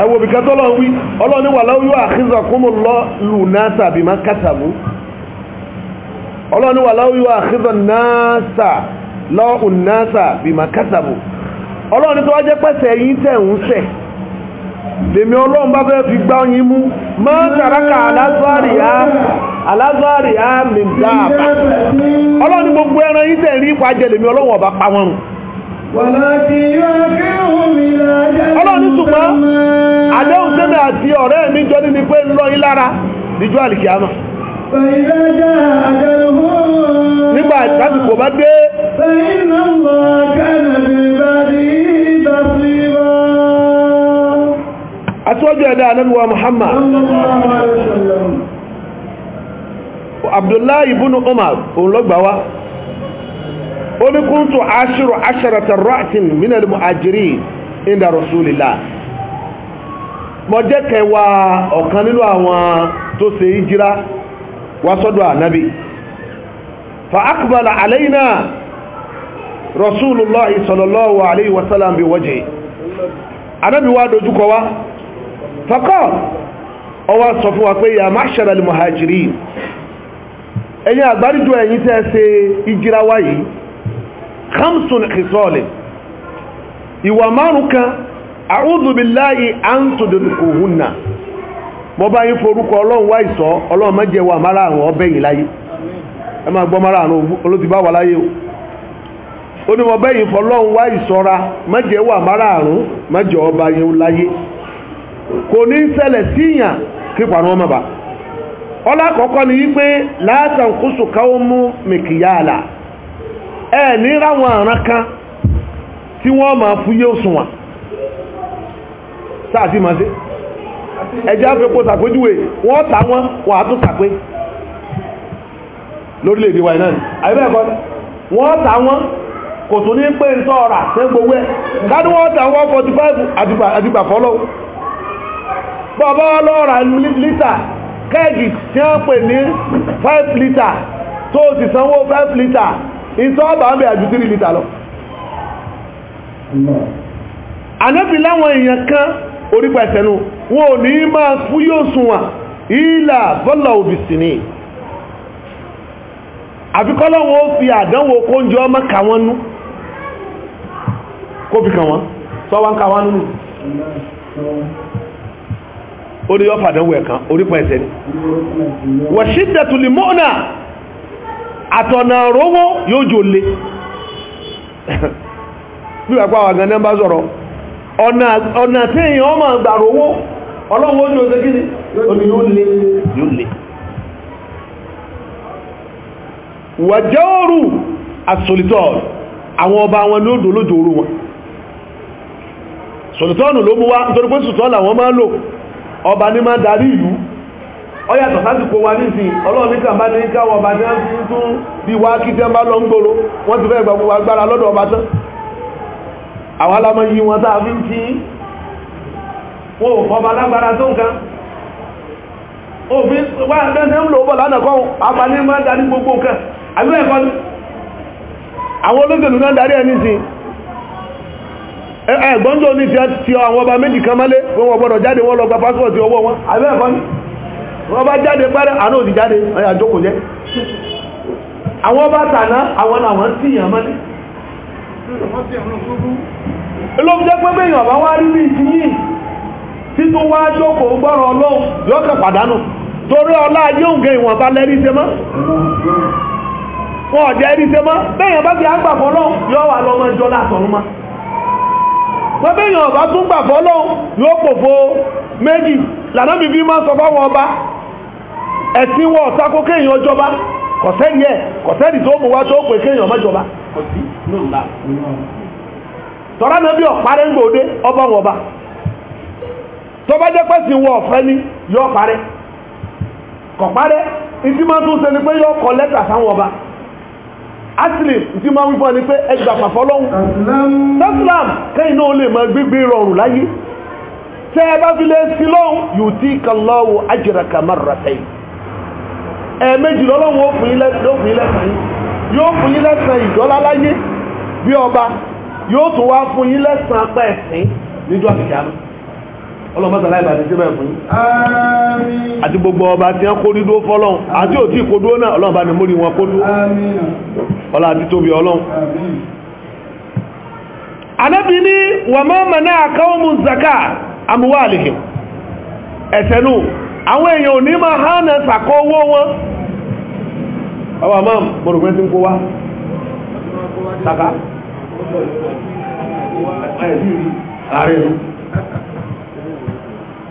ẹwọ bìkan tó lọ wí ọlọ́ni wà láwọn yóò àkízà kúmù lọ lù náà sàbí má kàtàbù ọlọ́ni wà láwọn yóò àkízà náà sà lọ́ọ̀ náà sàbí má kàtàbù ọlọ́ni tó wá jẹ́ pẹ́sẹ̀ yín tẹ̀ ń sẹ̀ lèmi ọlọ́run bá fẹ́ fi gbá yín mú máa ń tàràkà aláàzọ́rì á mìdáàbà ọlọ́ni gbogbo ẹran yín tẹ̀ rí ìpàjẹ́ lèmi ọlọ́run ọba pa wọn rùn ọlọ́ni ṣùgbọ́n àdéhùn sẹ́mẹ̀ àti ọ̀rẹ́ mi jọ ní ni pé ń lọ yín lára níjọ́ àlìkìyàmà nígbà ìtàbíkò bá dé àtúwọ́jọ́ ẹ̀dá anẹ́bíwa Muhammad Abdullahi ibn Umar òun lọ́gbàá wá ó ní kúntù aṣírò aṣẹ́rẹ̀tẹ̀ rọ́tín mínàlì mú àjírí ìdá rọ̀súlìlá mọ́ jẹ́ kẹwàá ọ̀kan nínú àwọn tó ṣe ìjírá wá sọ́dọ̀ ànábì fa akbala alayna rasulullahi sallallahu alayhi wa sallam bi wajhi ànábì wá dojúkọ wá fakọ́ ọwá sọ fún wa pé ya mashara al-muhajirin ẹ̀yin àgbáríjọ ẹ̀yin tẹ́ ṣe ìjírá wáyìí khamsun khisalin ìwà maruka kan a'udhu billahi an tudrikuhunna mo bá yín forúkọ ọlọ́run wá mara àrùn ọbẹ̀ yìí láyé mo fọlọ́run wá mara àrùn ọba yìí láyé kò ní ṣẹlẹ̀ síyàn kí pàrọ̀ ọmọ bá ọlá kọ̀ọ̀kan ni ẹ ní ráwọn àrán kan tí wọ́n ma fún yóò sùn wọn sáà sí ma sí ẹjẹ́ afẹ́pọ̀ sàpéjúwe wọ́n tà wọ́n wà á tún sàpé lórílẹ̀-èdè wa náà àyíbẹ̀ẹ́kọ́ wọ́n tà wọ́n kò tó ní pé ń tọ́ ọ̀rà tẹ́ gbogbo ẹ̀ dádú wọ́n tà wọ́n 45 àdìgbà fọ́lọ́ bọ́ọ̀bọ́ lọ́ọ̀rà lítà kẹ́ẹ̀gì tó ti sanwó 5 lítà ìtọ́ ọba ń bẹ̀ àjú 3 litre lọ ànábì láwọn èèyàn kan orípa ẹ̀sẹ̀nú wọn ò ní máa fú yóò súnwà ìlà bọ́lá òbìsì ni àfikọ́lọ́wọ́ fi àdánwò kóúnjẹ ọmọ kàwọn nú kó fi kàwọn sọ́wọ́ ń kàwọn nú ó ní yọ́ fàdánwò ẹ̀kan orípa ẹ̀sẹ̀ ni wọ̀ṣídẹ̀tùlì mọ́nà àtọ̀nà rówó yóò jò lè bí wà pàwà gan nẹ́mbà sọ̀rọ̀ ọ̀nà tí èyàn ọmọ àgbà ọlọ́wọ́ ní oṣe kíni omi yóò lè yóò lè wàjẹ́ òrù àtòlítọ́ àwọn ọba wọn ní òdò lójò orú wọn sọ̀lítọ́nù ló mú wá nítorí pé làwọn máa ọba ní máa darí ọyàtọ̀ sásìkò wa nísìn ọlọ́ọ̀nìkà bá ní káwọn ọba tí wọ́n tún bí wá kí tẹ́ bá lọ ń gbòrò wọ́n ti fẹ́ gbà gbogbo agbára lọ́dọ̀ ọba tán àwọn alamọ yí wọn tàà fi ń kí wọn ò fọba lágbára tó nǹkan òfin wá ẹgbẹ́sẹ̀ ń lò bọ̀ lánàkọ́ abalẹ́ máa darí gbogbo nǹkan àbúrẹ́ ẹ̀kọ́ ni àwọn olóṣèlú náà darí ẹni sí ẹgbọ́n tó ní ti àwọn ọba méjì kan mọ́lé wọn wọ́n gbọ́dọ̀ jáde wọ́n lọ gba pásọ̀tì ọwọ́ wọn àbúrẹ́ ẹ̀kọ́ ni wọ́n bá jáde pẹ́rẹ́ àánú òdì jáde ọ̀yà jókòó jẹ́ àwọn bá tàná àwọn àwọn tí ìyàn mọ́ ní olóòjẹ́ pé bẹ́yàn bá wá rí rí ìsinyìí tí tó wá jókòó gbọ́rọ̀ ọlọ́run lọ́kàn pàdánù torí ọlá ayé òǹgẹ ìwọ̀n bá lẹ́rí ṣe mọ́ wọ́n ọ̀jẹ́ rí ṣe mọ́ bẹ́yàn bá fi àgbàfọ́ ọlọ́run yọ́ wà lọ́mọ ìjọ látọ̀run mọ́ wọ́n bẹ́yàn ọba tún gbà fọ́lọ́ yóò pòfo méjì lànà bí máa sọ fáwọn ọba ẹ̀sìn wọ́n ọ̀sákó kéèyàn ọjọba kọ̀sẹ́ni ẹ̀ kọ̀sẹ́ni tó mú wá tó pè kéèyàn mọ́jọba tọrọ náà bí ọ̀parẹ́ ọba tó bá jẹ́ pẹ́sìn wọ́n ọ̀fẹ́ ni kọ̀parẹ́ ìdí máa tún kọ lẹ́tà ọba aslim tí máa wípọ́ ni pé ẹgbà pàfọ́ lọ́hun tẹ́sílám kẹ́yìn náà lè máa gbégbé rọrùn láyé tẹ́ ẹ bá fi lè sí lọ́hun yóò tí kàlọ́wọ́ ajraka marratayn ẹ̀ẹ̀mejì lọ́lọ́wọ́ fún ilẹ̀ yóò fún yín lẹ́san ìdọ́lá láyé bí ọba yóò tún wá fún yín lẹ́san apá ẹ̀sìn níjọ́ àtìjánu ọlọ́mọ́sàlá ìbàdí síbẹ̀ fún àti gbogbo ọba tí wọ́n kó dídó fọ́lọ́n àti òtí ìkódó náà ọlọ́mọba ni mórí wọn kó dó ọlá àti tóbi ọlọ́run anábi ní wà mọ́mọ̀ náà káwọ́mù zaka amúwà àlèkè ẹ̀sẹ̀nù àwọn èèyàn ò ní ma hánà sàkọ́ owó wọn ọwà mọ́ mọ̀rùgbẹ́ tí ń kó wá sàkà ààrẹ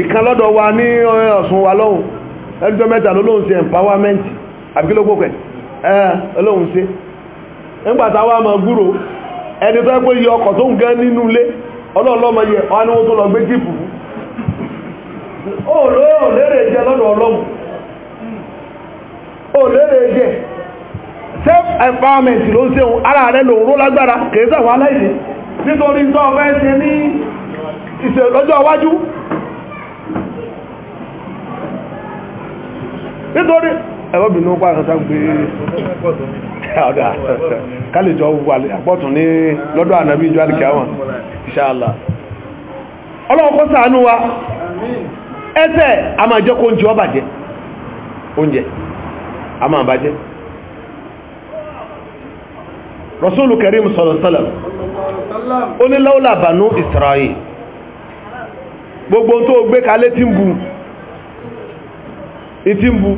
ìkan lọ́dọ̀ wa ní eh, ọ̀sùn wa lọ́hùn ẹjọ́ mẹ́ta ló sí empowerment àbíkílógbò pẹ̀ eh, ẹ̀ lóhùn sí nígbàtà wa gúrò ẹni tó ẹgbẹ́ yọ ọkọ̀ tó ń gẹ́ nínú ilé ọlọ́ọ̀lọ́mọ yẹ wọ́n lọ gbé jíìpù nítorí tó ṣe ní nítorí ẹ̀rọ bìnú pa àkàtà gbé ọ̀dà kálíjọ àpọ̀tún ní lọ́dọ̀ ànàbí ìjọ alìkẹ́wọ̀n ìṣàlá ọlọ́run kó wa ẹsẹ̀ a máa jẹ́ kó oúnjẹ ọ bàjẹ́ oúnjẹ a máa bàjẹ́ karim sọ̀rọ̀sọ́lọ̀ ó gbogbo ìtí ń bu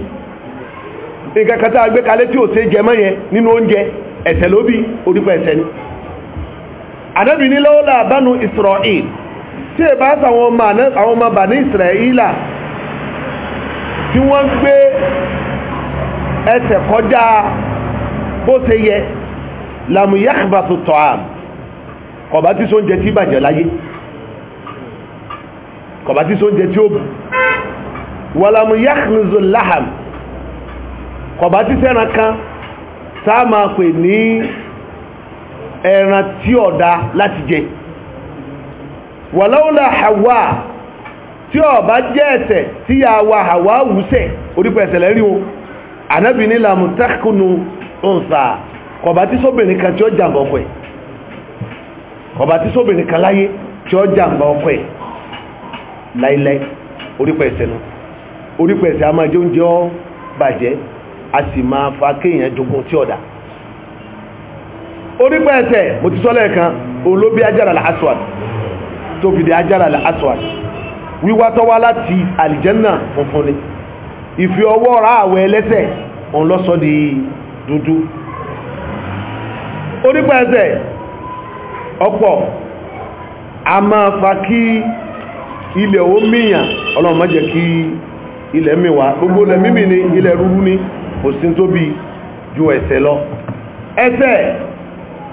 nǹkan kan tá a gbé kalẹ̀ tí ò ṣe jẹ mọ́ yẹn nínú oúnjẹ ẹ̀ṣẹ̀ ló bí orípa ẹ̀ṣẹ̀ ni ànábì ní lọ́wọ́lá bánu Israel tí èbá sàwọn ọmọ bà ní Israela tí wọ́n gbé ẹsẹ̀ kọjá bó ṣe yẹ lamuyakbasu tọ́am kọ̀bá tí sóúnjẹ tí bàjẹ́ láyé kọ̀bá tí sóúnjẹ tí ó bù wàlámù yàkùnzù láhàm kọ̀bá tí sẹ́ran kan sáà máa pè ní ẹran tí ọ̀dá láti jẹ wàláwùlà Hawa tí ọ̀bá jẹ́ ẹ̀ṣẹ̀ tí ya wa Hawa wùsẹ̀ orípẹ̀ ẹ̀ṣẹ̀ lẹ́rí o ànábì ní làmù tákùnù ọ̀nsà kọ̀bá tí sóbìnrin kan tí ó jàǹbá ọkọ ẹ̀ kọ̀bá tí sóbìnrin kan láyé tí ó jàǹbá ọkọ ẹ̀ láíláí orípẹ̀ onípẹ̀sẹ̀ a máa jẹ́ oúnjẹ ọ́ bàjẹ́ a sì máa fa kéèyàn jogun tí ọ̀dà onípẹ̀sẹ̀ mo ti sọ́lẹ̀ kan olóbi ajára al-aswad tó fi dé ajára aswad wíwá tó láti àlìjẹ́nà funfun ni ìfi ọwọ́ ra àwẹ̀ ẹlẹ́sẹ̀ òun lọ́sọ́ di dúdú onípẹ̀sẹ̀ ọ̀pọ̀ a máa fa kí ilẹ̀ ó míyàn jẹ́ kí ilẹ̀ mìwá gbogbo ilẹ̀ mímì ni ilẹ̀ rúrú ni kò sí tó bí ju ẹ̀ṣẹ̀ lọ ẹ̀ṣẹ̀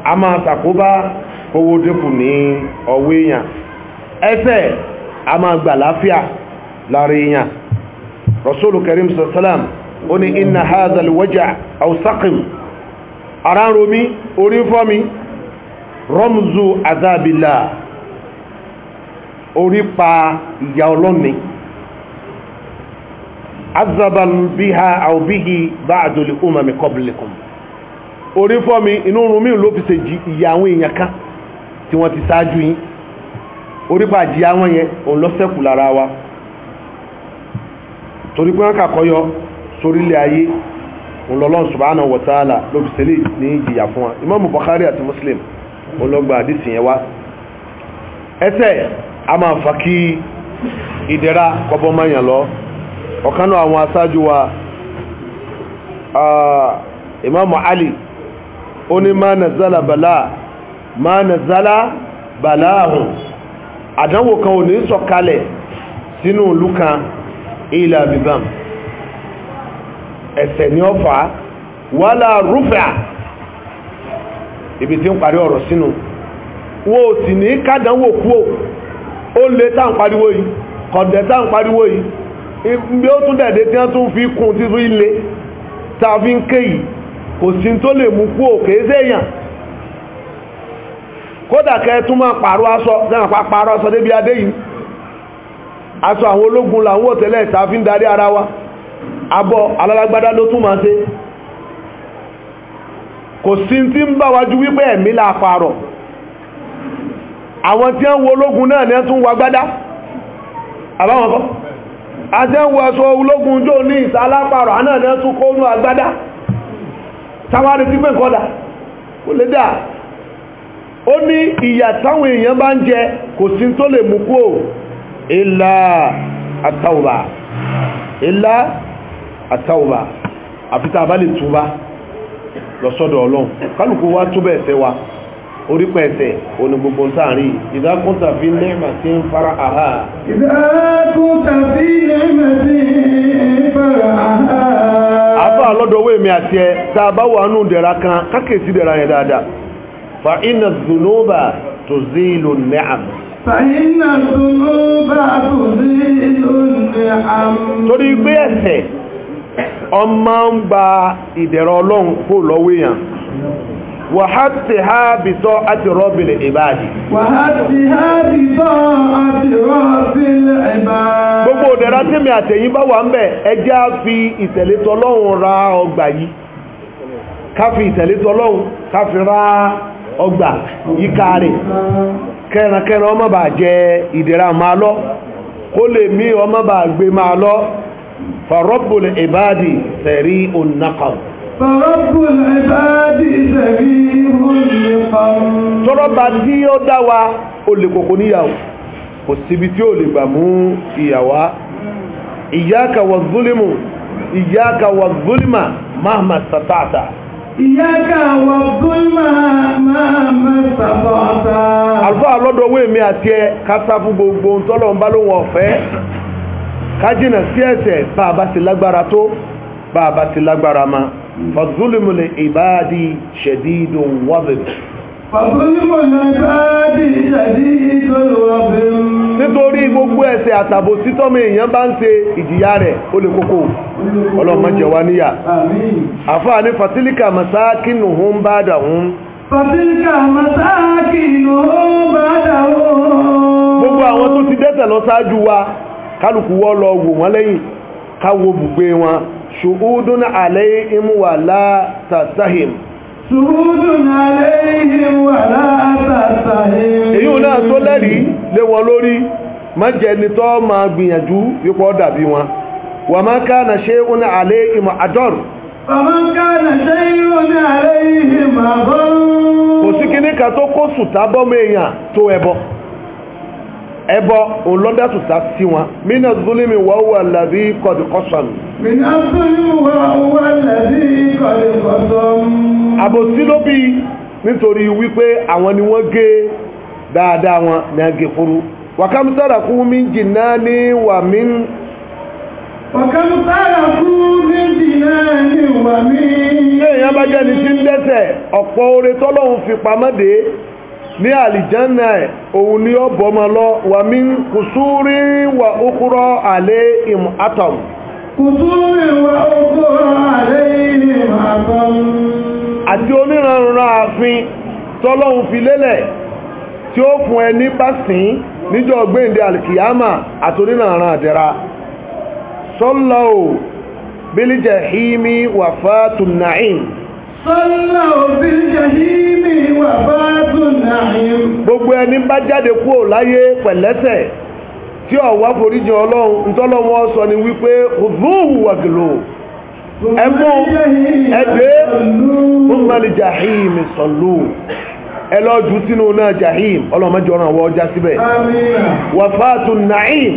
a máa ṣàkóbá kówó dínkù ní ọwọ́ èèyàn ẹ̀ṣẹ̀ a máa gbà láfíà lára èèyàn rasulu karim sallam ó ní inna hadhal waja ara ń romi orí fọ́ rọ́mùzù azabillah orí pa ìyà ọlọ́ni azaba biha aw bihi ba'du li umami qablikum orí fọ́ mi inú run mi ló fi ṣe ji ìyà àwọn èèyàn kan tí wọ́n ti ṣáájú yín orí pa ji àwọn yẹn ó lọ ṣẹ́kù lára wa torí pé wọ́n ka koyo sórí ilé ayé ó lọ lon subhanahu wa ta'ala ló fi ṣe lé ní ìjìyà fún wa imam bukhari àti muslim ó lọ gba hadith yẹn wá ese ama máa fa kí ìdẹ̀ra mayan lọ ọ̀kan náà àwọn aṣáájú wa Imam Ali ó ní ma nazala bala ma zala bala ahùn àdánwò kan ò ní sọ̀kalẹ̀ sínú ìlú kan ila bibam ẹ̀sẹ̀ ni ó fà wala rufa ibi tí ń parí ọ̀rọ̀ sínú wọ́n ò sì ní kádánwò kúò ó lè tá ń pariwo yìí kọ̀dẹ̀ tá ń pariwo yìí bí ó tún dẹ̀dẹ̀ tí wọ́n tún fi kún títú ilé tàbí ń ké yìí kò sí tó lè mú kú òkè séèyàn ke kẹ́ tún máa pààrọ̀ aṣọ náà pa pààrọ̀ aṣọ débi adé yìí aṣọ àwọn ológun làwọn òtẹ́lẹ̀ ń darí ara wa abọ́ alálágbádá ló tún máa ṣe kò sí tí ń bá la paro àwọn tí wọ́n wo ológun náà ní ẹ́ tún wá àbáwọn àtẹ́wọ̀ ẹ̀ṣọ́ ológun jò ní ìsálápàrọ̀ anáà tún kó ní agbádá tàwárí sí pé kọ́dà kò lè ó ní ìyà táwọn èèyàn bá ń jẹ kò sí tó lè mú kúò ilá àtàwà ilá àtàwà àfità bá lọ sọ́dọ̀ ọlọ́run kálùkù wá wa orípẹ̀ẹ̀sẹ̀ òní gbogbo sáàrí ìdákúntà fi nẹ́mà tí ń fara àhá ìdákúntà fi nẹ́mà tí ń fara àhá àbá lọ́dọ̀wó èmì àti ẹ tá wà nù dẹ̀ra kan kákèsí dẹ̀ra yẹn dáadáa fa iná zunuba tó zí ìlú nẹ́àm torí pé ẹ̀ṣẹ̀ ọmọ ń gba ìdẹ̀rọ ọlọ́run kó lọ́wọ́ èèyàn وحثها بطاعة رب العباد وحثها بطاعة رب العباد gbogbo òdẹ̀rá tí mi bá wà ń bẹ̀ fi ìtẹ̀lé ra ọgbà yìí ká fi ìtẹ̀lé fi ra ọgbà yíká rẹ̀ kẹrankẹran ọmọ jẹ lọ kó lè mí ọmọ gbé lọ فرب العباد سبيب لقوم tọ́rọ́ba tí ó dá wa ó lè kòkó níyàwó kò síbi tí ó lè gbà mú ìyàwó ìyáka wà zulimu ìyáka wà zulima mahama satata ìyáka wà zulima mahama satata àlùfáà lọ́dọ̀ owó èmi àti ẹ kásá fún gbogbo tọ́lọ̀ فظلم لعبادي شديد وضب فالظلم لعبادي شديد وضب nítorí gbogbo ẹ̀ṣẹ̀ àtàbò títọ́mọ èèyàn bá ń ṣe ìjìyà rẹ̀ ó lè kókó ọlọ́mọ jẹwa níyà àfáà ní fatílíkà masáàkínù hún bá dàhún fatílíkà masáàkínù hún bá dàhún gbogbo àwọn tó ti dẹ́ṣẹ̀ lọ ṣáájú wa kálukú wọ́ lọ wò wọ́n lẹ́yìn káwo bùgbé wọn Shuudu na-ale wa la tasahim. Shuudu na-ale ị mụ wa laa sasahin. Enyi unu atụlarị na ịnwere oriri ma njedebe ọ ma gbinyụdụ biko dabi nwa? Ọma nka na shehu na-ale ịmụ Adoru. Ọma nka na shehu na-ale ịmụ Adoru. Osikene ka tokosu taa bọọma enyi a, too ịa ẹbọ olọ́dẹ́sùtà sí wọn mina zulimi wà wà làbí kọ̀dùkọ́sọ̀n mina zulimi wà wà làbí kọ̀dùkọ́sọ̀n àbòsí ló bí nítorí wípé àwọn ni wọ́n gé dáadáa wọn ní agé fúrú wàkámsára kú mi jìnnà ní wà mí wàkámsára kú mi jìnnà ní wà mí ní àlìjánà ẹ̀ òun ni ó ma lọ wà mí kùsúrí wà wà ókúrọ́ àlẹ́ im atom àti oníranran ààfin tọ́lọ́hun fi lélẹ̀ tí ó fún ẹ ní bá sín níjọ́ gbéǹde alkiyama àti oníranran àdẹ́ra sọ́lọ́ bílíjẹ̀ hími wà fàtún na'im gbogbo ẹni bá jáde kúrò láyé pẹ̀lẹ́sẹ̀ tí ọ̀wá foríjì ọlọ́run ntọ́lọ́wọ́ sọ ni wípé òzúhù wàgìlò ẹmú ẹgbẹ́ ọmọlì jahim sọ̀lú ẹlọ́jú sínú náà jahim ọlọ́mọjọ́ ràn wọ́ já síbẹ̀ wàfáàtù naim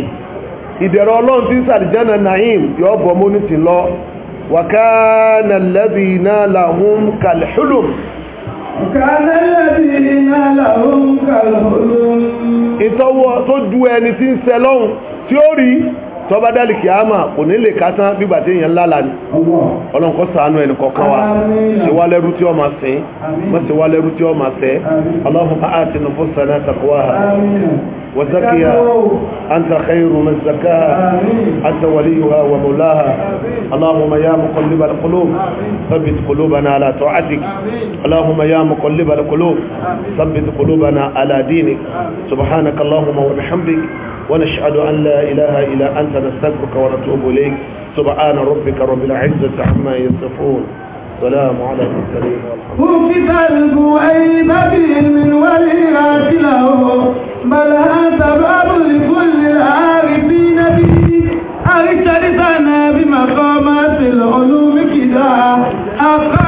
ìdẹ̀rọ ọlọ́run tí sàdìjánà naim yọ bọ̀ mọ́nìtì lọ وكان الذين لهم كالحلم وكان الذين لهم كالحلم ìtọ́wọ́ tó ju ẹni tí tó bá dálì kò ní lè kásán bígbà tí èèyàn lálà ní ọlọ́nkọ́ ṣàánú ẹni kọ̀ọ̀kan wa ṣe lẹ́rú tí ó máa sìn mọ́ ṣe wá lẹ́rú tí ó máa ṣẹ̀ Allahumma aati nufusana taqwaha wa zakkiha anta khayru man zakkaha anta waliyuha wa mawlaha Allahumma ya muqallibal qulub thabbit qulubana ala ta'atik Allahumma ya muqallibal qulub thabbit qulubana ala dinik subhanaka Allahumma wa bihamdik ونشهد أن لا إله إلا أنت نستغفرك ونتوب إليك سبحان ربك رب العزة عما يصفون سلام على المرسلين وفي قلب أي نبي من وليات له بل هذا باب لكل العارفين به أرشدتنا بمقامات العلوم كده